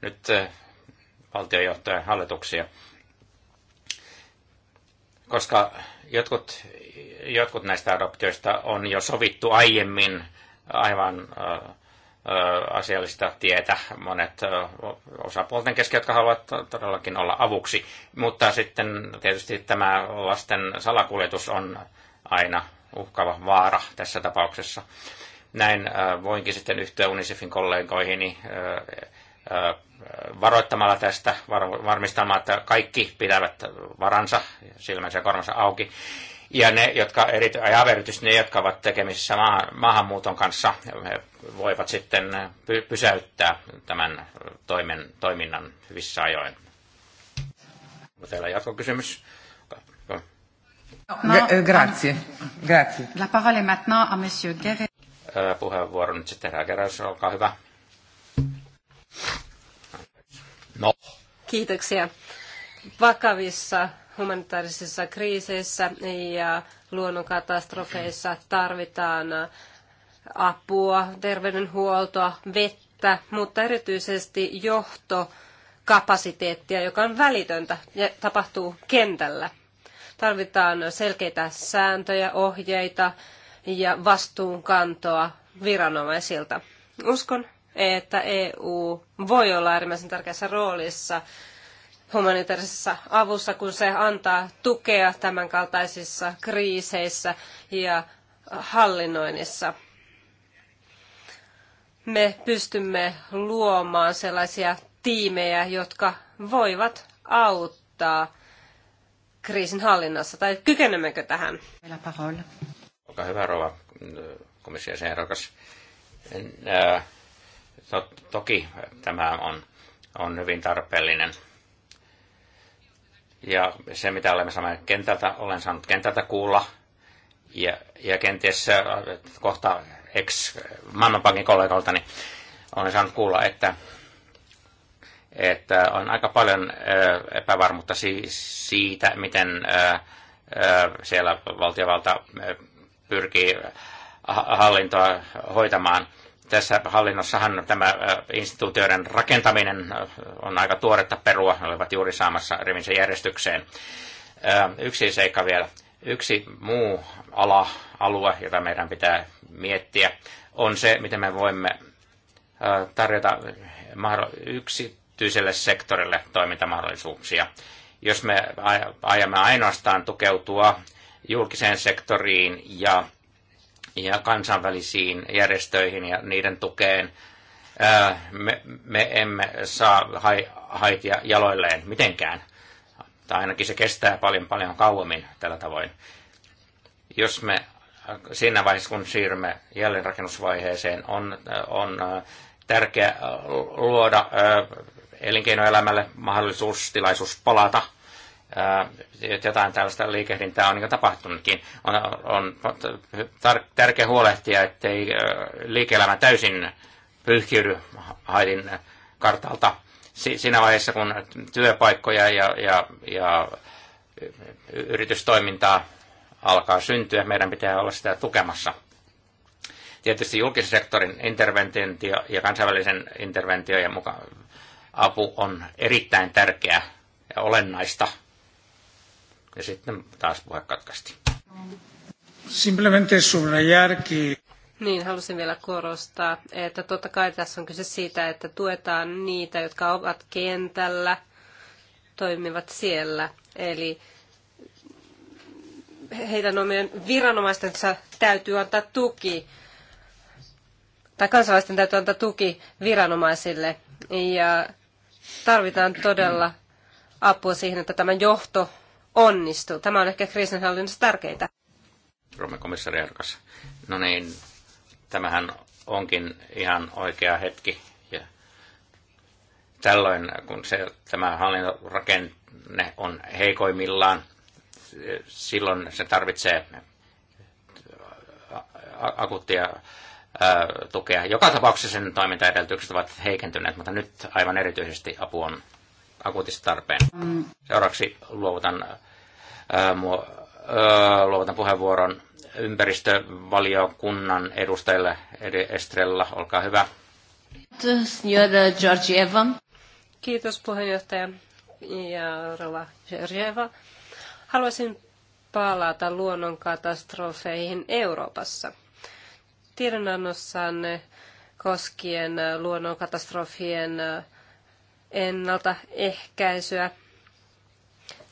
nyt valtiojohtajan hallituksia. Koska jotkut, jotkut näistä adoptioista on jo sovittu aiemmin aivan äh, asiallista tietä monet osapuolten kesken, jotka haluavat todellakin olla avuksi. Mutta sitten tietysti tämä lasten salakuljetus on aina uhkava vaara tässä tapauksessa. Näin voinkin sitten yhtyä UNICEFin kollegoihini varoittamalla tästä, varmistamaan, että kaikki pitävät varansa, silmänsä ja korvansa auki. Ja ne, jotka eri, ja ne, jotka ovat tekemisissä maahan, maahanmuuton kanssa, voivat sitten pysäyttää tämän toimen, toiminnan hyvissä ajoin. Teillä on jatkokysymys. No, no. Grazie. Grazie. La monsieur Puheenvuoro nyt sitten herra Geräys, olkaa hyvä. No. Kiitoksia. Vakavissa humanitaarisissa kriiseissä ja luonnonkatastrofeissa tarvitaan apua, terveydenhuoltoa, vettä, mutta erityisesti johtokapasiteettia, joka on välitöntä ja tapahtuu kentällä. Tarvitaan selkeitä sääntöjä, ohjeita ja vastuunkantoa viranomaisilta. Uskon, että EU voi olla äärimmäisen tärkeässä roolissa humanitaarisessa avussa, kun se antaa tukea tämänkaltaisissa kriiseissä ja hallinnoinnissa. Me pystymme luomaan sellaisia tiimejä, jotka voivat auttaa kriisin hallinnassa, tai kykenemmekö tähän? Olkaa hyvä, Rova, mm, komission ehdokas. Toki tämä on, on hyvin tarpeellinen ja se, mitä olemme saaneet kentältä, olen saanut kentältä kuulla, ja, ja kenties äh, kohta ex-maailmanpankin kollegaltani olen saanut kuulla, että, että on aika paljon äh, epävarmuutta siitä, miten äh, siellä valtiovalta pyrkii hallintoa hoitamaan – tässä hallinnossahan tämä instituutioiden rakentaminen on aika tuoretta perua, ne olivat juuri saamassa rivinsä järjestykseen. Yksi seikka vielä. Yksi muu ala, alue, jota meidän pitää miettiä, on se, miten me voimme tarjota yksityiselle sektorille toimintamahdollisuuksia. Jos me ajamme ainoastaan tukeutua julkiseen sektoriin ja ja kansainvälisiin järjestöihin ja niiden tukeen. Me, me emme saa haitia jaloilleen mitenkään. Tai ainakin se kestää paljon paljon kauemmin tällä tavoin. Jos me siinä vaiheessa, kun siirrymme jälleenrakennusvaiheeseen, on, on tärkeää luoda elinkeinoelämälle mahdollisuus, tilaisuus palata – jotain tällaista liikehdintää on niin tapahtunutkin. On, on tärkeä huolehtia, ettei liike-elämä täysin pyyhkiydy haidin kartalta si, siinä vaiheessa, kun työpaikkoja ja, ja, ja yritystoimintaa alkaa syntyä. Meidän pitää olla sitä tukemassa. Tietysti julkisen sektorin interventio ja kansainvälisen interventio ja muka apu on erittäin tärkeä ja olennaista – ja sitten taas puhe katkaisti. Simplemente Niin, halusin vielä korostaa, että totta kai tässä on kyse siitä, että tuetaan niitä, jotka ovat kentällä, toimivat siellä. Eli heidän omien viranomaistensa täytyy antaa tuki, tai kansalaisten täytyy antaa tuki viranomaisille. Ja tarvitaan todella apua siihen, että tämä johto onnistuu. Tämä on ehkä kriisinhallinnassa tärkeintä. Romme komissari Erkas. No niin, tämähän onkin ihan oikea hetki. Ja tällöin, kun se, tämä hallintorakenne on heikoimmillaan, silloin se tarvitsee akuuttia tukea. Joka tapauksessa sen toimintaedellytykset ovat heikentyneet, mutta nyt aivan erityisesti apu on akuutista tarpeen. Mm. Seuraavaksi luovutan, äh, mu, äh, luovutan puheenvuoron ympäristövaliokunnan edustajille Edi Estrella. Olkaa hyvä. Kiitos puheenjohtaja ja Rova Georgieva. Haluaisin palata luonnonkatastrofeihin Euroopassa. Tiedonannossanne koskien luonnonkatastrofien katastrofien ennaltaehkäisyä.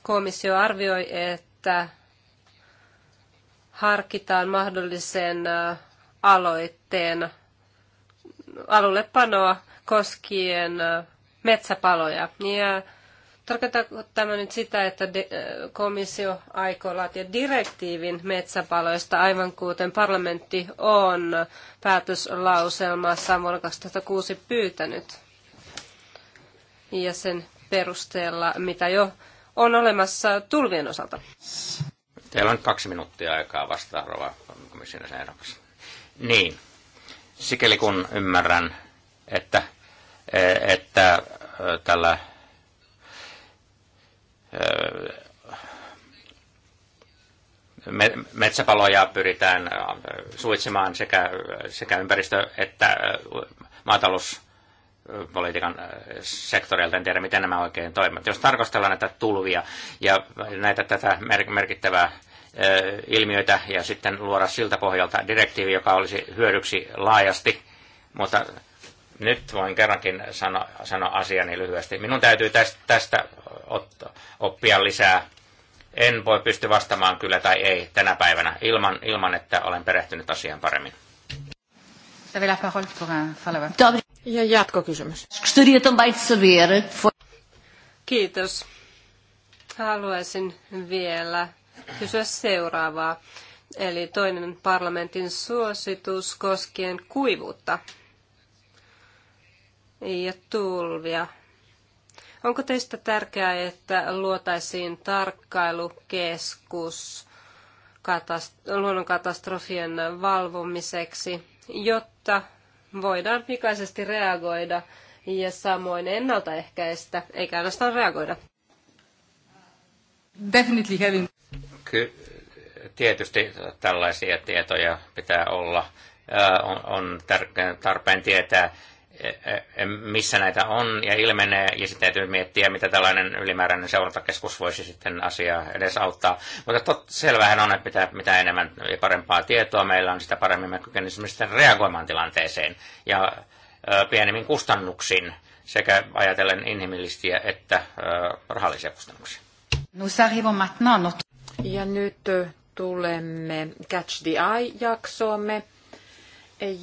Komissio arvioi, että harkitaan mahdollisen aloitteen alullepanoa koskien metsäpaloja. Ja tarkoittaako tämä nyt sitä, että komissio aikoo laatia direktiivin metsäpaloista, aivan kuten parlamentti on päätöslauselmassaan vuonna 2006 pyytänyt? ja sen perusteella, mitä jo on olemassa tulvien osalta. Teillä on kaksi minuuttia aikaa vastata, Rova komission ehdokas. Niin, sikäli kun ymmärrän, että, e, että e, tällä e, metsäpaloja pyritään suitsimaan sekä, sekä ympäristö- että maatalous politiikan äh, sektoreilta, en tiedä miten nämä oikein toimivat. Jos tarkastellaan näitä tulvia ja näitä tätä merkittävää äh, ilmiöitä ja sitten luoda siltä pohjalta direktiivi, joka olisi hyödyksi laajasti, mutta nyt voin kerrankin sanoa sano asiani lyhyesti. Minun täytyy tästä, tästä oppia lisää. En voi pysty vastaamaan kyllä tai ei tänä päivänä ilman, ilman että olen perehtynyt asiaan paremmin. Ja jatkokysymys. Kiitos. Haluaisin vielä kysyä seuraavaa. Eli toinen parlamentin suositus koskien kuivuutta ja tulvia. Onko teistä tärkeää, että luotaisiin tarkkailukeskus luonnonkatastrofien valvomiseksi, jotta voidaan pikaisesti reagoida ja samoin ennaltaehkäistä, eikä ainoastaan reagoida. Definitely having... Ky- tietysti tällaisia tietoja pitää olla. On, on tarpeen tietää, E, e, e, missä näitä on ja ilmenee, ja sitten täytyy miettiä, mitä tällainen ylimääräinen seurantakeskus voisi sitten asiaa edes auttaa. Mutta tot, selvähän on, että mitä, mitä enemmän ja parempaa tietoa meillä on, sitä paremmin me kykenisimme sitten reagoimaan tilanteeseen ja ö, pienemmin kustannuksiin, sekä ajatellen inhimillisiä että ö, rahallisia kustannuksia. Ja nyt tulemme Catch the Eye-jaksoomme.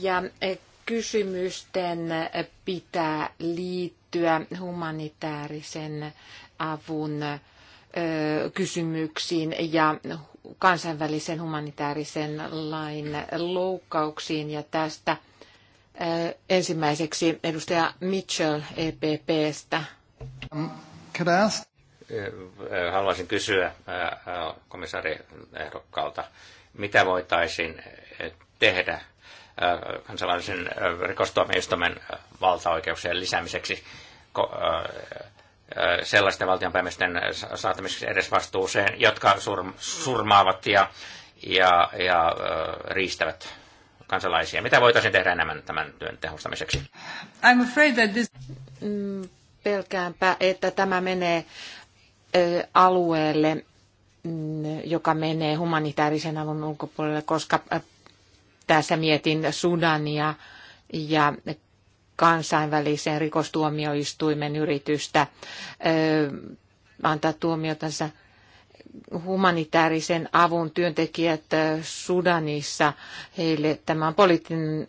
Ja kysymysten pitää liittyä humanitaarisen avun kysymyksiin ja kansainvälisen humanitaarisen lain loukkauksiin. Ja tästä ensimmäiseksi edustaja Mitchell EPPstä. Um, haluaisin kysyä komissaariehdokkaalta, mitä voitaisiin tehdä Äh, kansalaisen äh, rikostuomioistuimen äh, valtaoikeuksien lisäämiseksi sellaisten valtionpäämisten saattamiseksi edes vastuuseen, jotka surmaavat ja, ja, ja riistävät kansalaisia. Mitä voitaisiin tehdä enemmän tämän työn tehostamiseksi? I'm afraid that this... Mm, pelkäänpä, että tämä menee alueelle, mm, joka menee humanitaarisen avun ulkopuolelle, koska tässä mietin Sudania ja kansainvälisen rikostuomioistuimen yritystä antaa tuomiotansa humanitaarisen avun työntekijät Sudanissa. Heille tämä on poliittinen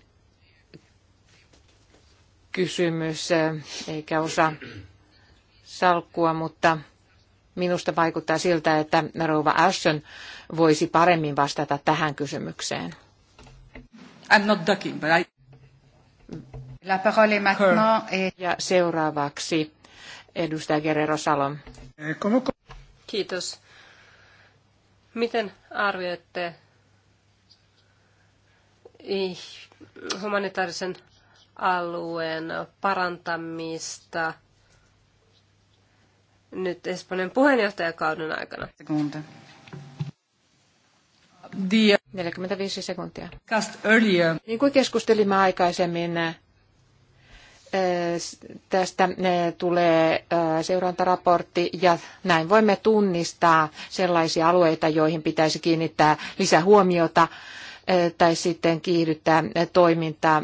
kysymys eikä osa salkkua, mutta minusta vaikuttaa siltä, että rouva Ashton voisi paremmin vastata tähän kysymykseen. I'm not ducking, but I... La parole maintenant... Et... Ja seuraavaksi edustaja Guerrero Salom. Eh, Kiitos. Miten arvioitte humanitaarisen alueen parantamista nyt Espanjan puheenjohtajakauden aikana? Sekunde. 45 sekuntia. Earlier. Niin kuin keskustelimme aikaisemmin, äh, tästä äh, tulee äh, seurantaraportti ja näin voimme tunnistaa sellaisia alueita, joihin pitäisi kiinnittää lisähuomiota. huomiota tai sitten kiihdyttää toimintaa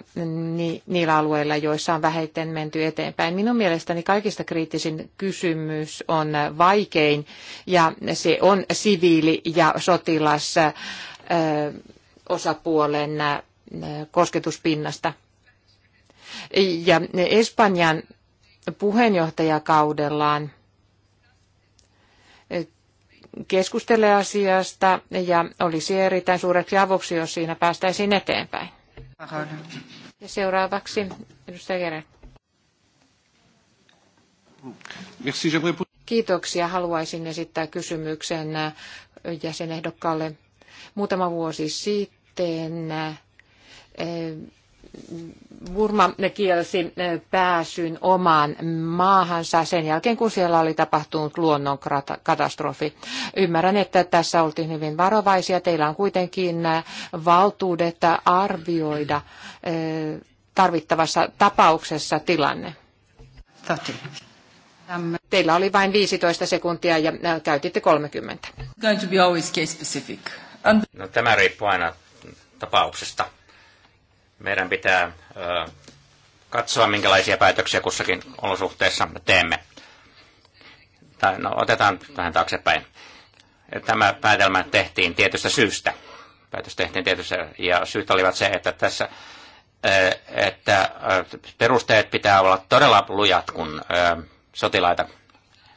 niillä alueilla, joissa on vähiten menty eteenpäin. Minun mielestäni kaikista kriittisin kysymys on vaikein ja se on siviili- ja sotilas osapuolen kosketuspinnasta. Ja Espanjan puheenjohtajakaudellaan keskustele asiasta ja olisi erittäin suureksi avuksi, jos siinä päästäisiin eteenpäin. Ja seuraavaksi edustaja Kiitoksia. Haluaisin esittää kysymyksen äh, jäsenehdokkaalle muutama vuosi sitten. Äh, Burma kielsi eh, pääsyn omaan maahansa sen jälkeen, kun siellä oli tapahtunut luonnon katastrofi. Ymmärrän, että tässä oltiin hyvin varovaisia. Teillä on kuitenkin eh, valtuudet arvioida eh, tarvittavassa tapauksessa tilanne. Teillä oli vain 15 sekuntia ja käytitte 30. No, tämä riippuu aina tapauksesta meidän pitää katsoa, minkälaisia päätöksiä kussakin olosuhteessa teemme. Tai, no, otetaan vähän taaksepäin. Tämä päätelmä tehtiin tietystä syystä. Päätös tehtiin tietystä, ja syyt olivat se, että tässä että perusteet pitää olla todella lujat, kun sotilaita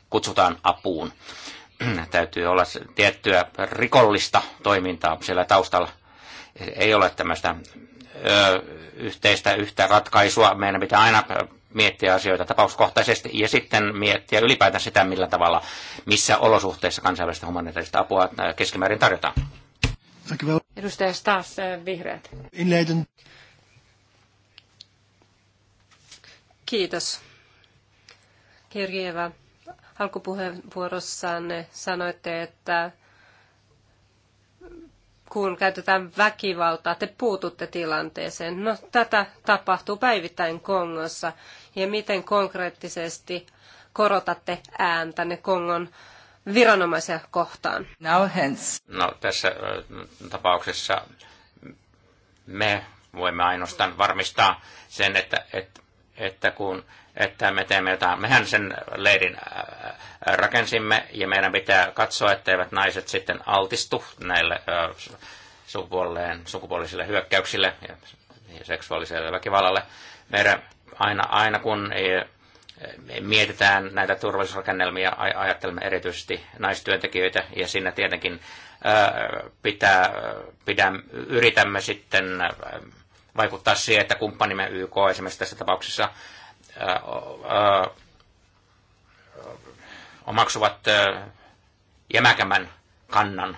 kutsutaan apuun. Täytyy olla tiettyä rikollista toimintaa siellä taustalla. Ei ole tämmöistä yhteistä yhtä ratkaisua. Meidän pitää aina miettiä asioita tapauskohtaisesti ja sitten miettiä ylipäätään sitä, millä tavalla, missä olosuhteissa kansainvälistä humanitaarista apua keskimäärin tarjotaan. Edustaja Stas, vihreät. Inleiden. Kiitos. Kirjeva, alkupuheenvuorossanne sanoitte, että kun käytetään väkivaltaa, te puututte tilanteeseen. No, tätä tapahtuu päivittäin Kongossa. Ja miten konkreettisesti korotatte ääntäne Kongon viranomaisia kohtaan? Now hence. No, tässä tapauksessa me voimme ainoastaan varmistaa sen, että, että että kun että me teemme jotain, mehän sen leirin äh, äh, rakensimme ja meidän pitää katsoa, etteivät naiset sitten altistu näille äh, sukupuoleen, sukupuolisille hyökkäyksille ja, ja seksuaaliselle väkivallalle. Meidän aina, aina kun eh, mietitään näitä turvallisuusrakennelmia, ajattelemme erityisesti naistyöntekijöitä ja siinä tietenkin pitää, pidä, yritämme sitten vaikuttaa siihen, että kumppanimme YK esimerkiksi tässä tapauksessa ää, ää, omaksuvat ää, jämäkämän kannan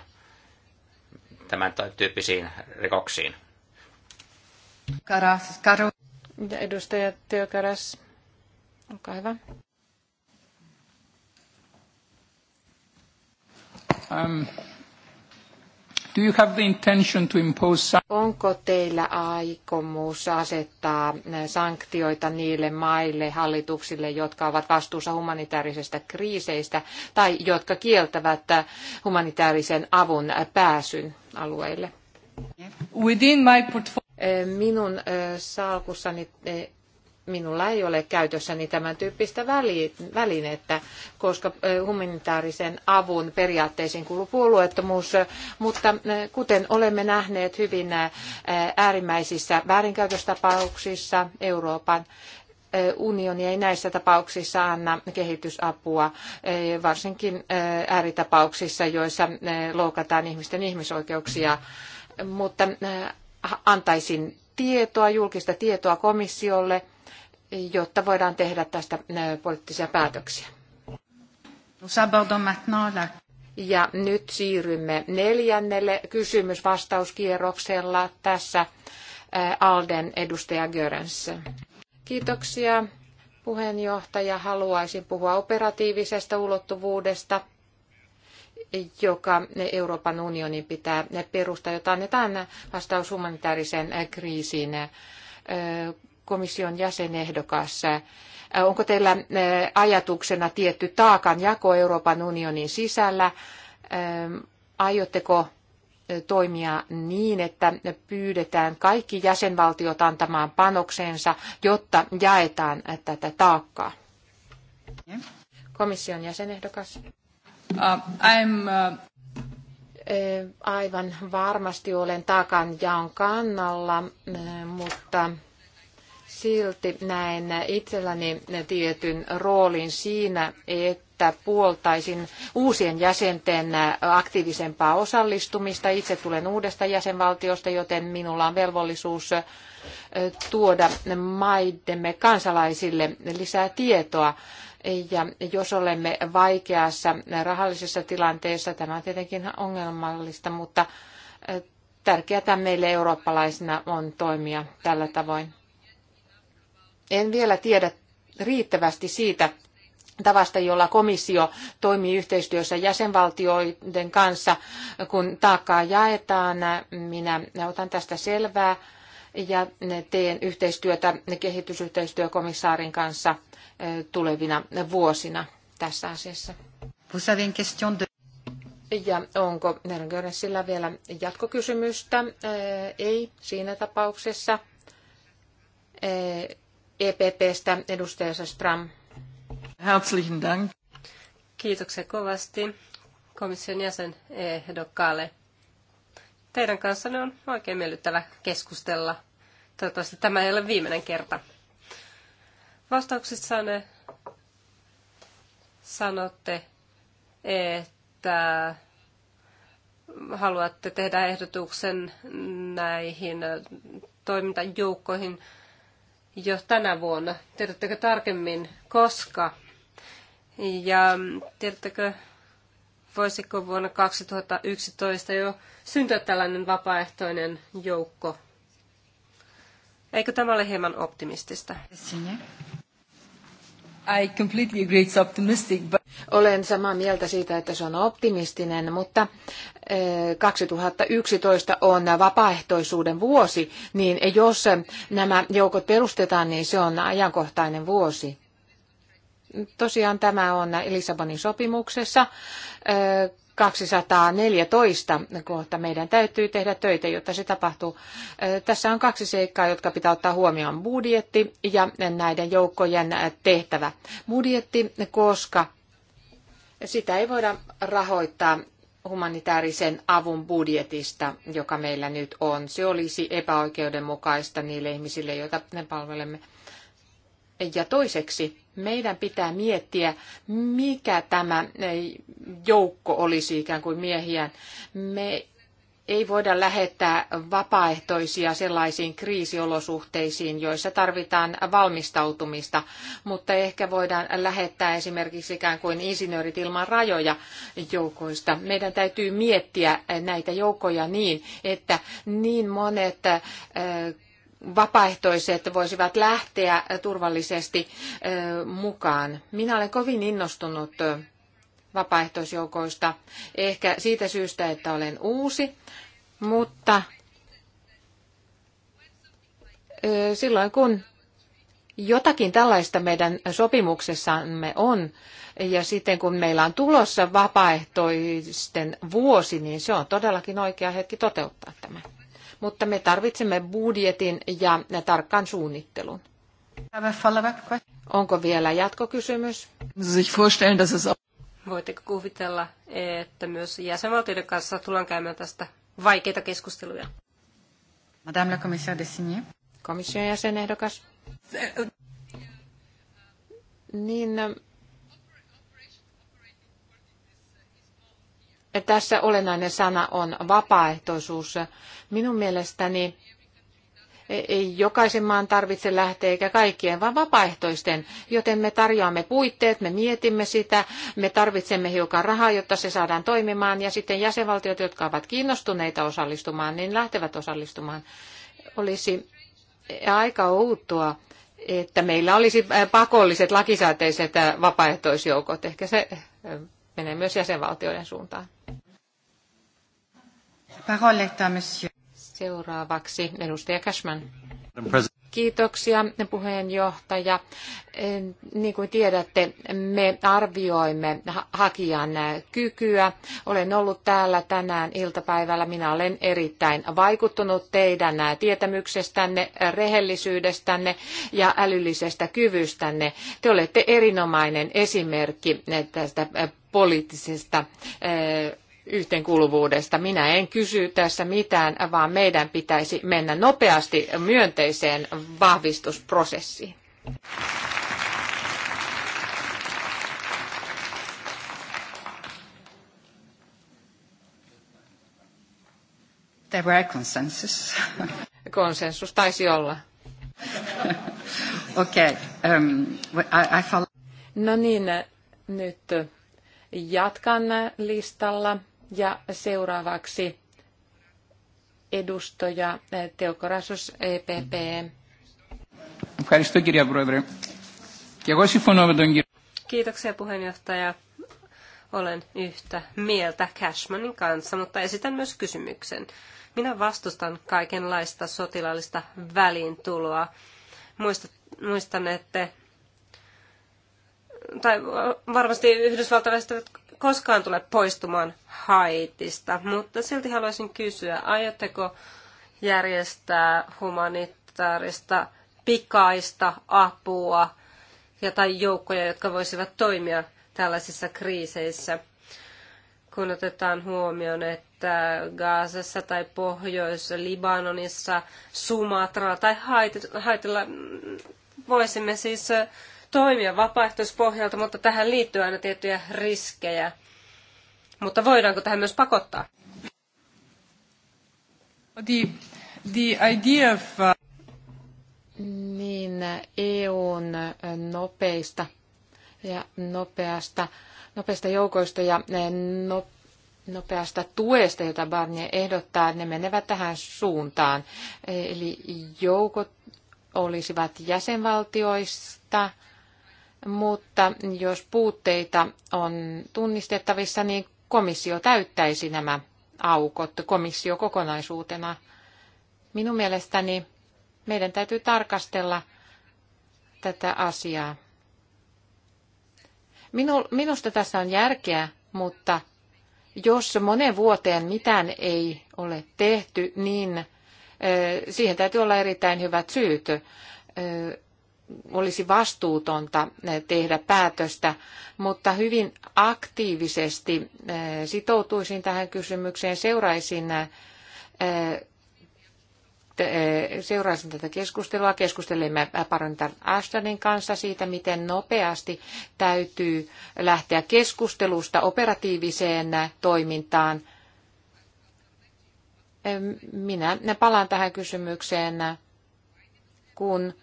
tämän tyyppisiin rikoksiin. Karas, Karu. Edustaja Työkäräs, olkaa hyvä. Um, Do you have the intention to impose Onko teillä aikomus asettaa sanktioita niille maille, hallituksille, jotka ovat vastuussa humanitaarisesta kriiseistä tai jotka kieltävät humanitaarisen avun pääsyn alueille? Within my portfolio... Minun salkussani minulla ei ole käytössäni tämän tyyppistä välinettä, koska humanitaarisen avun periaatteisiin kuuluu puolueettomuus, mutta kuten olemme nähneet hyvin äärimmäisissä väärinkäytöstapauksissa Euroopan unioni ei näissä tapauksissa anna kehitysapua, varsinkin ääritapauksissa, joissa loukataan ihmisten ihmisoikeuksia, mutta antaisin tietoa, julkista tietoa komissiolle jotta voidaan tehdä tästä poliittisia päätöksiä. Ja nyt siirrymme neljännelle kysymysvastauskierroksella. Tässä Alden edustaja Görens. Kiitoksia puheenjohtaja. Haluaisin puhua operatiivisesta ulottuvuudesta, joka Euroopan unionin pitää perustaa, jota annetaan vastaus humanitaariseen kriisiin komission jäsenehdokas, äh, onko teillä äh, ajatuksena tietty taakanjako Euroopan unionin sisällä? Ähm, aiotteko äh, toimia niin, että pyydetään kaikki jäsenvaltiot antamaan panoksensa, jotta jaetaan tätä taakkaa? Komission jäsenehdokas. Uh, I'm, uh... Aivan varmasti olen taakanjaon kannalla, mutta silti näen itselläni tietyn roolin siinä, että puoltaisin uusien jäsenten aktiivisempaa osallistumista. Itse tulen uudesta jäsenvaltiosta, joten minulla on velvollisuus tuoda maidemme kansalaisille lisää tietoa. Ja jos olemme vaikeassa rahallisessa tilanteessa, tämä on tietenkin ongelmallista, mutta tärkeää meille eurooppalaisina on toimia tällä tavoin. En vielä tiedä riittävästi siitä tavasta, jolla komissio toimii yhteistyössä jäsenvaltioiden kanssa, kun taakkaa jaetaan. Minä otan tästä selvää ja teen yhteistyötä kehitysyhteistyökomissaarin kanssa tulevina vuosina tässä asiassa. Ja onko sillä vielä jatkokysymystä? Ei siinä tapauksessa. EPPstä edustaja Stram. Herzlichen Dank. Kiitoksia kovasti komission jäsen ehdokkaalle. Teidän kanssanne on oikein miellyttävä keskustella. Toivottavasti tämä ei ole viimeinen kerta. Vastauksissanne sanotte, että haluatte tehdä ehdotuksen näihin toimintajoukkoihin jo tänä vuonna. Tiedättekö tarkemmin, koska? Ja mm, tiedättekö, voisiko vuonna 2011 jo syntyä tällainen vapaaehtoinen joukko? Eikö tämä ole hieman optimistista? I completely agree it's optimistic, but... Olen samaa mieltä siitä, että se on optimistinen, mutta 2011 eh, on vapaaehtoisuuden vuosi, niin jos nämä joukot perustetaan, niin se on ajankohtainen vuosi. Tosiaan tämä on Lissabonin sopimuksessa 214 eh, kohta. Meidän täytyy tehdä töitä, jotta se tapahtuu. Eh, tässä on kaksi seikkaa, jotka pitää ottaa huomioon. Budjetti ja näiden joukkojen tehtävä. Budjetti, koska sitä ei voida rahoittaa humanitaarisen avun budjetista, joka meillä nyt on. Se olisi epäoikeudenmukaista niille ihmisille, joita ne palvelemme. Ja toiseksi, meidän pitää miettiä, mikä tämä joukko olisi ikään kuin miehiä. Me ei voida lähettää vapaaehtoisia sellaisiin kriisiolosuhteisiin, joissa tarvitaan valmistautumista, mutta ehkä voidaan lähettää esimerkiksi ikään kuin insinöörit ilman rajoja joukoista. Meidän täytyy miettiä näitä joukkoja niin, että niin monet vapaaehtoiset voisivat lähteä turvallisesti mukaan. Minä olen kovin innostunut vapaaehtoisjoukoista. Ehkä siitä syystä, että olen uusi, mutta silloin kun jotakin tällaista meidän sopimuksessamme on, ja sitten kun meillä on tulossa vapaaehtoisten vuosi, niin se on todellakin oikea hetki toteuttaa tämä. Mutta me tarvitsemme budjetin ja tarkkaan suunnittelun. Onko vielä jatkokysymys? Voitteko kuvitella, että myös jäsenvaltioiden kanssa tullaan käymään tästä vaikeita keskusteluja? Madame la commissaire de designée. Komission jäsenehdokas. Niin, tässä olennainen sana on vapaaehtoisuus. Minun mielestäni ei jokaisen maan tarvitse lähteä eikä kaikkien, vaan vapaaehtoisten. Joten me tarjoamme puitteet, me mietimme sitä, me tarvitsemme hiukan rahaa, jotta se saadaan toimimaan ja sitten jäsenvaltiot, jotka ovat kiinnostuneita osallistumaan, niin lähtevät osallistumaan. Olisi aika outoa, että meillä olisi äh, pakolliset lakisääteiset äh, vapaaehtoisjoukot. Ehkä se äh, menee myös jäsenvaltioiden suuntaan. Parole monsieur. Seuraavaksi edustaja Cashman. Kiitoksia puheenjohtaja. Niin kuin tiedätte, me arvioimme hakijan kykyä. Olen ollut täällä tänään iltapäivällä. Minä olen erittäin vaikuttunut teidän tietämyksestänne, rehellisyydestänne ja älyllisestä kyvystänne. Te olette erinomainen esimerkki tästä poliittisesta eh, yhteenkuuluvuudesta. Minä en kysy tässä mitään, vaan meidän pitäisi mennä nopeasti myönteiseen vahvistusprosessiin. There were consensus. Konsensus taisi olla. okay. Um, I, I follow... No niin, nyt jatkan listalla. Ja seuraavaksi edustaja Teokorasos EPP. Kiitoksia puheenjohtaja. Olen yhtä mieltä Cashmanin kanssa, mutta esitän myös kysymyksen. Minä vastustan kaikenlaista sotilaallista väliintuloa. Muistan, että tai varmasti yhdysvaltalaiset koskaan tule poistumaan Haitista, mutta silti haluaisin kysyä, aiotteko järjestää humanitaarista pikaista apua ja tai joukkoja, jotka voisivat toimia tällaisissa kriiseissä, kun otetaan huomioon, että Gaasassa tai Pohjois-Libanonissa, Sumatralla tai Haitilla mm, voisimme siis toimia vapaaehtoispohjalta, mutta tähän liittyy aina tiettyjä riskejä. Mutta voidaanko tähän myös pakottaa? The, the idea of... Uh, niin, EUn nopeista ja nopeasta, nopeasta joukoista ja no, nopeasta tuesta, jota Barnier ehdottaa, ne menevät tähän suuntaan. Eli joukot olisivat jäsenvaltioista, mutta jos puutteita on tunnistettavissa, niin komissio täyttäisi nämä aukot, komissio kokonaisuutena. Minun mielestäni meidän täytyy tarkastella tätä asiaa. Minu, minusta tässä on järkeä, mutta jos monen vuoteen mitään ei ole tehty, niin siihen täytyy olla erittäin hyvät syyt olisi vastuutonta eh, tehdä päätöstä, mutta hyvin aktiivisesti eh, sitoutuisin tähän kysymykseen, seuraisin eh, seurasin tätä keskustelua. Keskustelimme Parantar Ashtonin kanssa siitä, miten nopeasti täytyy lähteä keskustelusta operatiiviseen toimintaan. Minä palaan tähän kysymykseen, kun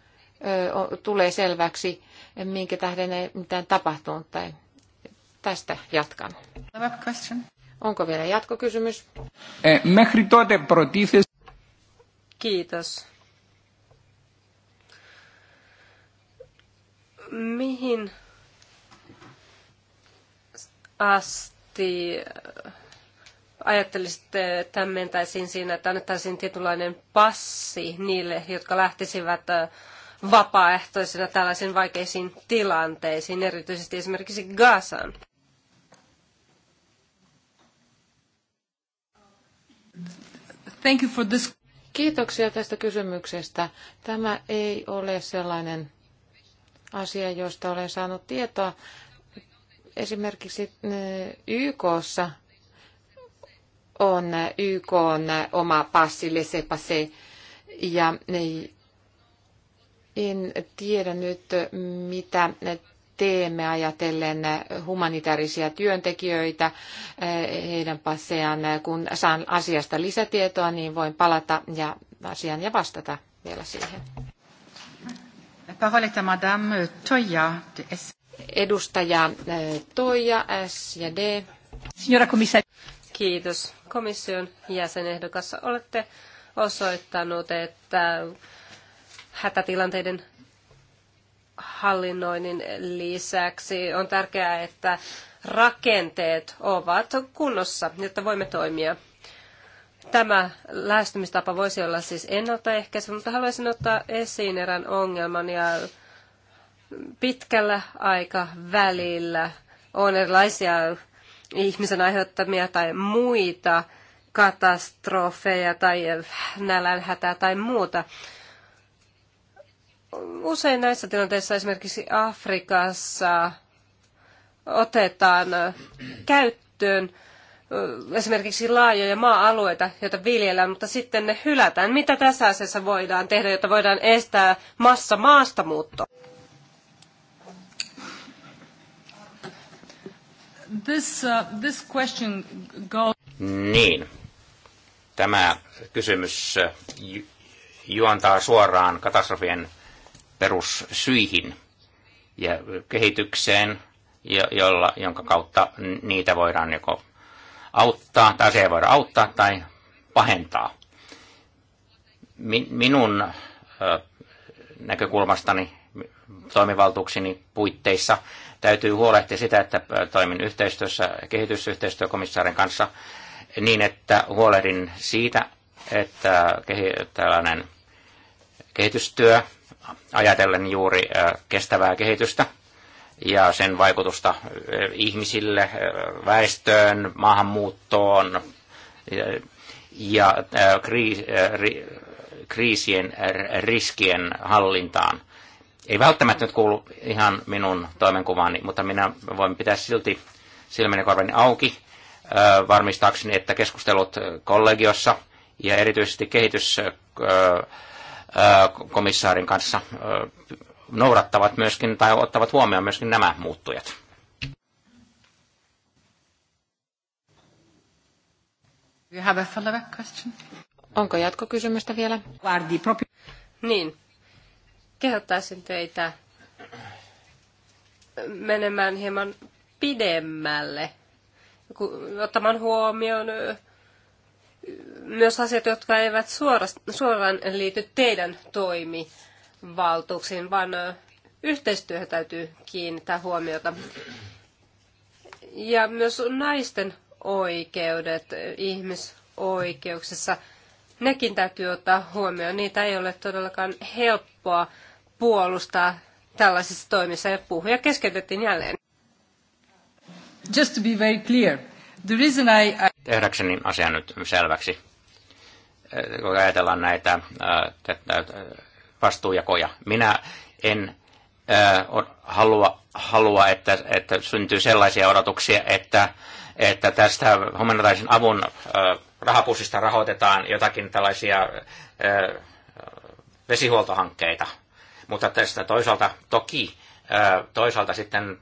tulee selväksi, minkä tähden ei mitään tapahtunut. Tai tästä jatkan. Onko vielä jatkokysymys? Kiitos. Mihin asti äh, ajattelisitte, tämän mentäisiin siinä, että annettaisiin tietynlainen passi niille, jotka lähtisivät äh, vapaaehtoisina tällaisiin vaikeisiin tilanteisiin, erityisesti esimerkiksi Gazaan? Thank you for this. Kiitoksia tästä kysymyksestä. Tämä ei ole sellainen asia, josta olen saanut tietoa. Esimerkiksi eh, YKssa on eh, YK on eh, oma passi, se passer ja en tiedä nyt, mitä teemme ajatellen humanitaarisia työntekijöitä, heidän passejaan. Kun saan asiasta lisätietoa, niin voin palata ja asian ja vastata vielä siihen. Edustaja eh, Toija, S ja D. Signora komissari. Kiitos. Komission jäsenehdokas olette osoittanut, että hätätilanteiden hallinnoinnin lisäksi on tärkeää, että rakenteet ovat kunnossa, jotta voimme toimia. Tämä lähestymistapa voisi olla siis ennaltaehkäisevä, mutta haluaisin ottaa esiin erään ongelman ja pitkällä aikavälillä on erilaisia ihmisen aiheuttamia tai muita katastrofeja tai nälänhätää tai muuta usein näissä tilanteissa esimerkiksi Afrikassa otetaan käyttöön esimerkiksi laajoja maa-alueita, joita viljellään, mutta sitten ne hylätään. Mitä tässä asiassa voidaan tehdä, jotta voidaan estää massa maastamuutto? This, uh, this question goes... Niin. Tämä kysymys äh, juontaa suoraan katastrofien perussyihin ja kehitykseen, jolla, jonka kautta niitä voidaan joko auttaa, tai se ei voida auttaa tai pahentaa. Minun näkökulmastani toimivaltuuksini puitteissa täytyy huolehtia sitä, että toimin yhteistyössä kehitysyhteistyökomissaarin kanssa niin, että huolehdin siitä, että tällainen kehitystyö ajatellen juuri kestävää kehitystä ja sen vaikutusta ihmisille, väestöön, maahanmuuttoon ja kriisien riskien hallintaan. Ei välttämättä nyt kuulu ihan minun toimenkuvaani, mutta minä voin pitää silti silmäni korvani auki varmistaakseni, että keskustelut kollegiossa ja erityisesti kehitys komissaarin kanssa noudattavat myöskin tai ottavat huomioon myöskin nämä muuttujat. You have a follow-up question? Onko jatkokysymystä vielä? Niin. Kehottaisin teitä menemään hieman pidemmälle, ottamaan huomioon myös asiat, jotka eivät suoraan liity teidän toimivaltuuksiin, vaan yhteistyöhön täytyy kiinnittää huomiota. Ja myös naisten oikeudet ihmisoikeuksissa, nekin täytyy ottaa huomioon. Niitä ei ole todellakaan helppoa puolustaa tällaisissa toimissa ja puhuja keskeytettiin jälleen. Just to be very clear, The reason I, Tehdäkseni asia nyt selväksi, äh, kun ajatellaan näitä äh, vastuujakoja. Minä en äh, halua, halua että, että syntyy sellaisia odotuksia, että, että tästä humanitaarisen avun rahapussista rahoitetaan jotakin tällaisia vesihuoltohankkeita. Mutta tästä toisaalta toki toisaalta sitten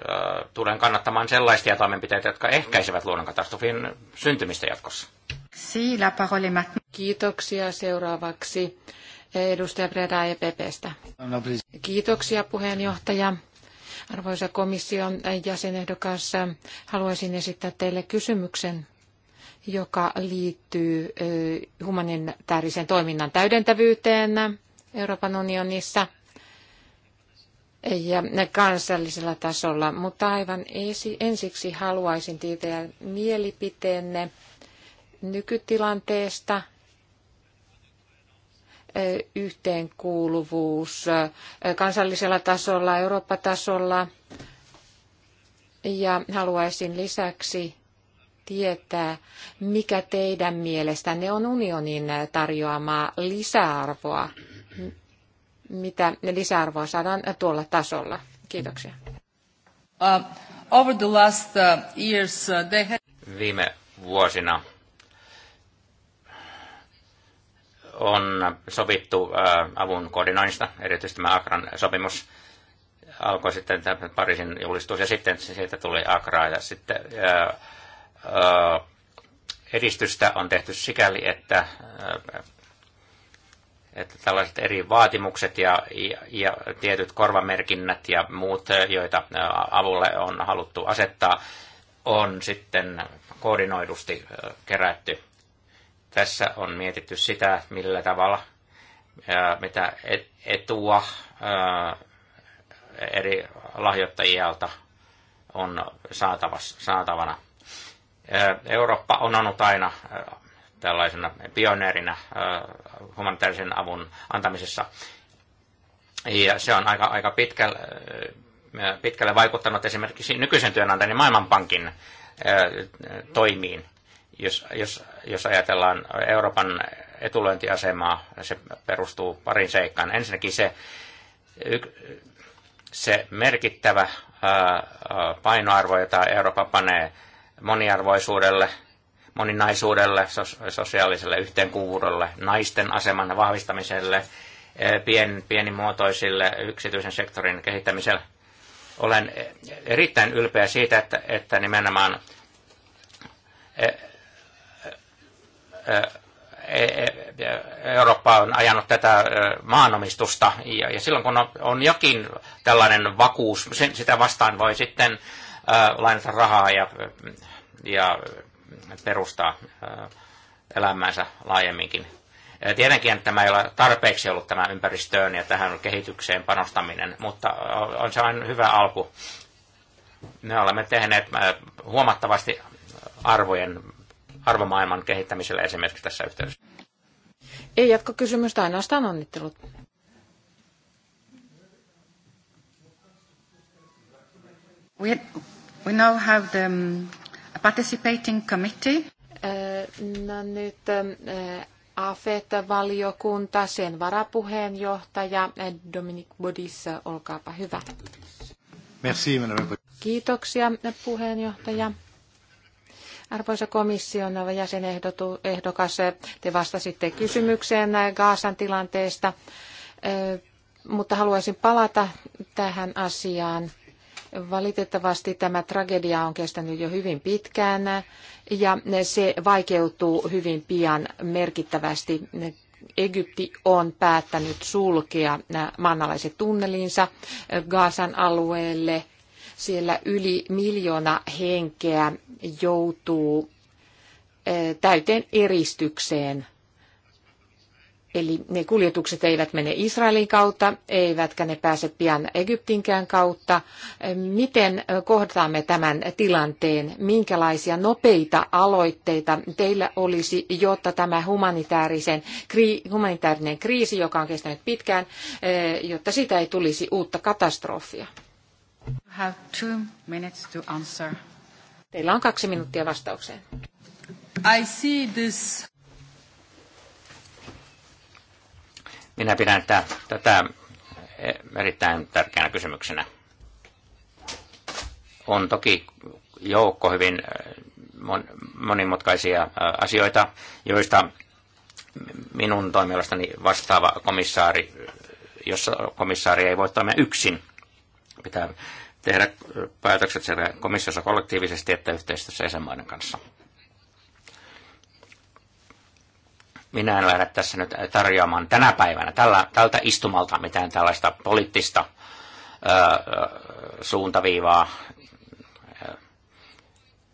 Äh, tulen kannattamaan sellaisia toimenpiteitä, jotka ehkäisevät luonnonkatastrofin syntymistä jatkossa. Kiitoksia seuraavaksi edustaja Breda EPPstä. Kiitoksia puheenjohtaja. Arvoisa komission jäsenehdokas, haluaisin esittää teille kysymyksen, joka liittyy äh, humanitaarisen toiminnan täydentävyyteen Euroopan unionissa – ja kansallisella tasolla, mutta aivan ensiksi haluaisin tietää mielipiteenne nykytilanteesta, yhteenkuuluvuus kansallisella tasolla, Eurooppa-tasolla. Ja haluaisin lisäksi tietää, mikä teidän mielestänne on unionin tarjoamaa lisäarvoa mitä lisäarvoa saadaan tuolla tasolla. Kiitoksia. Uh, over the last uh, years, uh, they had... Viime vuosina on sovittu uh, avun koordinoinnista, erityisesti tämä Akran sopimus alkoi sitten tämä Pariisin julistus ja sitten siitä tuli Akra ja sitten ää, ää, edistystä on tehty sikäli, että ää, että tällaiset eri vaatimukset ja, ja, ja tietyt korvamerkinnät ja muut, joita avulle on haluttu asettaa, on sitten koordinoidusti kerätty. Tässä on mietitty sitä, millä tavalla, mitä etua eri lahjoittajilta on saatavana. Eurooppa on ollut aina tällaisena pioneerina humanitaarisen avun antamisessa. Ja se on aika, aika pitkälle, äh, pitkälle vaikuttanut esimerkiksi nykyisen työnantajan Maailmanpankin äh, toimiin. Jos, jos, jos ajatellaan Euroopan etulöintiasemaa, se perustuu parin seikkaan. Ensinnäkin se, se merkittävä äh, painoarvo, jota Eurooppa panee moniarvoisuudelle, moninaisuudelle, sosiaaliselle yhteenkuvuudelle, naisten aseman vahvistamiselle, e, pien, pienimuotoisille yksityisen sektorin kehittämiselle. Olen erittäin ylpeä siitä, että, että nimenomaan e, e, Eurooppa on ajanut tätä maanomistusta, ja silloin kun on jokin tällainen vakuus, sitä vastaan voi sitten lainata rahaa ja, ja perustaa elämäänsä laajemminkin. Tietenkin että tämä ei ole tarpeeksi ollut tämä ympäristöön ja tähän kehitykseen panostaminen, mutta on se aina hyvä alku. Me olemme tehneet huomattavasti arvojen, arvomaailman kehittämiselle esimerkiksi tässä yhteydessä. Ei jatko kysymystä, ainoastaan onnittelut. We, we now have the um, participating committee. Äh, no nyt äh, AFET-valiokunta, sen varapuheenjohtaja äh, Dominik Bodis, olkaapa hyvä. Merci, Kiitoksia puheenjohtaja. Arvoisa komission jäsenehdokas, te vastasitte kysymykseen Gaasan tilanteesta, mutta haluaisin palata tähän asiaan Valitettavasti tämä tragedia on kestänyt jo hyvin pitkään ja se vaikeutuu hyvin pian merkittävästi. Egypti on päättänyt sulkea maanalaiset tunnelinsa Gaasan alueelle. Siellä yli miljoona henkeä joutuu eh, täyteen eristykseen Eli ne kuljetukset eivät mene Israelin kautta, eivätkä ne pääse pian Egyptinkään kautta. Miten kohtaamme tämän tilanteen? Minkälaisia nopeita aloitteita teillä olisi, jotta tämä humanitaarisen, humanitaarinen kriisi, joka on kestänyt pitkään, eh, jotta siitä ei tulisi uutta katastrofia? Teillä on kaksi minuuttia vastaukseen. I see this Minä pidän tätä, tätä erittäin tärkeänä kysymyksenä. On toki joukko hyvin äh, monimutkaisia äh, asioita, joista minun toimialastani vastaava komissaari, jossa komissaari ei voi toimia yksin. Pitää tehdä päätökset sekä komissiossa kollektiivisesti että yhteistyössä jäsenmaiden kanssa. Minä en lähde tässä nyt tarjoamaan tänä päivänä tällä, tältä istumalta mitään tällaista poliittista ö, suuntaviivaa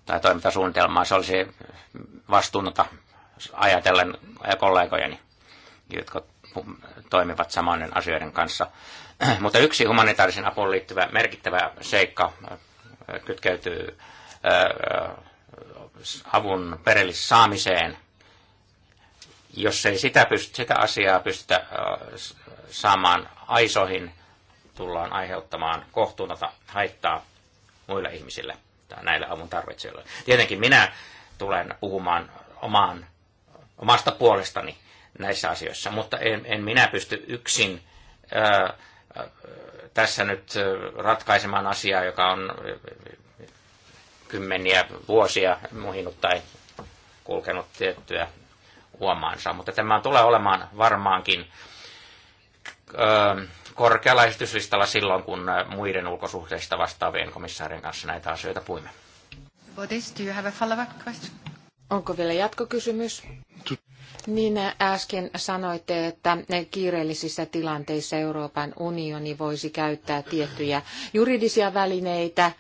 tai toimintasuunnitelmaa. Se olisi vastuunnota ajatellen kollegojeni, jotka toimivat samoinen asioiden kanssa. Mutta yksi humanitaarisen apuun liittyvä merkittävä seikka kytkeytyy avun perille saamiseen – jos ei sitä, pyst- sitä asiaa pystytä saamaan aisoihin, tullaan aiheuttamaan kohtuunata haittaa muille ihmisille tai näille avun tarvitsijoille. Tietenkin minä tulen puhumaan omaan, omasta puolestani näissä asioissa, mutta en, en minä pysty yksin ää, ää, tässä nyt ratkaisemaan asiaa, joka on kymmeniä vuosia muhinut tai kulkenut tiettyä huomaansa, mutta tämä tulee olemaan varmaankin korkealla esityslistalla silloin, kun muiden ulkosuhteista vastaavien komissaarien kanssa näitä asioita puimme. Bodis, Onko vielä jatkokysymys? Niin äsken sanoitte, että kiireellisissä tilanteissa Euroopan unioni voisi käyttää tiettyjä juridisia välineitä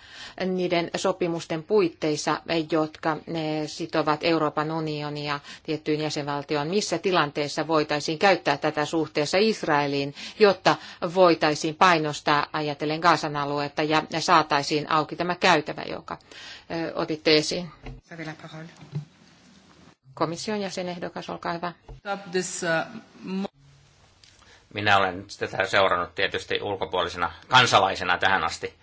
niiden sopimusten puitteissa, jotka eh, sitovat Euroopan unionia tiettyyn jäsenvaltioon. Missä tilanteessa voitaisiin käyttää tätä suhteessa Israeliin, jotta voitaisiin painostaa ajatellen Gaasan aluetta ja saataisiin auki tämä käytävä, joka eh, otitte esiin? Komission jäsenehdokas, olkaa hyvä. Uh, Minä olen tätä seurannut tietysti ulkopuolisena kansalaisena tähän asti.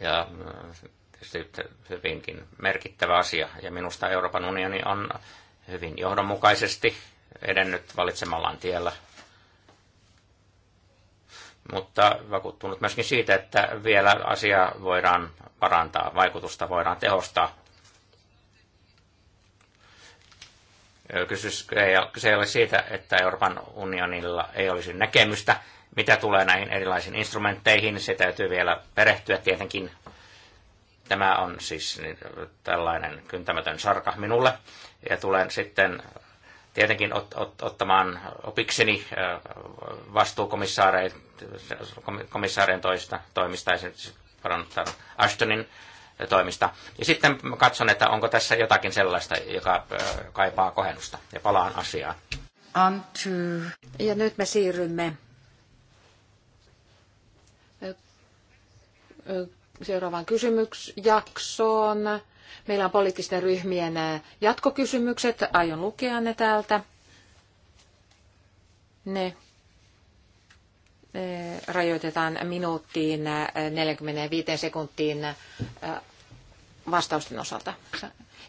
Ja äh, tietysti hyvinkin merkittävä asia. Ja minusta Euroopan unioni on hyvin johdonmukaisesti edennyt valitsemallaan tiellä. Mutta vakuuttunut myöskin siitä, että vielä asiaa voidaan parantaa, vaikutusta voidaan tehostaa. Kyse ei ole siitä, että Euroopan unionilla ei olisi näkemystä, mitä tulee näihin erilaisiin instrumentteihin. Se täytyy vielä perehtyä tietenkin. Tämä on siis niin, tällainen kyntämätön sarka minulle. Ja tulen sitten tietenkin ot, ot, ottamaan opikseni vastuukomissaareen toista toimista, esimerkiksi Ashtonin toimista. Ja sitten katson, että onko tässä jotakin sellaista, joka kaipaa kohennusta. Ja palaan asiaan. Antu. Ja nyt me siirrymme seuraavaan kysymysjaksoon. Meillä on poliittisten ryhmien jatkokysymykset. Aion lukea ne täältä. Ne Eh, rajoitetaan minuuttiin eh, 45 sekuntiin eh, vastausten osalta.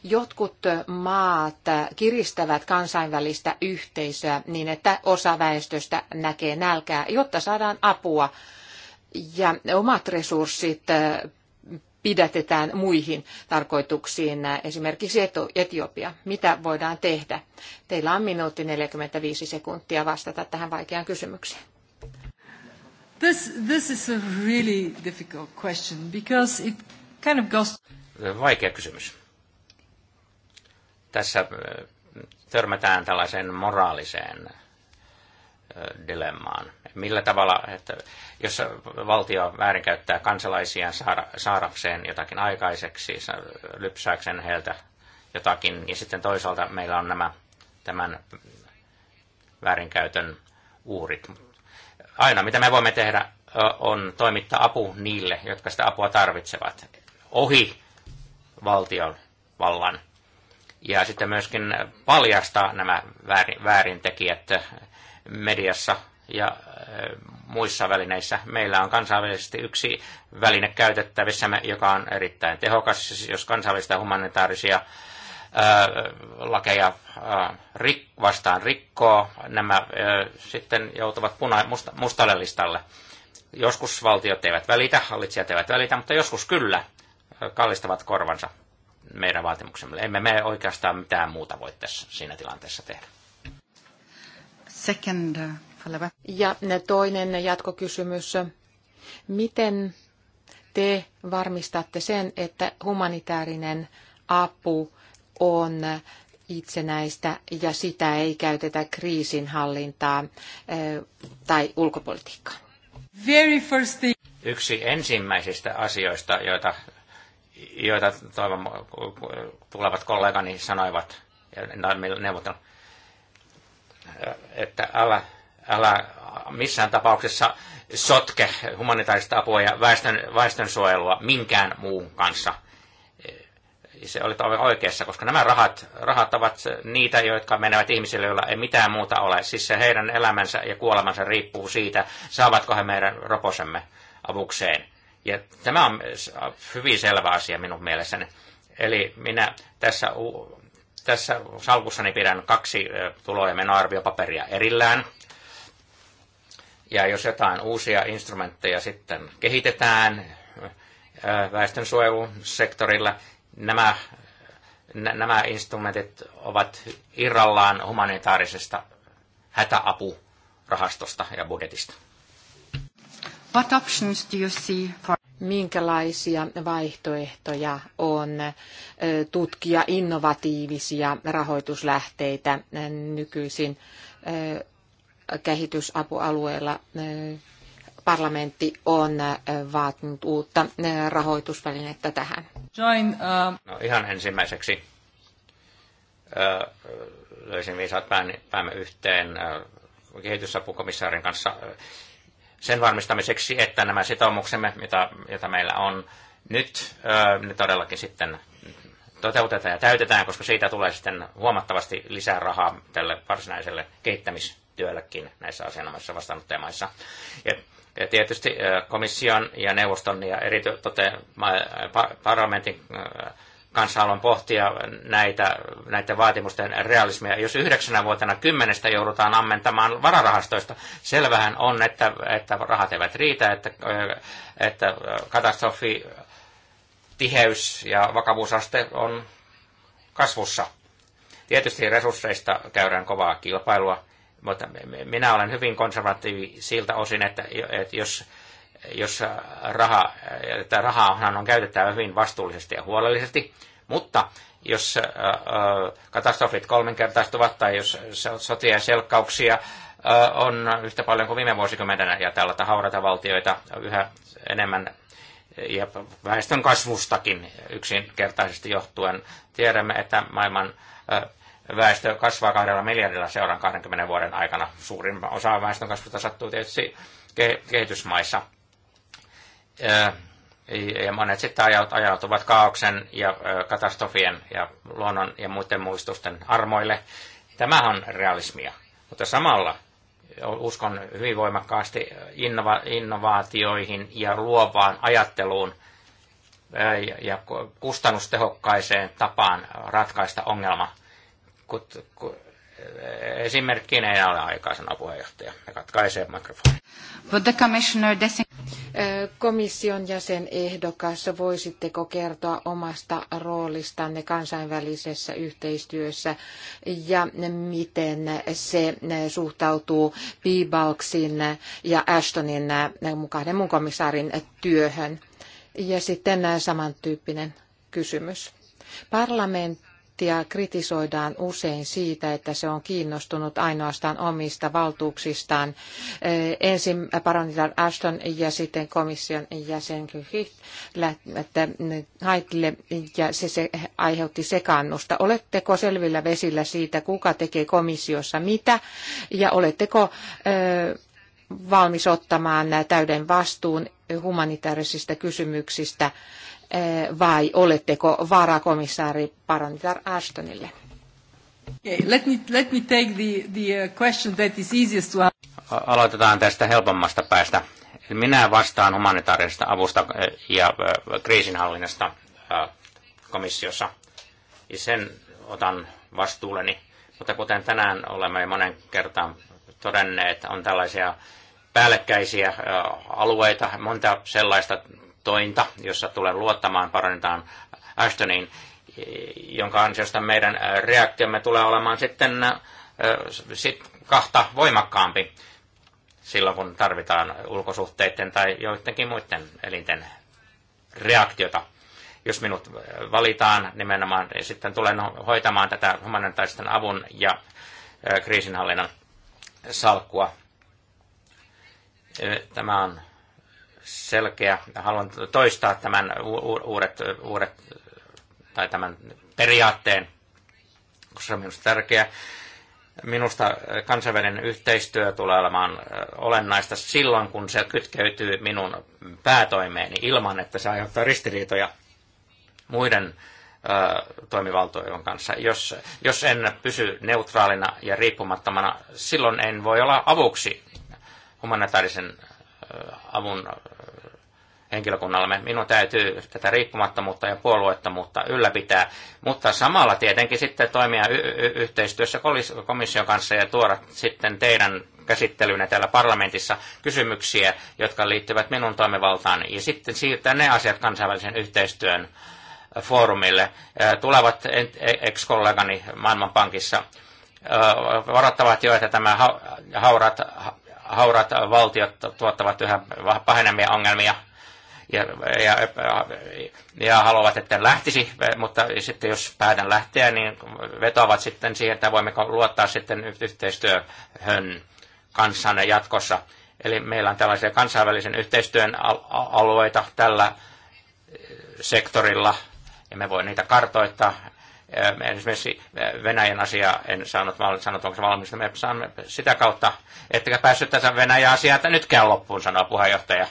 Jotkut maat kiristävät kansainvälistä yhteisöä niin, että osa väestöstä näkee nälkää, jotta saadaan apua ja omat resurssit pidätetään muihin tarkoituksiin, esimerkiksi Etiopia. Mitä voidaan tehdä? Teillä on minuutti 45 sekuntia vastata tähän vaikeaan kysymykseen. This, this is a really difficult question because it kind of goes... Vaikea kysymys. Tässä törmätään tällaiseen moraaliseen dilemmaan. Millä tavalla, että jos valtio väärinkäyttää kansalaisiaan saadakseen jotakin aikaiseksi, lypsääkseen heiltä jotakin, ja sitten toisaalta meillä on nämä tämän väärinkäytön uhrit. Aina mitä me voimme tehdä on toimittaa apu niille, jotka sitä apua tarvitsevat, ohi valtion vallan. Ja sitten myöskin paljastaa nämä väärin, väärintekijät mediassa ja muissa välineissä. Meillä on kansainvälisesti yksi väline käytettävissämme, joka on erittäin tehokas, siis jos kansainvälistä humanitaarisia lakeja rik, vastaan rikkoo, nämä sitten joutuvat puna, musta, mustalle listalle. Joskus valtiot eivät välitä, hallitsijat eivät välitä, mutta joskus kyllä kallistavat korvansa meidän vaatimuksemme. Emme me oikeastaan mitään muuta voi tässä siinä tilanteessa tehdä. Second, uh, ja ne toinen jatkokysymys. Miten te varmistatte sen, että humanitaarinen apu on itsenäistä ja sitä ei käytetä kriisinhallintaa eh, tai ulkopolitiikkaan. Very first thing. Yksi ensimmäisistä asioista, joita, joita toivon, tulevat kollegani sanoivat että älä, älä missään tapauksessa sotke humanitaarista apua ja väestön, väestönsuojelua minkään muun kanssa – se oli aivan oikeassa, koska nämä rahat, rahat ovat niitä, jotka menevät ihmisille, joilla ei mitään muuta ole. Siis se heidän elämänsä ja kuolemansa riippuu siitä, saavatko he meidän roposemme avukseen. Ja tämä on hyvin selvä asia minun mielessäni. Eli minä tässä, tässä salkussani pidän kaksi tulo- ja menoarviopaperia erillään. Ja jos jotain uusia instrumentteja sitten kehitetään, väestönsuojelusektorilla, nämä, nämä instrumentit ovat irrallaan humanitaarisesta hätäapurahastosta ja budjetista. What options do you see for minkälaisia vaihtoehtoja on tutkia innovatiivisia rahoituslähteitä nykyisin kehitysapualueella parlamentti on äh, vaatinut uutta äh, rahoitusvälinettä tähän. Join, uh... no, ihan ensimmäiseksi löysin viisaat päämme yhteen kehitysapukomissaarin kanssa sen varmistamiseksi, että nämä sitoumuksemme, mitä, joita meillä on nyt, ne todellakin sitten toteutetaan ja täytetään, koska siitä tulee sitten huomattavasti lisää rahaa tälle varsinaiselle kehittämistyöllekin näissä asianomaisissa vastaanottajamaissa. Ja ja tietysti komission ja neuvoston ja erityisesti parlamentin kanssa haluan pohtia näitä, näiden vaatimusten realismia. Jos yhdeksänä vuotena kymmenestä joudutaan ammentamaan vararahastoista, selvähän on, että, että rahat eivät riitä, että, että katastrofi tiheys ja vakavuusaste on kasvussa. Tietysti resursseista käydään kovaa kilpailua, mutta minä olen hyvin konservatiivi siltä osin, että, että jos, jos raha, että rahaa on käytettävä hyvin vastuullisesti ja huolellisesti, mutta jos katastrofit kolminkertaistuvat tai jos sotia ja selkkauksia on yhtä paljon kuin viime vuosikymmenenä ja tällä haurata valtioita yhä enemmän ja väestön kasvustakin yksinkertaisesti johtuen. Tiedämme, että maailman väestö kasvaa kahdella miljardilla seuraan 20 vuoden aikana. Suurin osa väestön kasvusta sattuu tietysti kehitysmaissa. Ja monet sitten ajautuvat kaauksen ja katastrofien ja luonnon ja muiden muistusten armoille. Tämä on realismia. Mutta samalla uskon hyvin voimakkaasti innova- innovaatioihin ja luovaan ajatteluun ja kustannustehokkaiseen tapaan ratkaista ongelma kut, ku, esimerkkiin ei ole aikaa, sanoo puheenjohtaja. Ja katkaisee mikrofonin. Komission jäsen, ehdokas, voisitteko kertoa omasta roolistanne kansainvälisessä yhteistyössä ja miten se suhtautuu Piibalksin ja Ashtonin kahden mun komissaarin työhön? Ja sitten samantyyppinen kysymys. Parlamentti Parlamenttia kritisoidaan usein siitä, että se on kiinnostunut ainoastaan omista valtuuksistaan. Eh, ensin paronitar Ashton ja sitten komission jäsen Kyhit Haitille ja se, se aiheutti sekaannusta. Oletteko selvillä vesillä siitä, kuka tekee komissiossa mitä ja oletteko eh, valmis ottamaan täyden vastuun humanitaarisista kysymyksistä Eh, vai oletteko varakomissaari Paronitar Ashtonille? let me, let me take the, the uh, question that is easiest to Aloitetaan tästä helpommasta päästä. Minä vastaan humanitaarisesta avusta eh, ja eh, kriisinhallinnasta komissiossa. Ja sen otan vastuulleni. Mutta kuten tänään olemme monen kertaan todenneet, on tällaisia päällekkäisiä alueita, monta sellaista tointa, jossa tulen luottamaan, parannetaan Ashtoniin, jonka ansiosta meidän äh, reaktiomme tulee olemaan sitten äh, sit kahta voimakkaampi silloin, kun tarvitaan ulkosuhteiden tai joidenkin muiden elinten reaktiota. Jos minut äh, valitaan nimenomaan, niin sitten tulen hoitamaan tätä humanitaaristen avun ja kriisinhallinnan salkkua. Tämä on selkeä. Haluan toistaa tämän uudet, uudet tai tämän periaatteen, koska se on minusta tärkeä. Minusta kansainvälinen yhteistyö tulee olemaan olennaista silloin, kun se kytkeytyy minun päätoimeeni ilman, että se aiheuttaa ristiriitoja muiden toimivaltojen kanssa. Jos, jos en pysy neutraalina ja riippumattomana, silloin en voi olla avuksi humanitaarisen Äh, avun äh, henkilökunnallamme. Minun täytyy tätä riippumattomuutta ja puolueettomuutta ylläpitää, mutta samalla tietenkin sitten toimia yhteistyössä komission kanssa ja tuoda sitten teidän käsittelynä täällä parlamentissa kysymyksiä, jotka liittyvät minun toimivaltaan, ja sitten siirtää ne asiat kansainvälisen yhteistyön äh, foorumille. Tulevat e-, ex-kollegani Maailmanpankissa varoittavat jo, että tämä haurat hauraat valtiot tuottavat yhä pahenemia ongelmia ja, ja, ja haluavat, että lähtisi, mutta sitten jos päätän lähteä, niin vetoavat sitten siihen, että voimmeko luottaa sitten yhteistyöhön kanssanne jatkossa. Eli meillä on tällaisia kansainvälisen yhteistyön alueita tällä sektorilla, ja me voimme niitä kartoittaa esimerkiksi Venäjän asia, en saanut, sanot, onko se valmista, niin me saamme sitä kautta, ettekä päässyt tässä Venäjän asiaa, että nytkään loppuun, sanoo puheenjohtaja.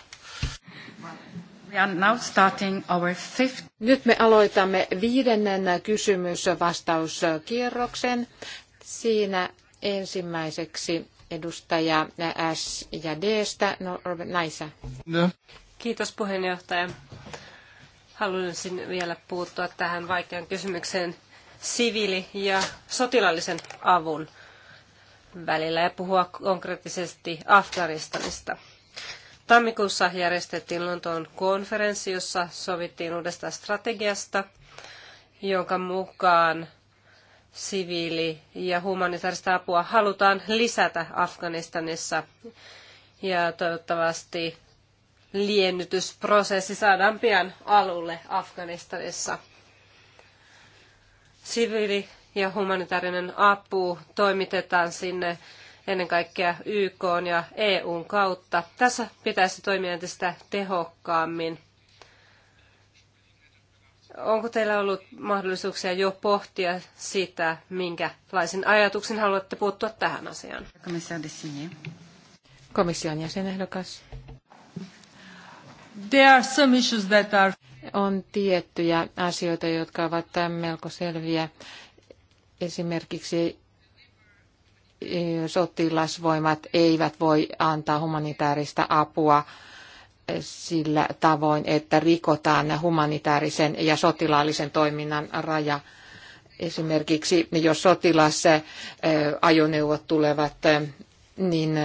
We are now starting our fifth. Nyt me aloitamme viidennen kysymysvastauskierroksen. Siinä ensimmäiseksi edustaja S ja Dstä, no, näissä. No. Kiitos puheenjohtaja. Haluaisin vielä puuttua tähän vaikean kysymykseen siviili- ja sotilaallisen avun välillä ja puhua konkreettisesti Afganistanista. Tammikuussa järjestettiin Lontoon konferenssi, jossa sovittiin uudesta strategiasta, jonka mukaan siviili- ja humanitaarista apua halutaan lisätä Afganistanissa. Ja toivottavasti liennytysprosessi saadaan pian alulle Afganistanissa. Siviili- ja humanitaarinen apu toimitetaan sinne ennen kaikkea YK ja EUn kautta. Tässä pitäisi toimia entistä tehokkaammin. Onko teillä ollut mahdollisuuksia jo pohtia sitä, minkälaisin ajatuksen haluatte puuttua tähän asiaan? Komission jäsenehdokas. There are some issues that are on tiettyjä asioita, jotka ovat melko selviä. Esimerkiksi eh, sotilasvoimat eivät voi antaa humanitaarista apua eh, sillä tavoin, että rikotaan humanitaarisen ja sotilaallisen toiminnan raja. Esimerkiksi jos sotilasajoneuvot eh, tulevat, niin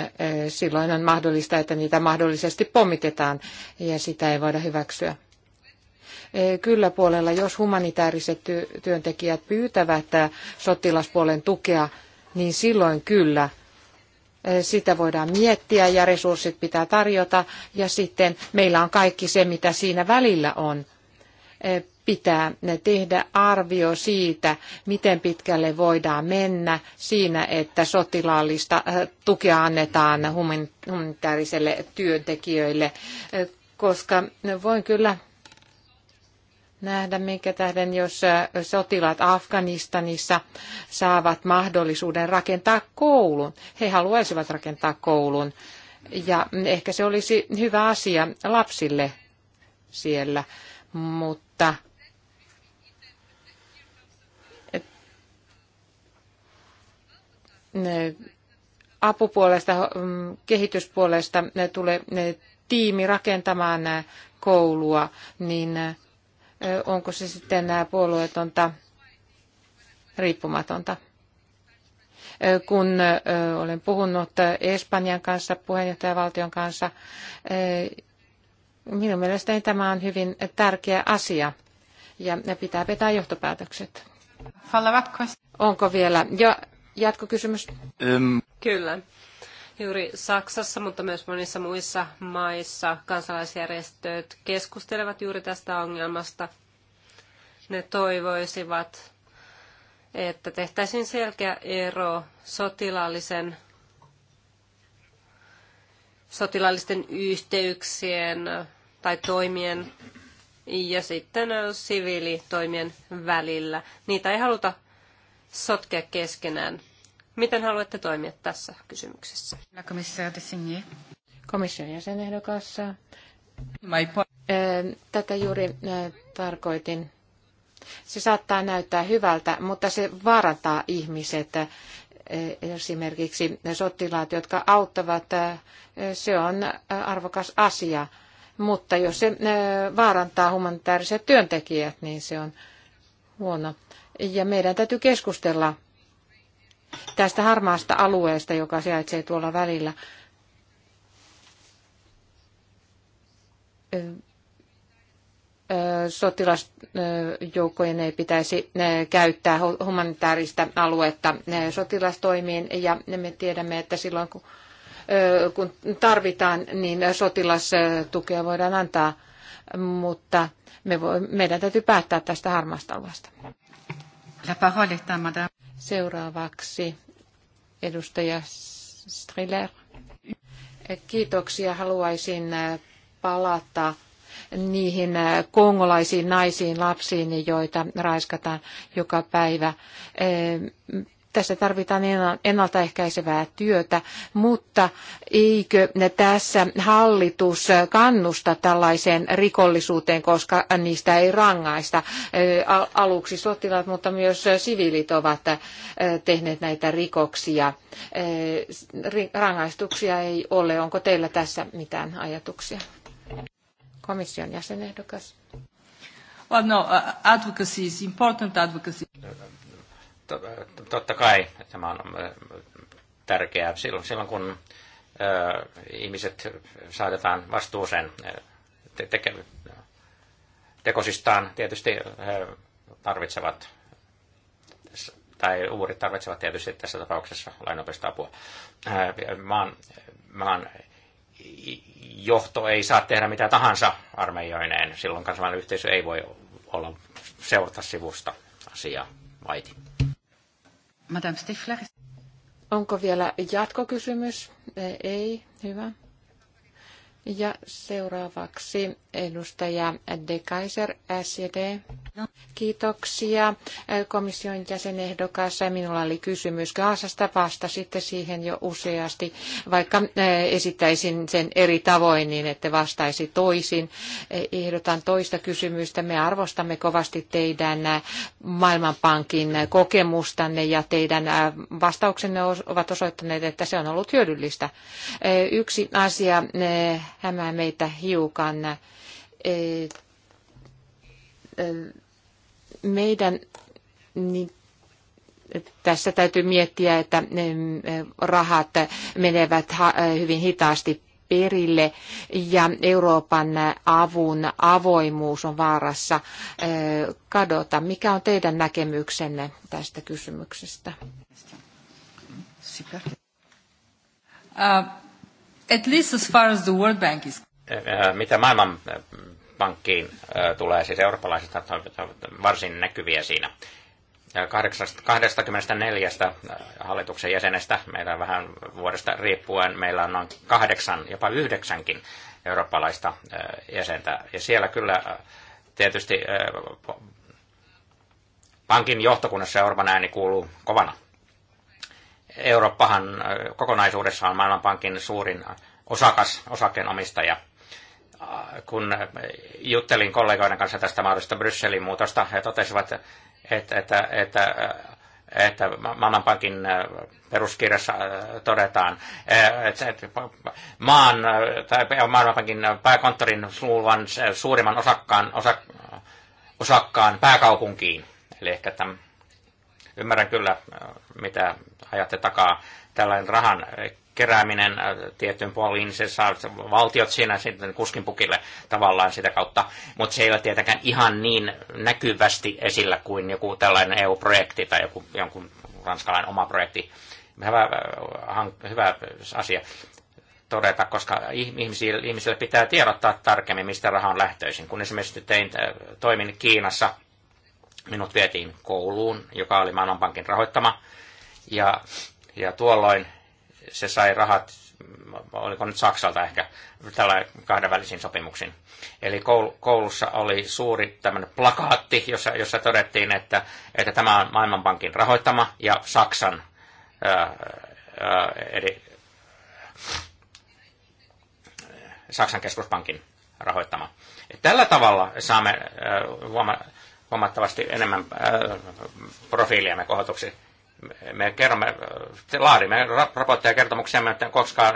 silloin on mahdollista, että niitä mahdollisesti pommitetaan ja sitä ei voida hyväksyä. Eh, kyllä puolella, jos humanitaariset työntekijät pyytävät eh, sotilaspuolen tukea, niin silloin kyllä eh, sitä voidaan miettiä ja resurssit pitää tarjota ja sitten meillä on kaikki se, mitä siinä välillä on. Pitää tehdä arvio siitä, miten pitkälle voidaan mennä siinä, että sotilaallista tukea annetaan humanitaariselle työntekijöille, koska voin kyllä nähdä, minkä tähden jos äh, sotilaat Afganistanissa saavat mahdollisuuden rakentaa koulun. He haluaisivat rakentaa koulun ja ehkä se olisi hyvä asia lapsille siellä, mutta apupuolesta, mm, kehityspuolesta tulee tiimi rakentamaan äh, koulua, niin äh, onko se sitten puolueetonta, riippumatonta. Kun olen puhunut Espanjan kanssa, puheenjohtajavaltion kanssa, minun mielestäni tämä on hyvin tärkeä asia ja pitää vetää johtopäätökset. Onko vielä jo jatkokysymys? Kyllä. Juuri Saksassa, mutta myös monissa muissa maissa kansalaisjärjestöt keskustelevat juuri tästä ongelmasta. Ne toivoisivat, että tehtäisiin selkeä ero sotilaallisen sotilaallisten yhteyksien tai toimien ja sitten siviilitoimien välillä. Niitä ei haluta sotkea keskenään. Miten haluatte toimia tässä kysymyksessä? Komission jäsenehdokas. Tätä juuri tarkoitin. Se saattaa näyttää hyvältä, mutta se vaarantaa ihmiset. Esimerkiksi sotilaat, jotka auttavat, se on arvokas asia. Mutta jos se vaarantaa humanitaariset työntekijät, niin se on huono. Ja meidän täytyy keskustella tästä harmaasta alueesta, joka sijaitsee tuolla välillä. sotilasjoukkojen ei pitäisi käyttää humanitaarista aluetta sotilastoimiin ja me tiedämme, että silloin kun, kun tarvitaan, niin sotilastukea voidaan antaa, mutta me voi, meidän täytyy päättää tästä harmaasta alueesta. La parole est à madame. Seuraavaksi edustaja Striller. Kiitoksia. Haluaisin äh, palata niihin äh, kongolaisiin naisiin, lapsiin, joita raiskataan joka päivä tässä tarvitaan ennaltaehkäisevää työtä, mutta eikö tässä hallitus kannusta tällaiseen rikollisuuteen, koska niistä ei rangaista. Aluksi sotilaat, mutta myös siviilit ovat tehneet näitä rikoksia. Rangaistuksia ei ole. Onko teillä tässä mitään ajatuksia? Komission jäsenehdokas. Well, no, uh, advocacy is important advocacy totta kai tämä on tärkeää silloin, silloin kun ihmiset saatetaan vastuuseen te- teke- tekosistaan. Tietysti he tarvitsevat, tai uurit tarvitsevat tietysti tässä tapauksessa lainopista apua. Maan, maan johto ei saa tehdä mitä tahansa armeijoineen. Silloin kansainvälinen yhteisö ei voi olla seurata sivusta asiaa vaiti. Madame Stifler. Onko vielä jatkokysymys? E, ei, hyvä. Ja seuraavaksi edustaja De Kaiser, SED. Kiitoksia komission jäsenehdokas. Minulla oli kysymys Gaasasta. Vastasitte siihen jo useasti, vaikka esittäisin sen eri tavoin niin, että vastaisi toisin. Ehdotan toista kysymystä. Me arvostamme kovasti teidän Maailmanpankin kokemustanne ja teidän vastauksenne ovat osoittaneet, että se on ollut hyödyllistä. Yksi asia hämää meitä hiukan meidän niin tässä täytyy miettiä, että rahat menevät hyvin hitaasti perille ja Euroopan avun avoimuus on vaarassa kadota. Mikä on teidän näkemyksenne tästä kysymyksestä? Uh, at least as far as the World Bank is... Mitä maailman pankkiin tulee siis eurooppalaisista varsin näkyviä siinä. 24 hallituksen jäsenestä, meillä vähän vuodesta riippuen, meillä on noin kahdeksan, jopa yhdeksänkin eurooppalaista jäsentä. Ja siellä kyllä tietysti pankin johtokunnassa Euroopan ääni kuuluu kovana. Eurooppahan kokonaisuudessaan maailmanpankin suurin osakas, osakkeenomistaja – kun juttelin kollegoiden kanssa tästä mahdollisesta Brysselin muutosta, he totesivat, että, että, että että Maailmanpankin peruskirjassa äh, todetaan, äh, että maan tai Maailmanpankin pääkonttorin luuvan suurimman osakkaan, osak, osakkaan pääkaupunkiin. Eli ehkä tämän, ymmärrän kyllä, äh, mitä ajatte takaa tällainen rahan kerääminen äh, tietyn puoliin, se saa valtiot siinä sitten kuskin pukille tavallaan sitä kautta, mutta se ei ole tietenkään ihan niin näkyvästi esillä kuin joku tällainen EU-projekti tai joku, jonkun ranskalainen oma projekti. Hyvä, äh, hyvä asia todeta, koska ihmisille, ihmisille pitää tiedottaa tarkemmin, mistä raha on lähtöisin. Kun esimerkiksi tein, äh, toimin Kiinassa, minut vietiin kouluun, joka oli Maailmanpankin rahoittama, ja, ja tuolloin se sai rahat, oliko nyt Saksalta ehkä, tällä kahdenvälisiin sopimuksiin. Eli koulussa oli suuri tämmöinen plakaatti, jossa, jossa todettiin, että, että tämä on Maailmanpankin rahoittama ja Saksan ää, ää, eli Saksan keskuspankin rahoittama. Tällä tavalla saamme huomattavasti enemmän profiiliamme kohotuksi me kerromme, laadimme raportteja kertomuksia, mutta koskaan,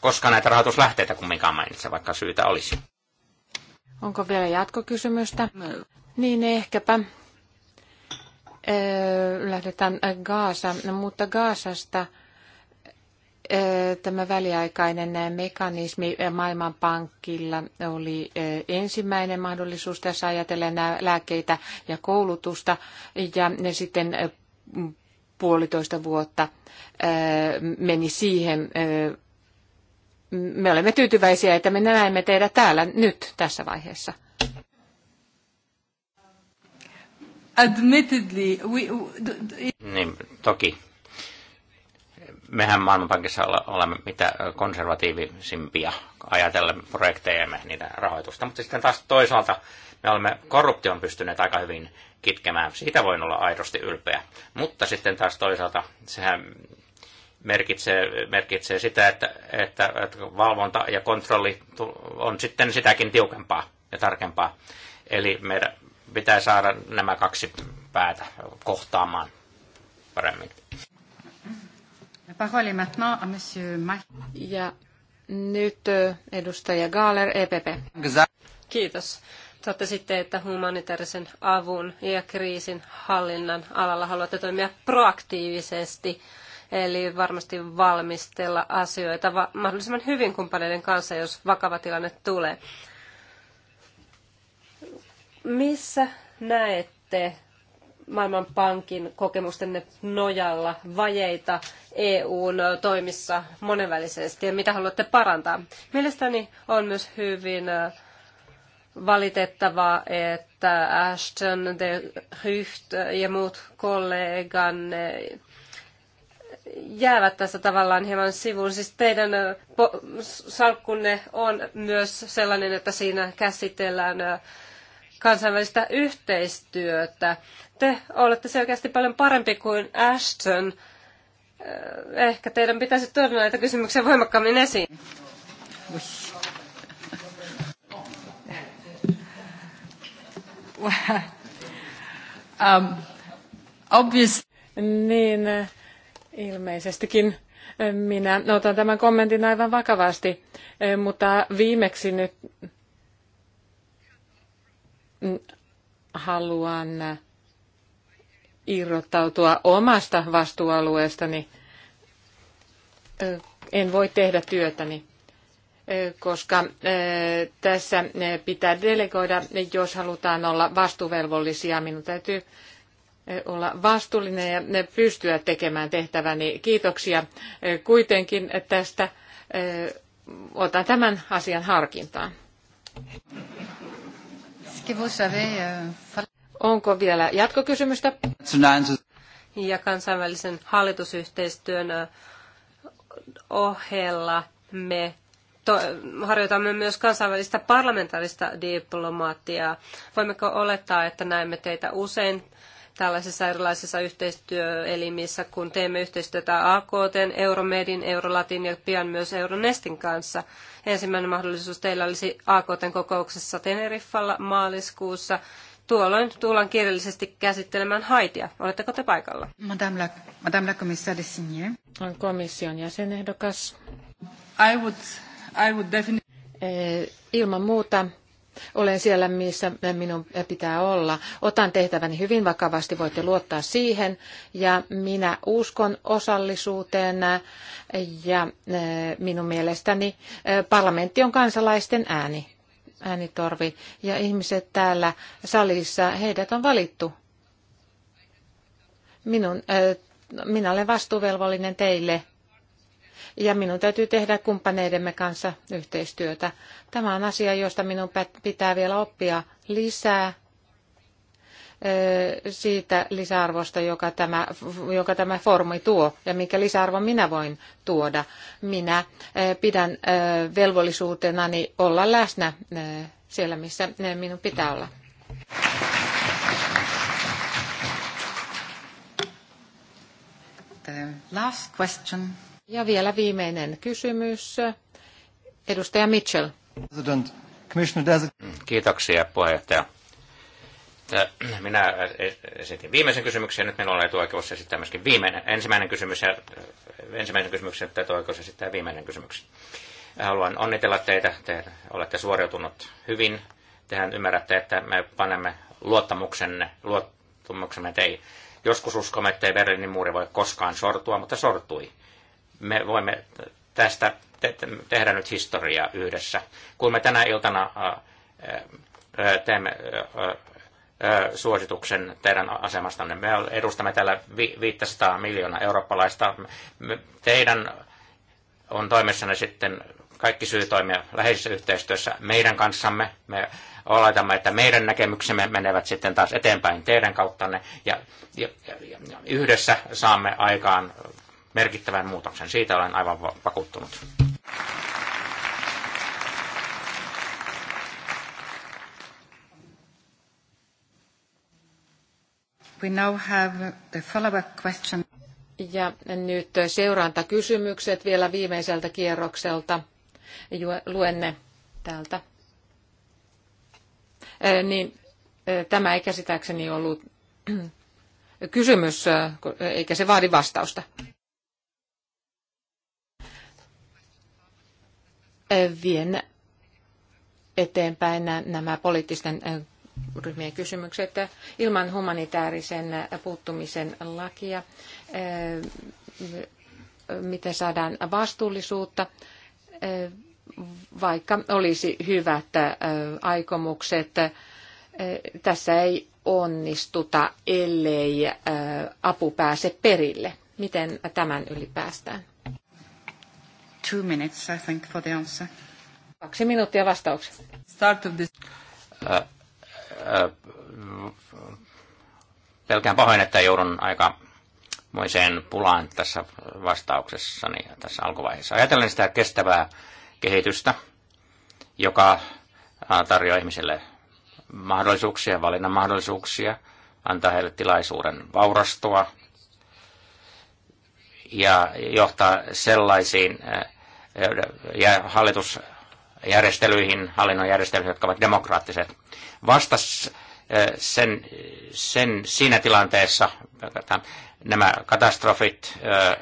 koskaan näitä rahoituslähteitä kumminkaan mainitse, vaikka syytä olisi. Onko vielä jatkokysymystä? No. Niin ehkäpä. Öö, lähdetään Gaasa, no, mutta Gaasasta öö, tämä väliaikainen mekanismi Maailmanpankilla oli öö, ensimmäinen mahdollisuus tässä ajatellen lääkkeitä ja koulutusta ja ne sitten puolitoista vuotta äh, meni siihen. Äh, me olemme tyytyväisiä, että me näemme teidät täällä nyt tässä vaiheessa. Admittedly, we, niin, toki. Mehän Maailmanpankissa olemme mitä konservatiivisimpia ajatellen projektejamme niitä rahoitusta, mutta sitten taas toisaalta me olemme korruption pystyneet aika hyvin kitkemään. Siitä voin olla aidosti ylpeä. Mutta sitten taas toisaalta sehän merkitsee, merkitsee sitä, että, että, että valvonta ja kontrolli on sitten sitäkin tiukempaa ja tarkempaa. Eli meidän pitää saada nämä kaksi päätä kohtaamaan paremmin. Ja nyt eh, edustaja Gaaler, EPP. Kiitos. Totesitte, että humanitaarisen avun ja kriisin hallinnan alalla haluatte toimia proaktiivisesti, eli varmasti valmistella asioita mahdollisimman hyvin kumppaneiden kanssa, jos vakava tilanne tulee. Missä näette Maailmanpankin kokemustenne nojalla vajeita EUn toimissa monenvälisesti ja mitä haluatte parantaa. Mielestäni on myös hyvin äh, valitettavaa, että Ashton, de Hycht ja muut kollegan jäävät tässä tavallaan hieman sivuun. Siis teidän salkkunne on myös sellainen, että siinä käsitellään kansainvälistä yhteistyötä. Te olette selkeästi paljon parempi kuin Ashton. Ehkä teidän pitäisi tuoda näitä kysymyksiä voimakkaammin esiin. um, obvious. Niin, ilmeisestikin minä otan tämän kommentin aivan vakavasti, mutta viimeksi nyt haluan irrottautua omasta vastuualueestani. En voi tehdä työtäni koska eh, tässä eh, pitää delegoida, jos halutaan olla vastuuvelvollisia. Minun täytyy eh, olla vastuullinen ja pystyä tekemään tehtäväni. Kiitoksia kuitenkin tästä. Otan tämän asian harkintaan. Euh, Onko vielä jatkokysymystä? Ja kansainvälisen hallitusyhteistyön ohella me to, harjoitamme myös kansainvälistä parlamentaarista diplomatiaa. Voimmeko olettaa, että näemme teitä usein tällaisissa erilaisissa yhteistyöelimissä, kun teemme yhteistyötä AKT, Euromedin, Eurolatin ja pian myös Euronestin kanssa. Ensimmäinen mahdollisuus teillä olisi AKT kokouksessa Teneriffalla maaliskuussa. Tuolloin tullaan kirjallisesti käsittelemään haitia. Oletteko te paikalla? Madame la, Madame la commissaire Komission jäsenehdokas. I would Eh, ilman muuta olen siellä, missä minun pitää olla. Otan tehtäväni hyvin vakavasti, voitte luottaa siihen. Ja minä uskon osallisuuteen ja eh, minun mielestäni eh, parlamentti on kansalaisten ääni, äänitorvi. Ja ihmiset täällä salissa, heidät on valittu. Minun, minä olen vastuuvelvollinen teille ja minun täytyy tehdä kumppaneidemme kanssa yhteistyötä. Tämä on asia, josta minun pitää vielä oppia lisää siitä lisäarvosta, joka tämä, joka tämä foorumi tuo ja minkä lisäarvon minä voin tuoda. Minä pidän velvollisuutenani olla läsnä siellä, missä minun pitää olla. The last question. Ja vielä viimeinen kysymys. Edustaja Mitchell. Kiitoksia puheenjohtaja. Minä esitin viimeisen kysymyksen ja nyt minulla on etuoikeus esittää myöskin viimeinen, ensimmäinen kysymys ja ensimmäisen kysymyksen että etuoikeus esittää viimeinen kysymys. Haluan onnitella teitä. Te olette suoriutunut hyvin. Tehän ymmärrätte, että me panemme luottamuksenne, luottamuksemme teihin. Joskus uskomme, ettei Berliinin muuri voi koskaan sortua, mutta sortui me voimme tästä tehdä nyt historiaa yhdessä. Kun me tänä iltana teemme suosituksen teidän asemastanne. Me edustamme täällä 500 miljoonaa eurooppalaista. Teidän on toimessanne sitten kaikki syy toimia läheisessä yhteistyössä meidän kanssamme. Me oletamme, että meidän näkemyksemme menevät sitten taas eteenpäin teidän kauttanne ja, ja, ja, ja yhdessä saamme aikaan merkittävän muutoksen. Siitä olen aivan vakuuttunut. We now have the follow-up question. Ja nyt seurantakysymykset vielä viimeiseltä kierrokselta. Luen ne täältä. Niin, tämä ei käsittääkseni ollut kysymys, eikä se vaadi vastausta. vien eteenpäin nämä poliittisten äh, ryhmien kysymykset ilman humanitaarisen puuttumisen lakia, äh, miten saadaan vastuullisuutta, äh, vaikka olisi hyvät aikomukset. Tässä ei onnistuta, ellei apu pääse perille. Miten tämän ylipäästään? two minutes, I think, for the answer. Kaksi minuuttia vastauksen. Start of this. pelkään pahoin, että joudun aika moiseen pulaan tässä vastauksessani tässä alkuvaiheessa. Ajatellen sitä kestävää kehitystä, joka tarjoaa ihmisille mahdollisuuksia, valinnan mahdollisuuksia, antaa heille tilaisuuden vaurastua ja johtaa sellaisiin ja hallitusjärjestelyihin, hallinnon järjestelyihin, jotka ovat demokraattiset. Vasta eh, sen, sen, siinä tilanteessa nämä katastrofit eh, eh,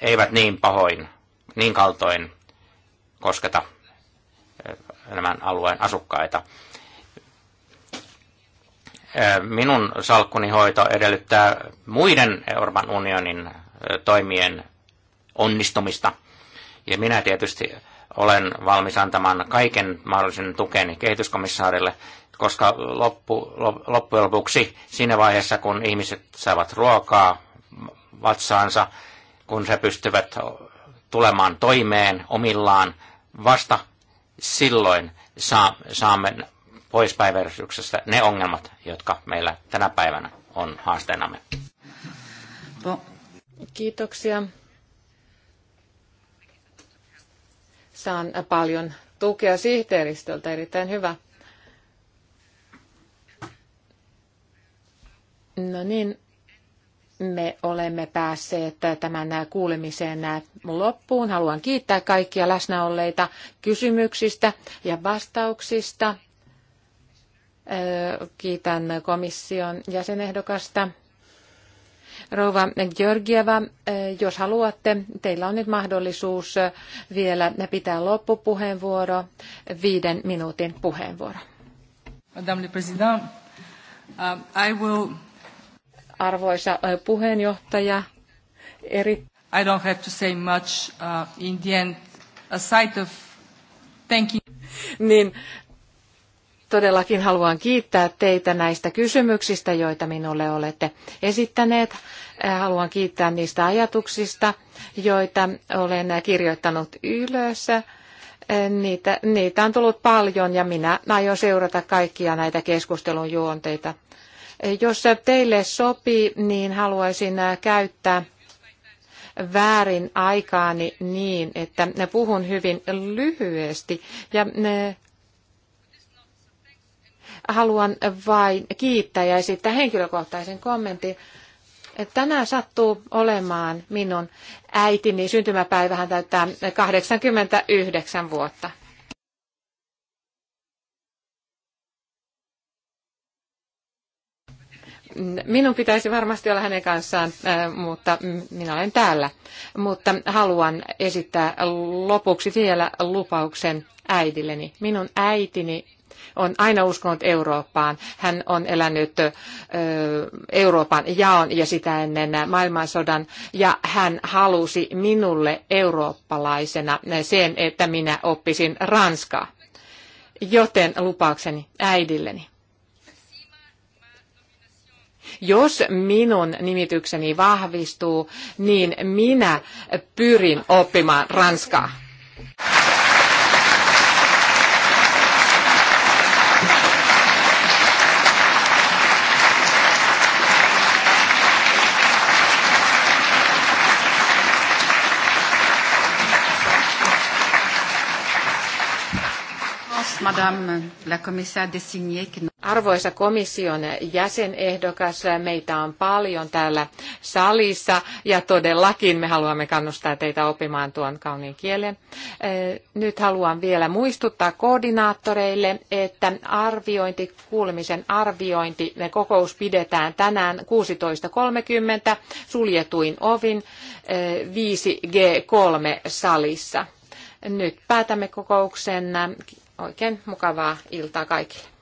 eivät niin pahoin, niin kaltoin kosketa nämä alueen asukkaita. Minun salkkuni hoito edellyttää muiden Euroopan unionin toimien onnistumista ja minä tietysti olen valmis antamaan kaiken mahdollisen tukeni kehityskomissaarille, koska loppu, loppujen lopuksi siinä vaiheessa, kun ihmiset saavat ruokaa vatsaansa, kun he pystyvät tulemaan toimeen omillaan, vasta silloin saa, saamme pois päiväjärjestyksestä ne ongelmat, jotka meillä tänä päivänä on haasteenamme. Kiitoksia. Saan paljon tukea sihteeristöltä, erittäin hyvä. No niin, me olemme päässeet tämän kuulemiseen loppuun. Haluan kiittää kaikkia läsnäolleita kysymyksistä ja vastauksista. Kiitän komission jäsenehdokasta Rouva Georgieva, eh, jos haluatte, teillä on nyt mahdollisuus eh, vielä pitää loppupuheenvuoro, viiden minuutin puheenvuoro. Madame le Président, uh, I will... Arvoisa eh, puheenjohtaja, eri... I don't have to say much uh, in the end, aside of thanking... Niin, todellakin haluan kiittää teitä näistä kysymyksistä, joita minulle olette esittäneet. Äh, haluan kiittää niistä ajatuksista, joita olen kirjoittanut ylös. Äh, niitä, niitä on tullut paljon ja minä aion seurata kaikkia näitä keskustelun juonteita. Äh, jos teille sopii, niin haluaisin käyttää väärin aikaani niin, että puhun hyvin lyhyesti ja haluan vain kiittää ja esittää henkilökohtaisen kommentin. Tänään sattuu olemaan minun äitini syntymäpäivähän täyttää 89 vuotta. minun pitäisi varmasti olla hänen kanssaan, mutta minä olen täällä. Mutta haluan esittää lopuksi vielä lupauksen äidilleni. Minun äitini on aina uskonut Eurooppaan. Hän on elänyt Euroopan jaon ja sitä ennen maailmansodan. Ja hän halusi minulle eurooppalaisena sen, että minä oppisin ranskaa. Joten lupaukseni äidilleni. Jos minun nimitykseni vahvistuu, niin minä pyrin oppimaan ranskaa. Arvoisa komission jäsenehdokas, meitä on paljon täällä salissa ja todellakin me haluamme kannustaa teitä oppimaan tuon kauniin kielen. Eh, nyt haluan vielä muistuttaa koordinaattoreille, että arviointi, kuulemisen arviointi, ne kokous pidetään tänään 16.30 suljetuin ovin 5G3 eh, salissa. Nyt päätämme kokouksen. Oikein mukavaa iltaa kaikille.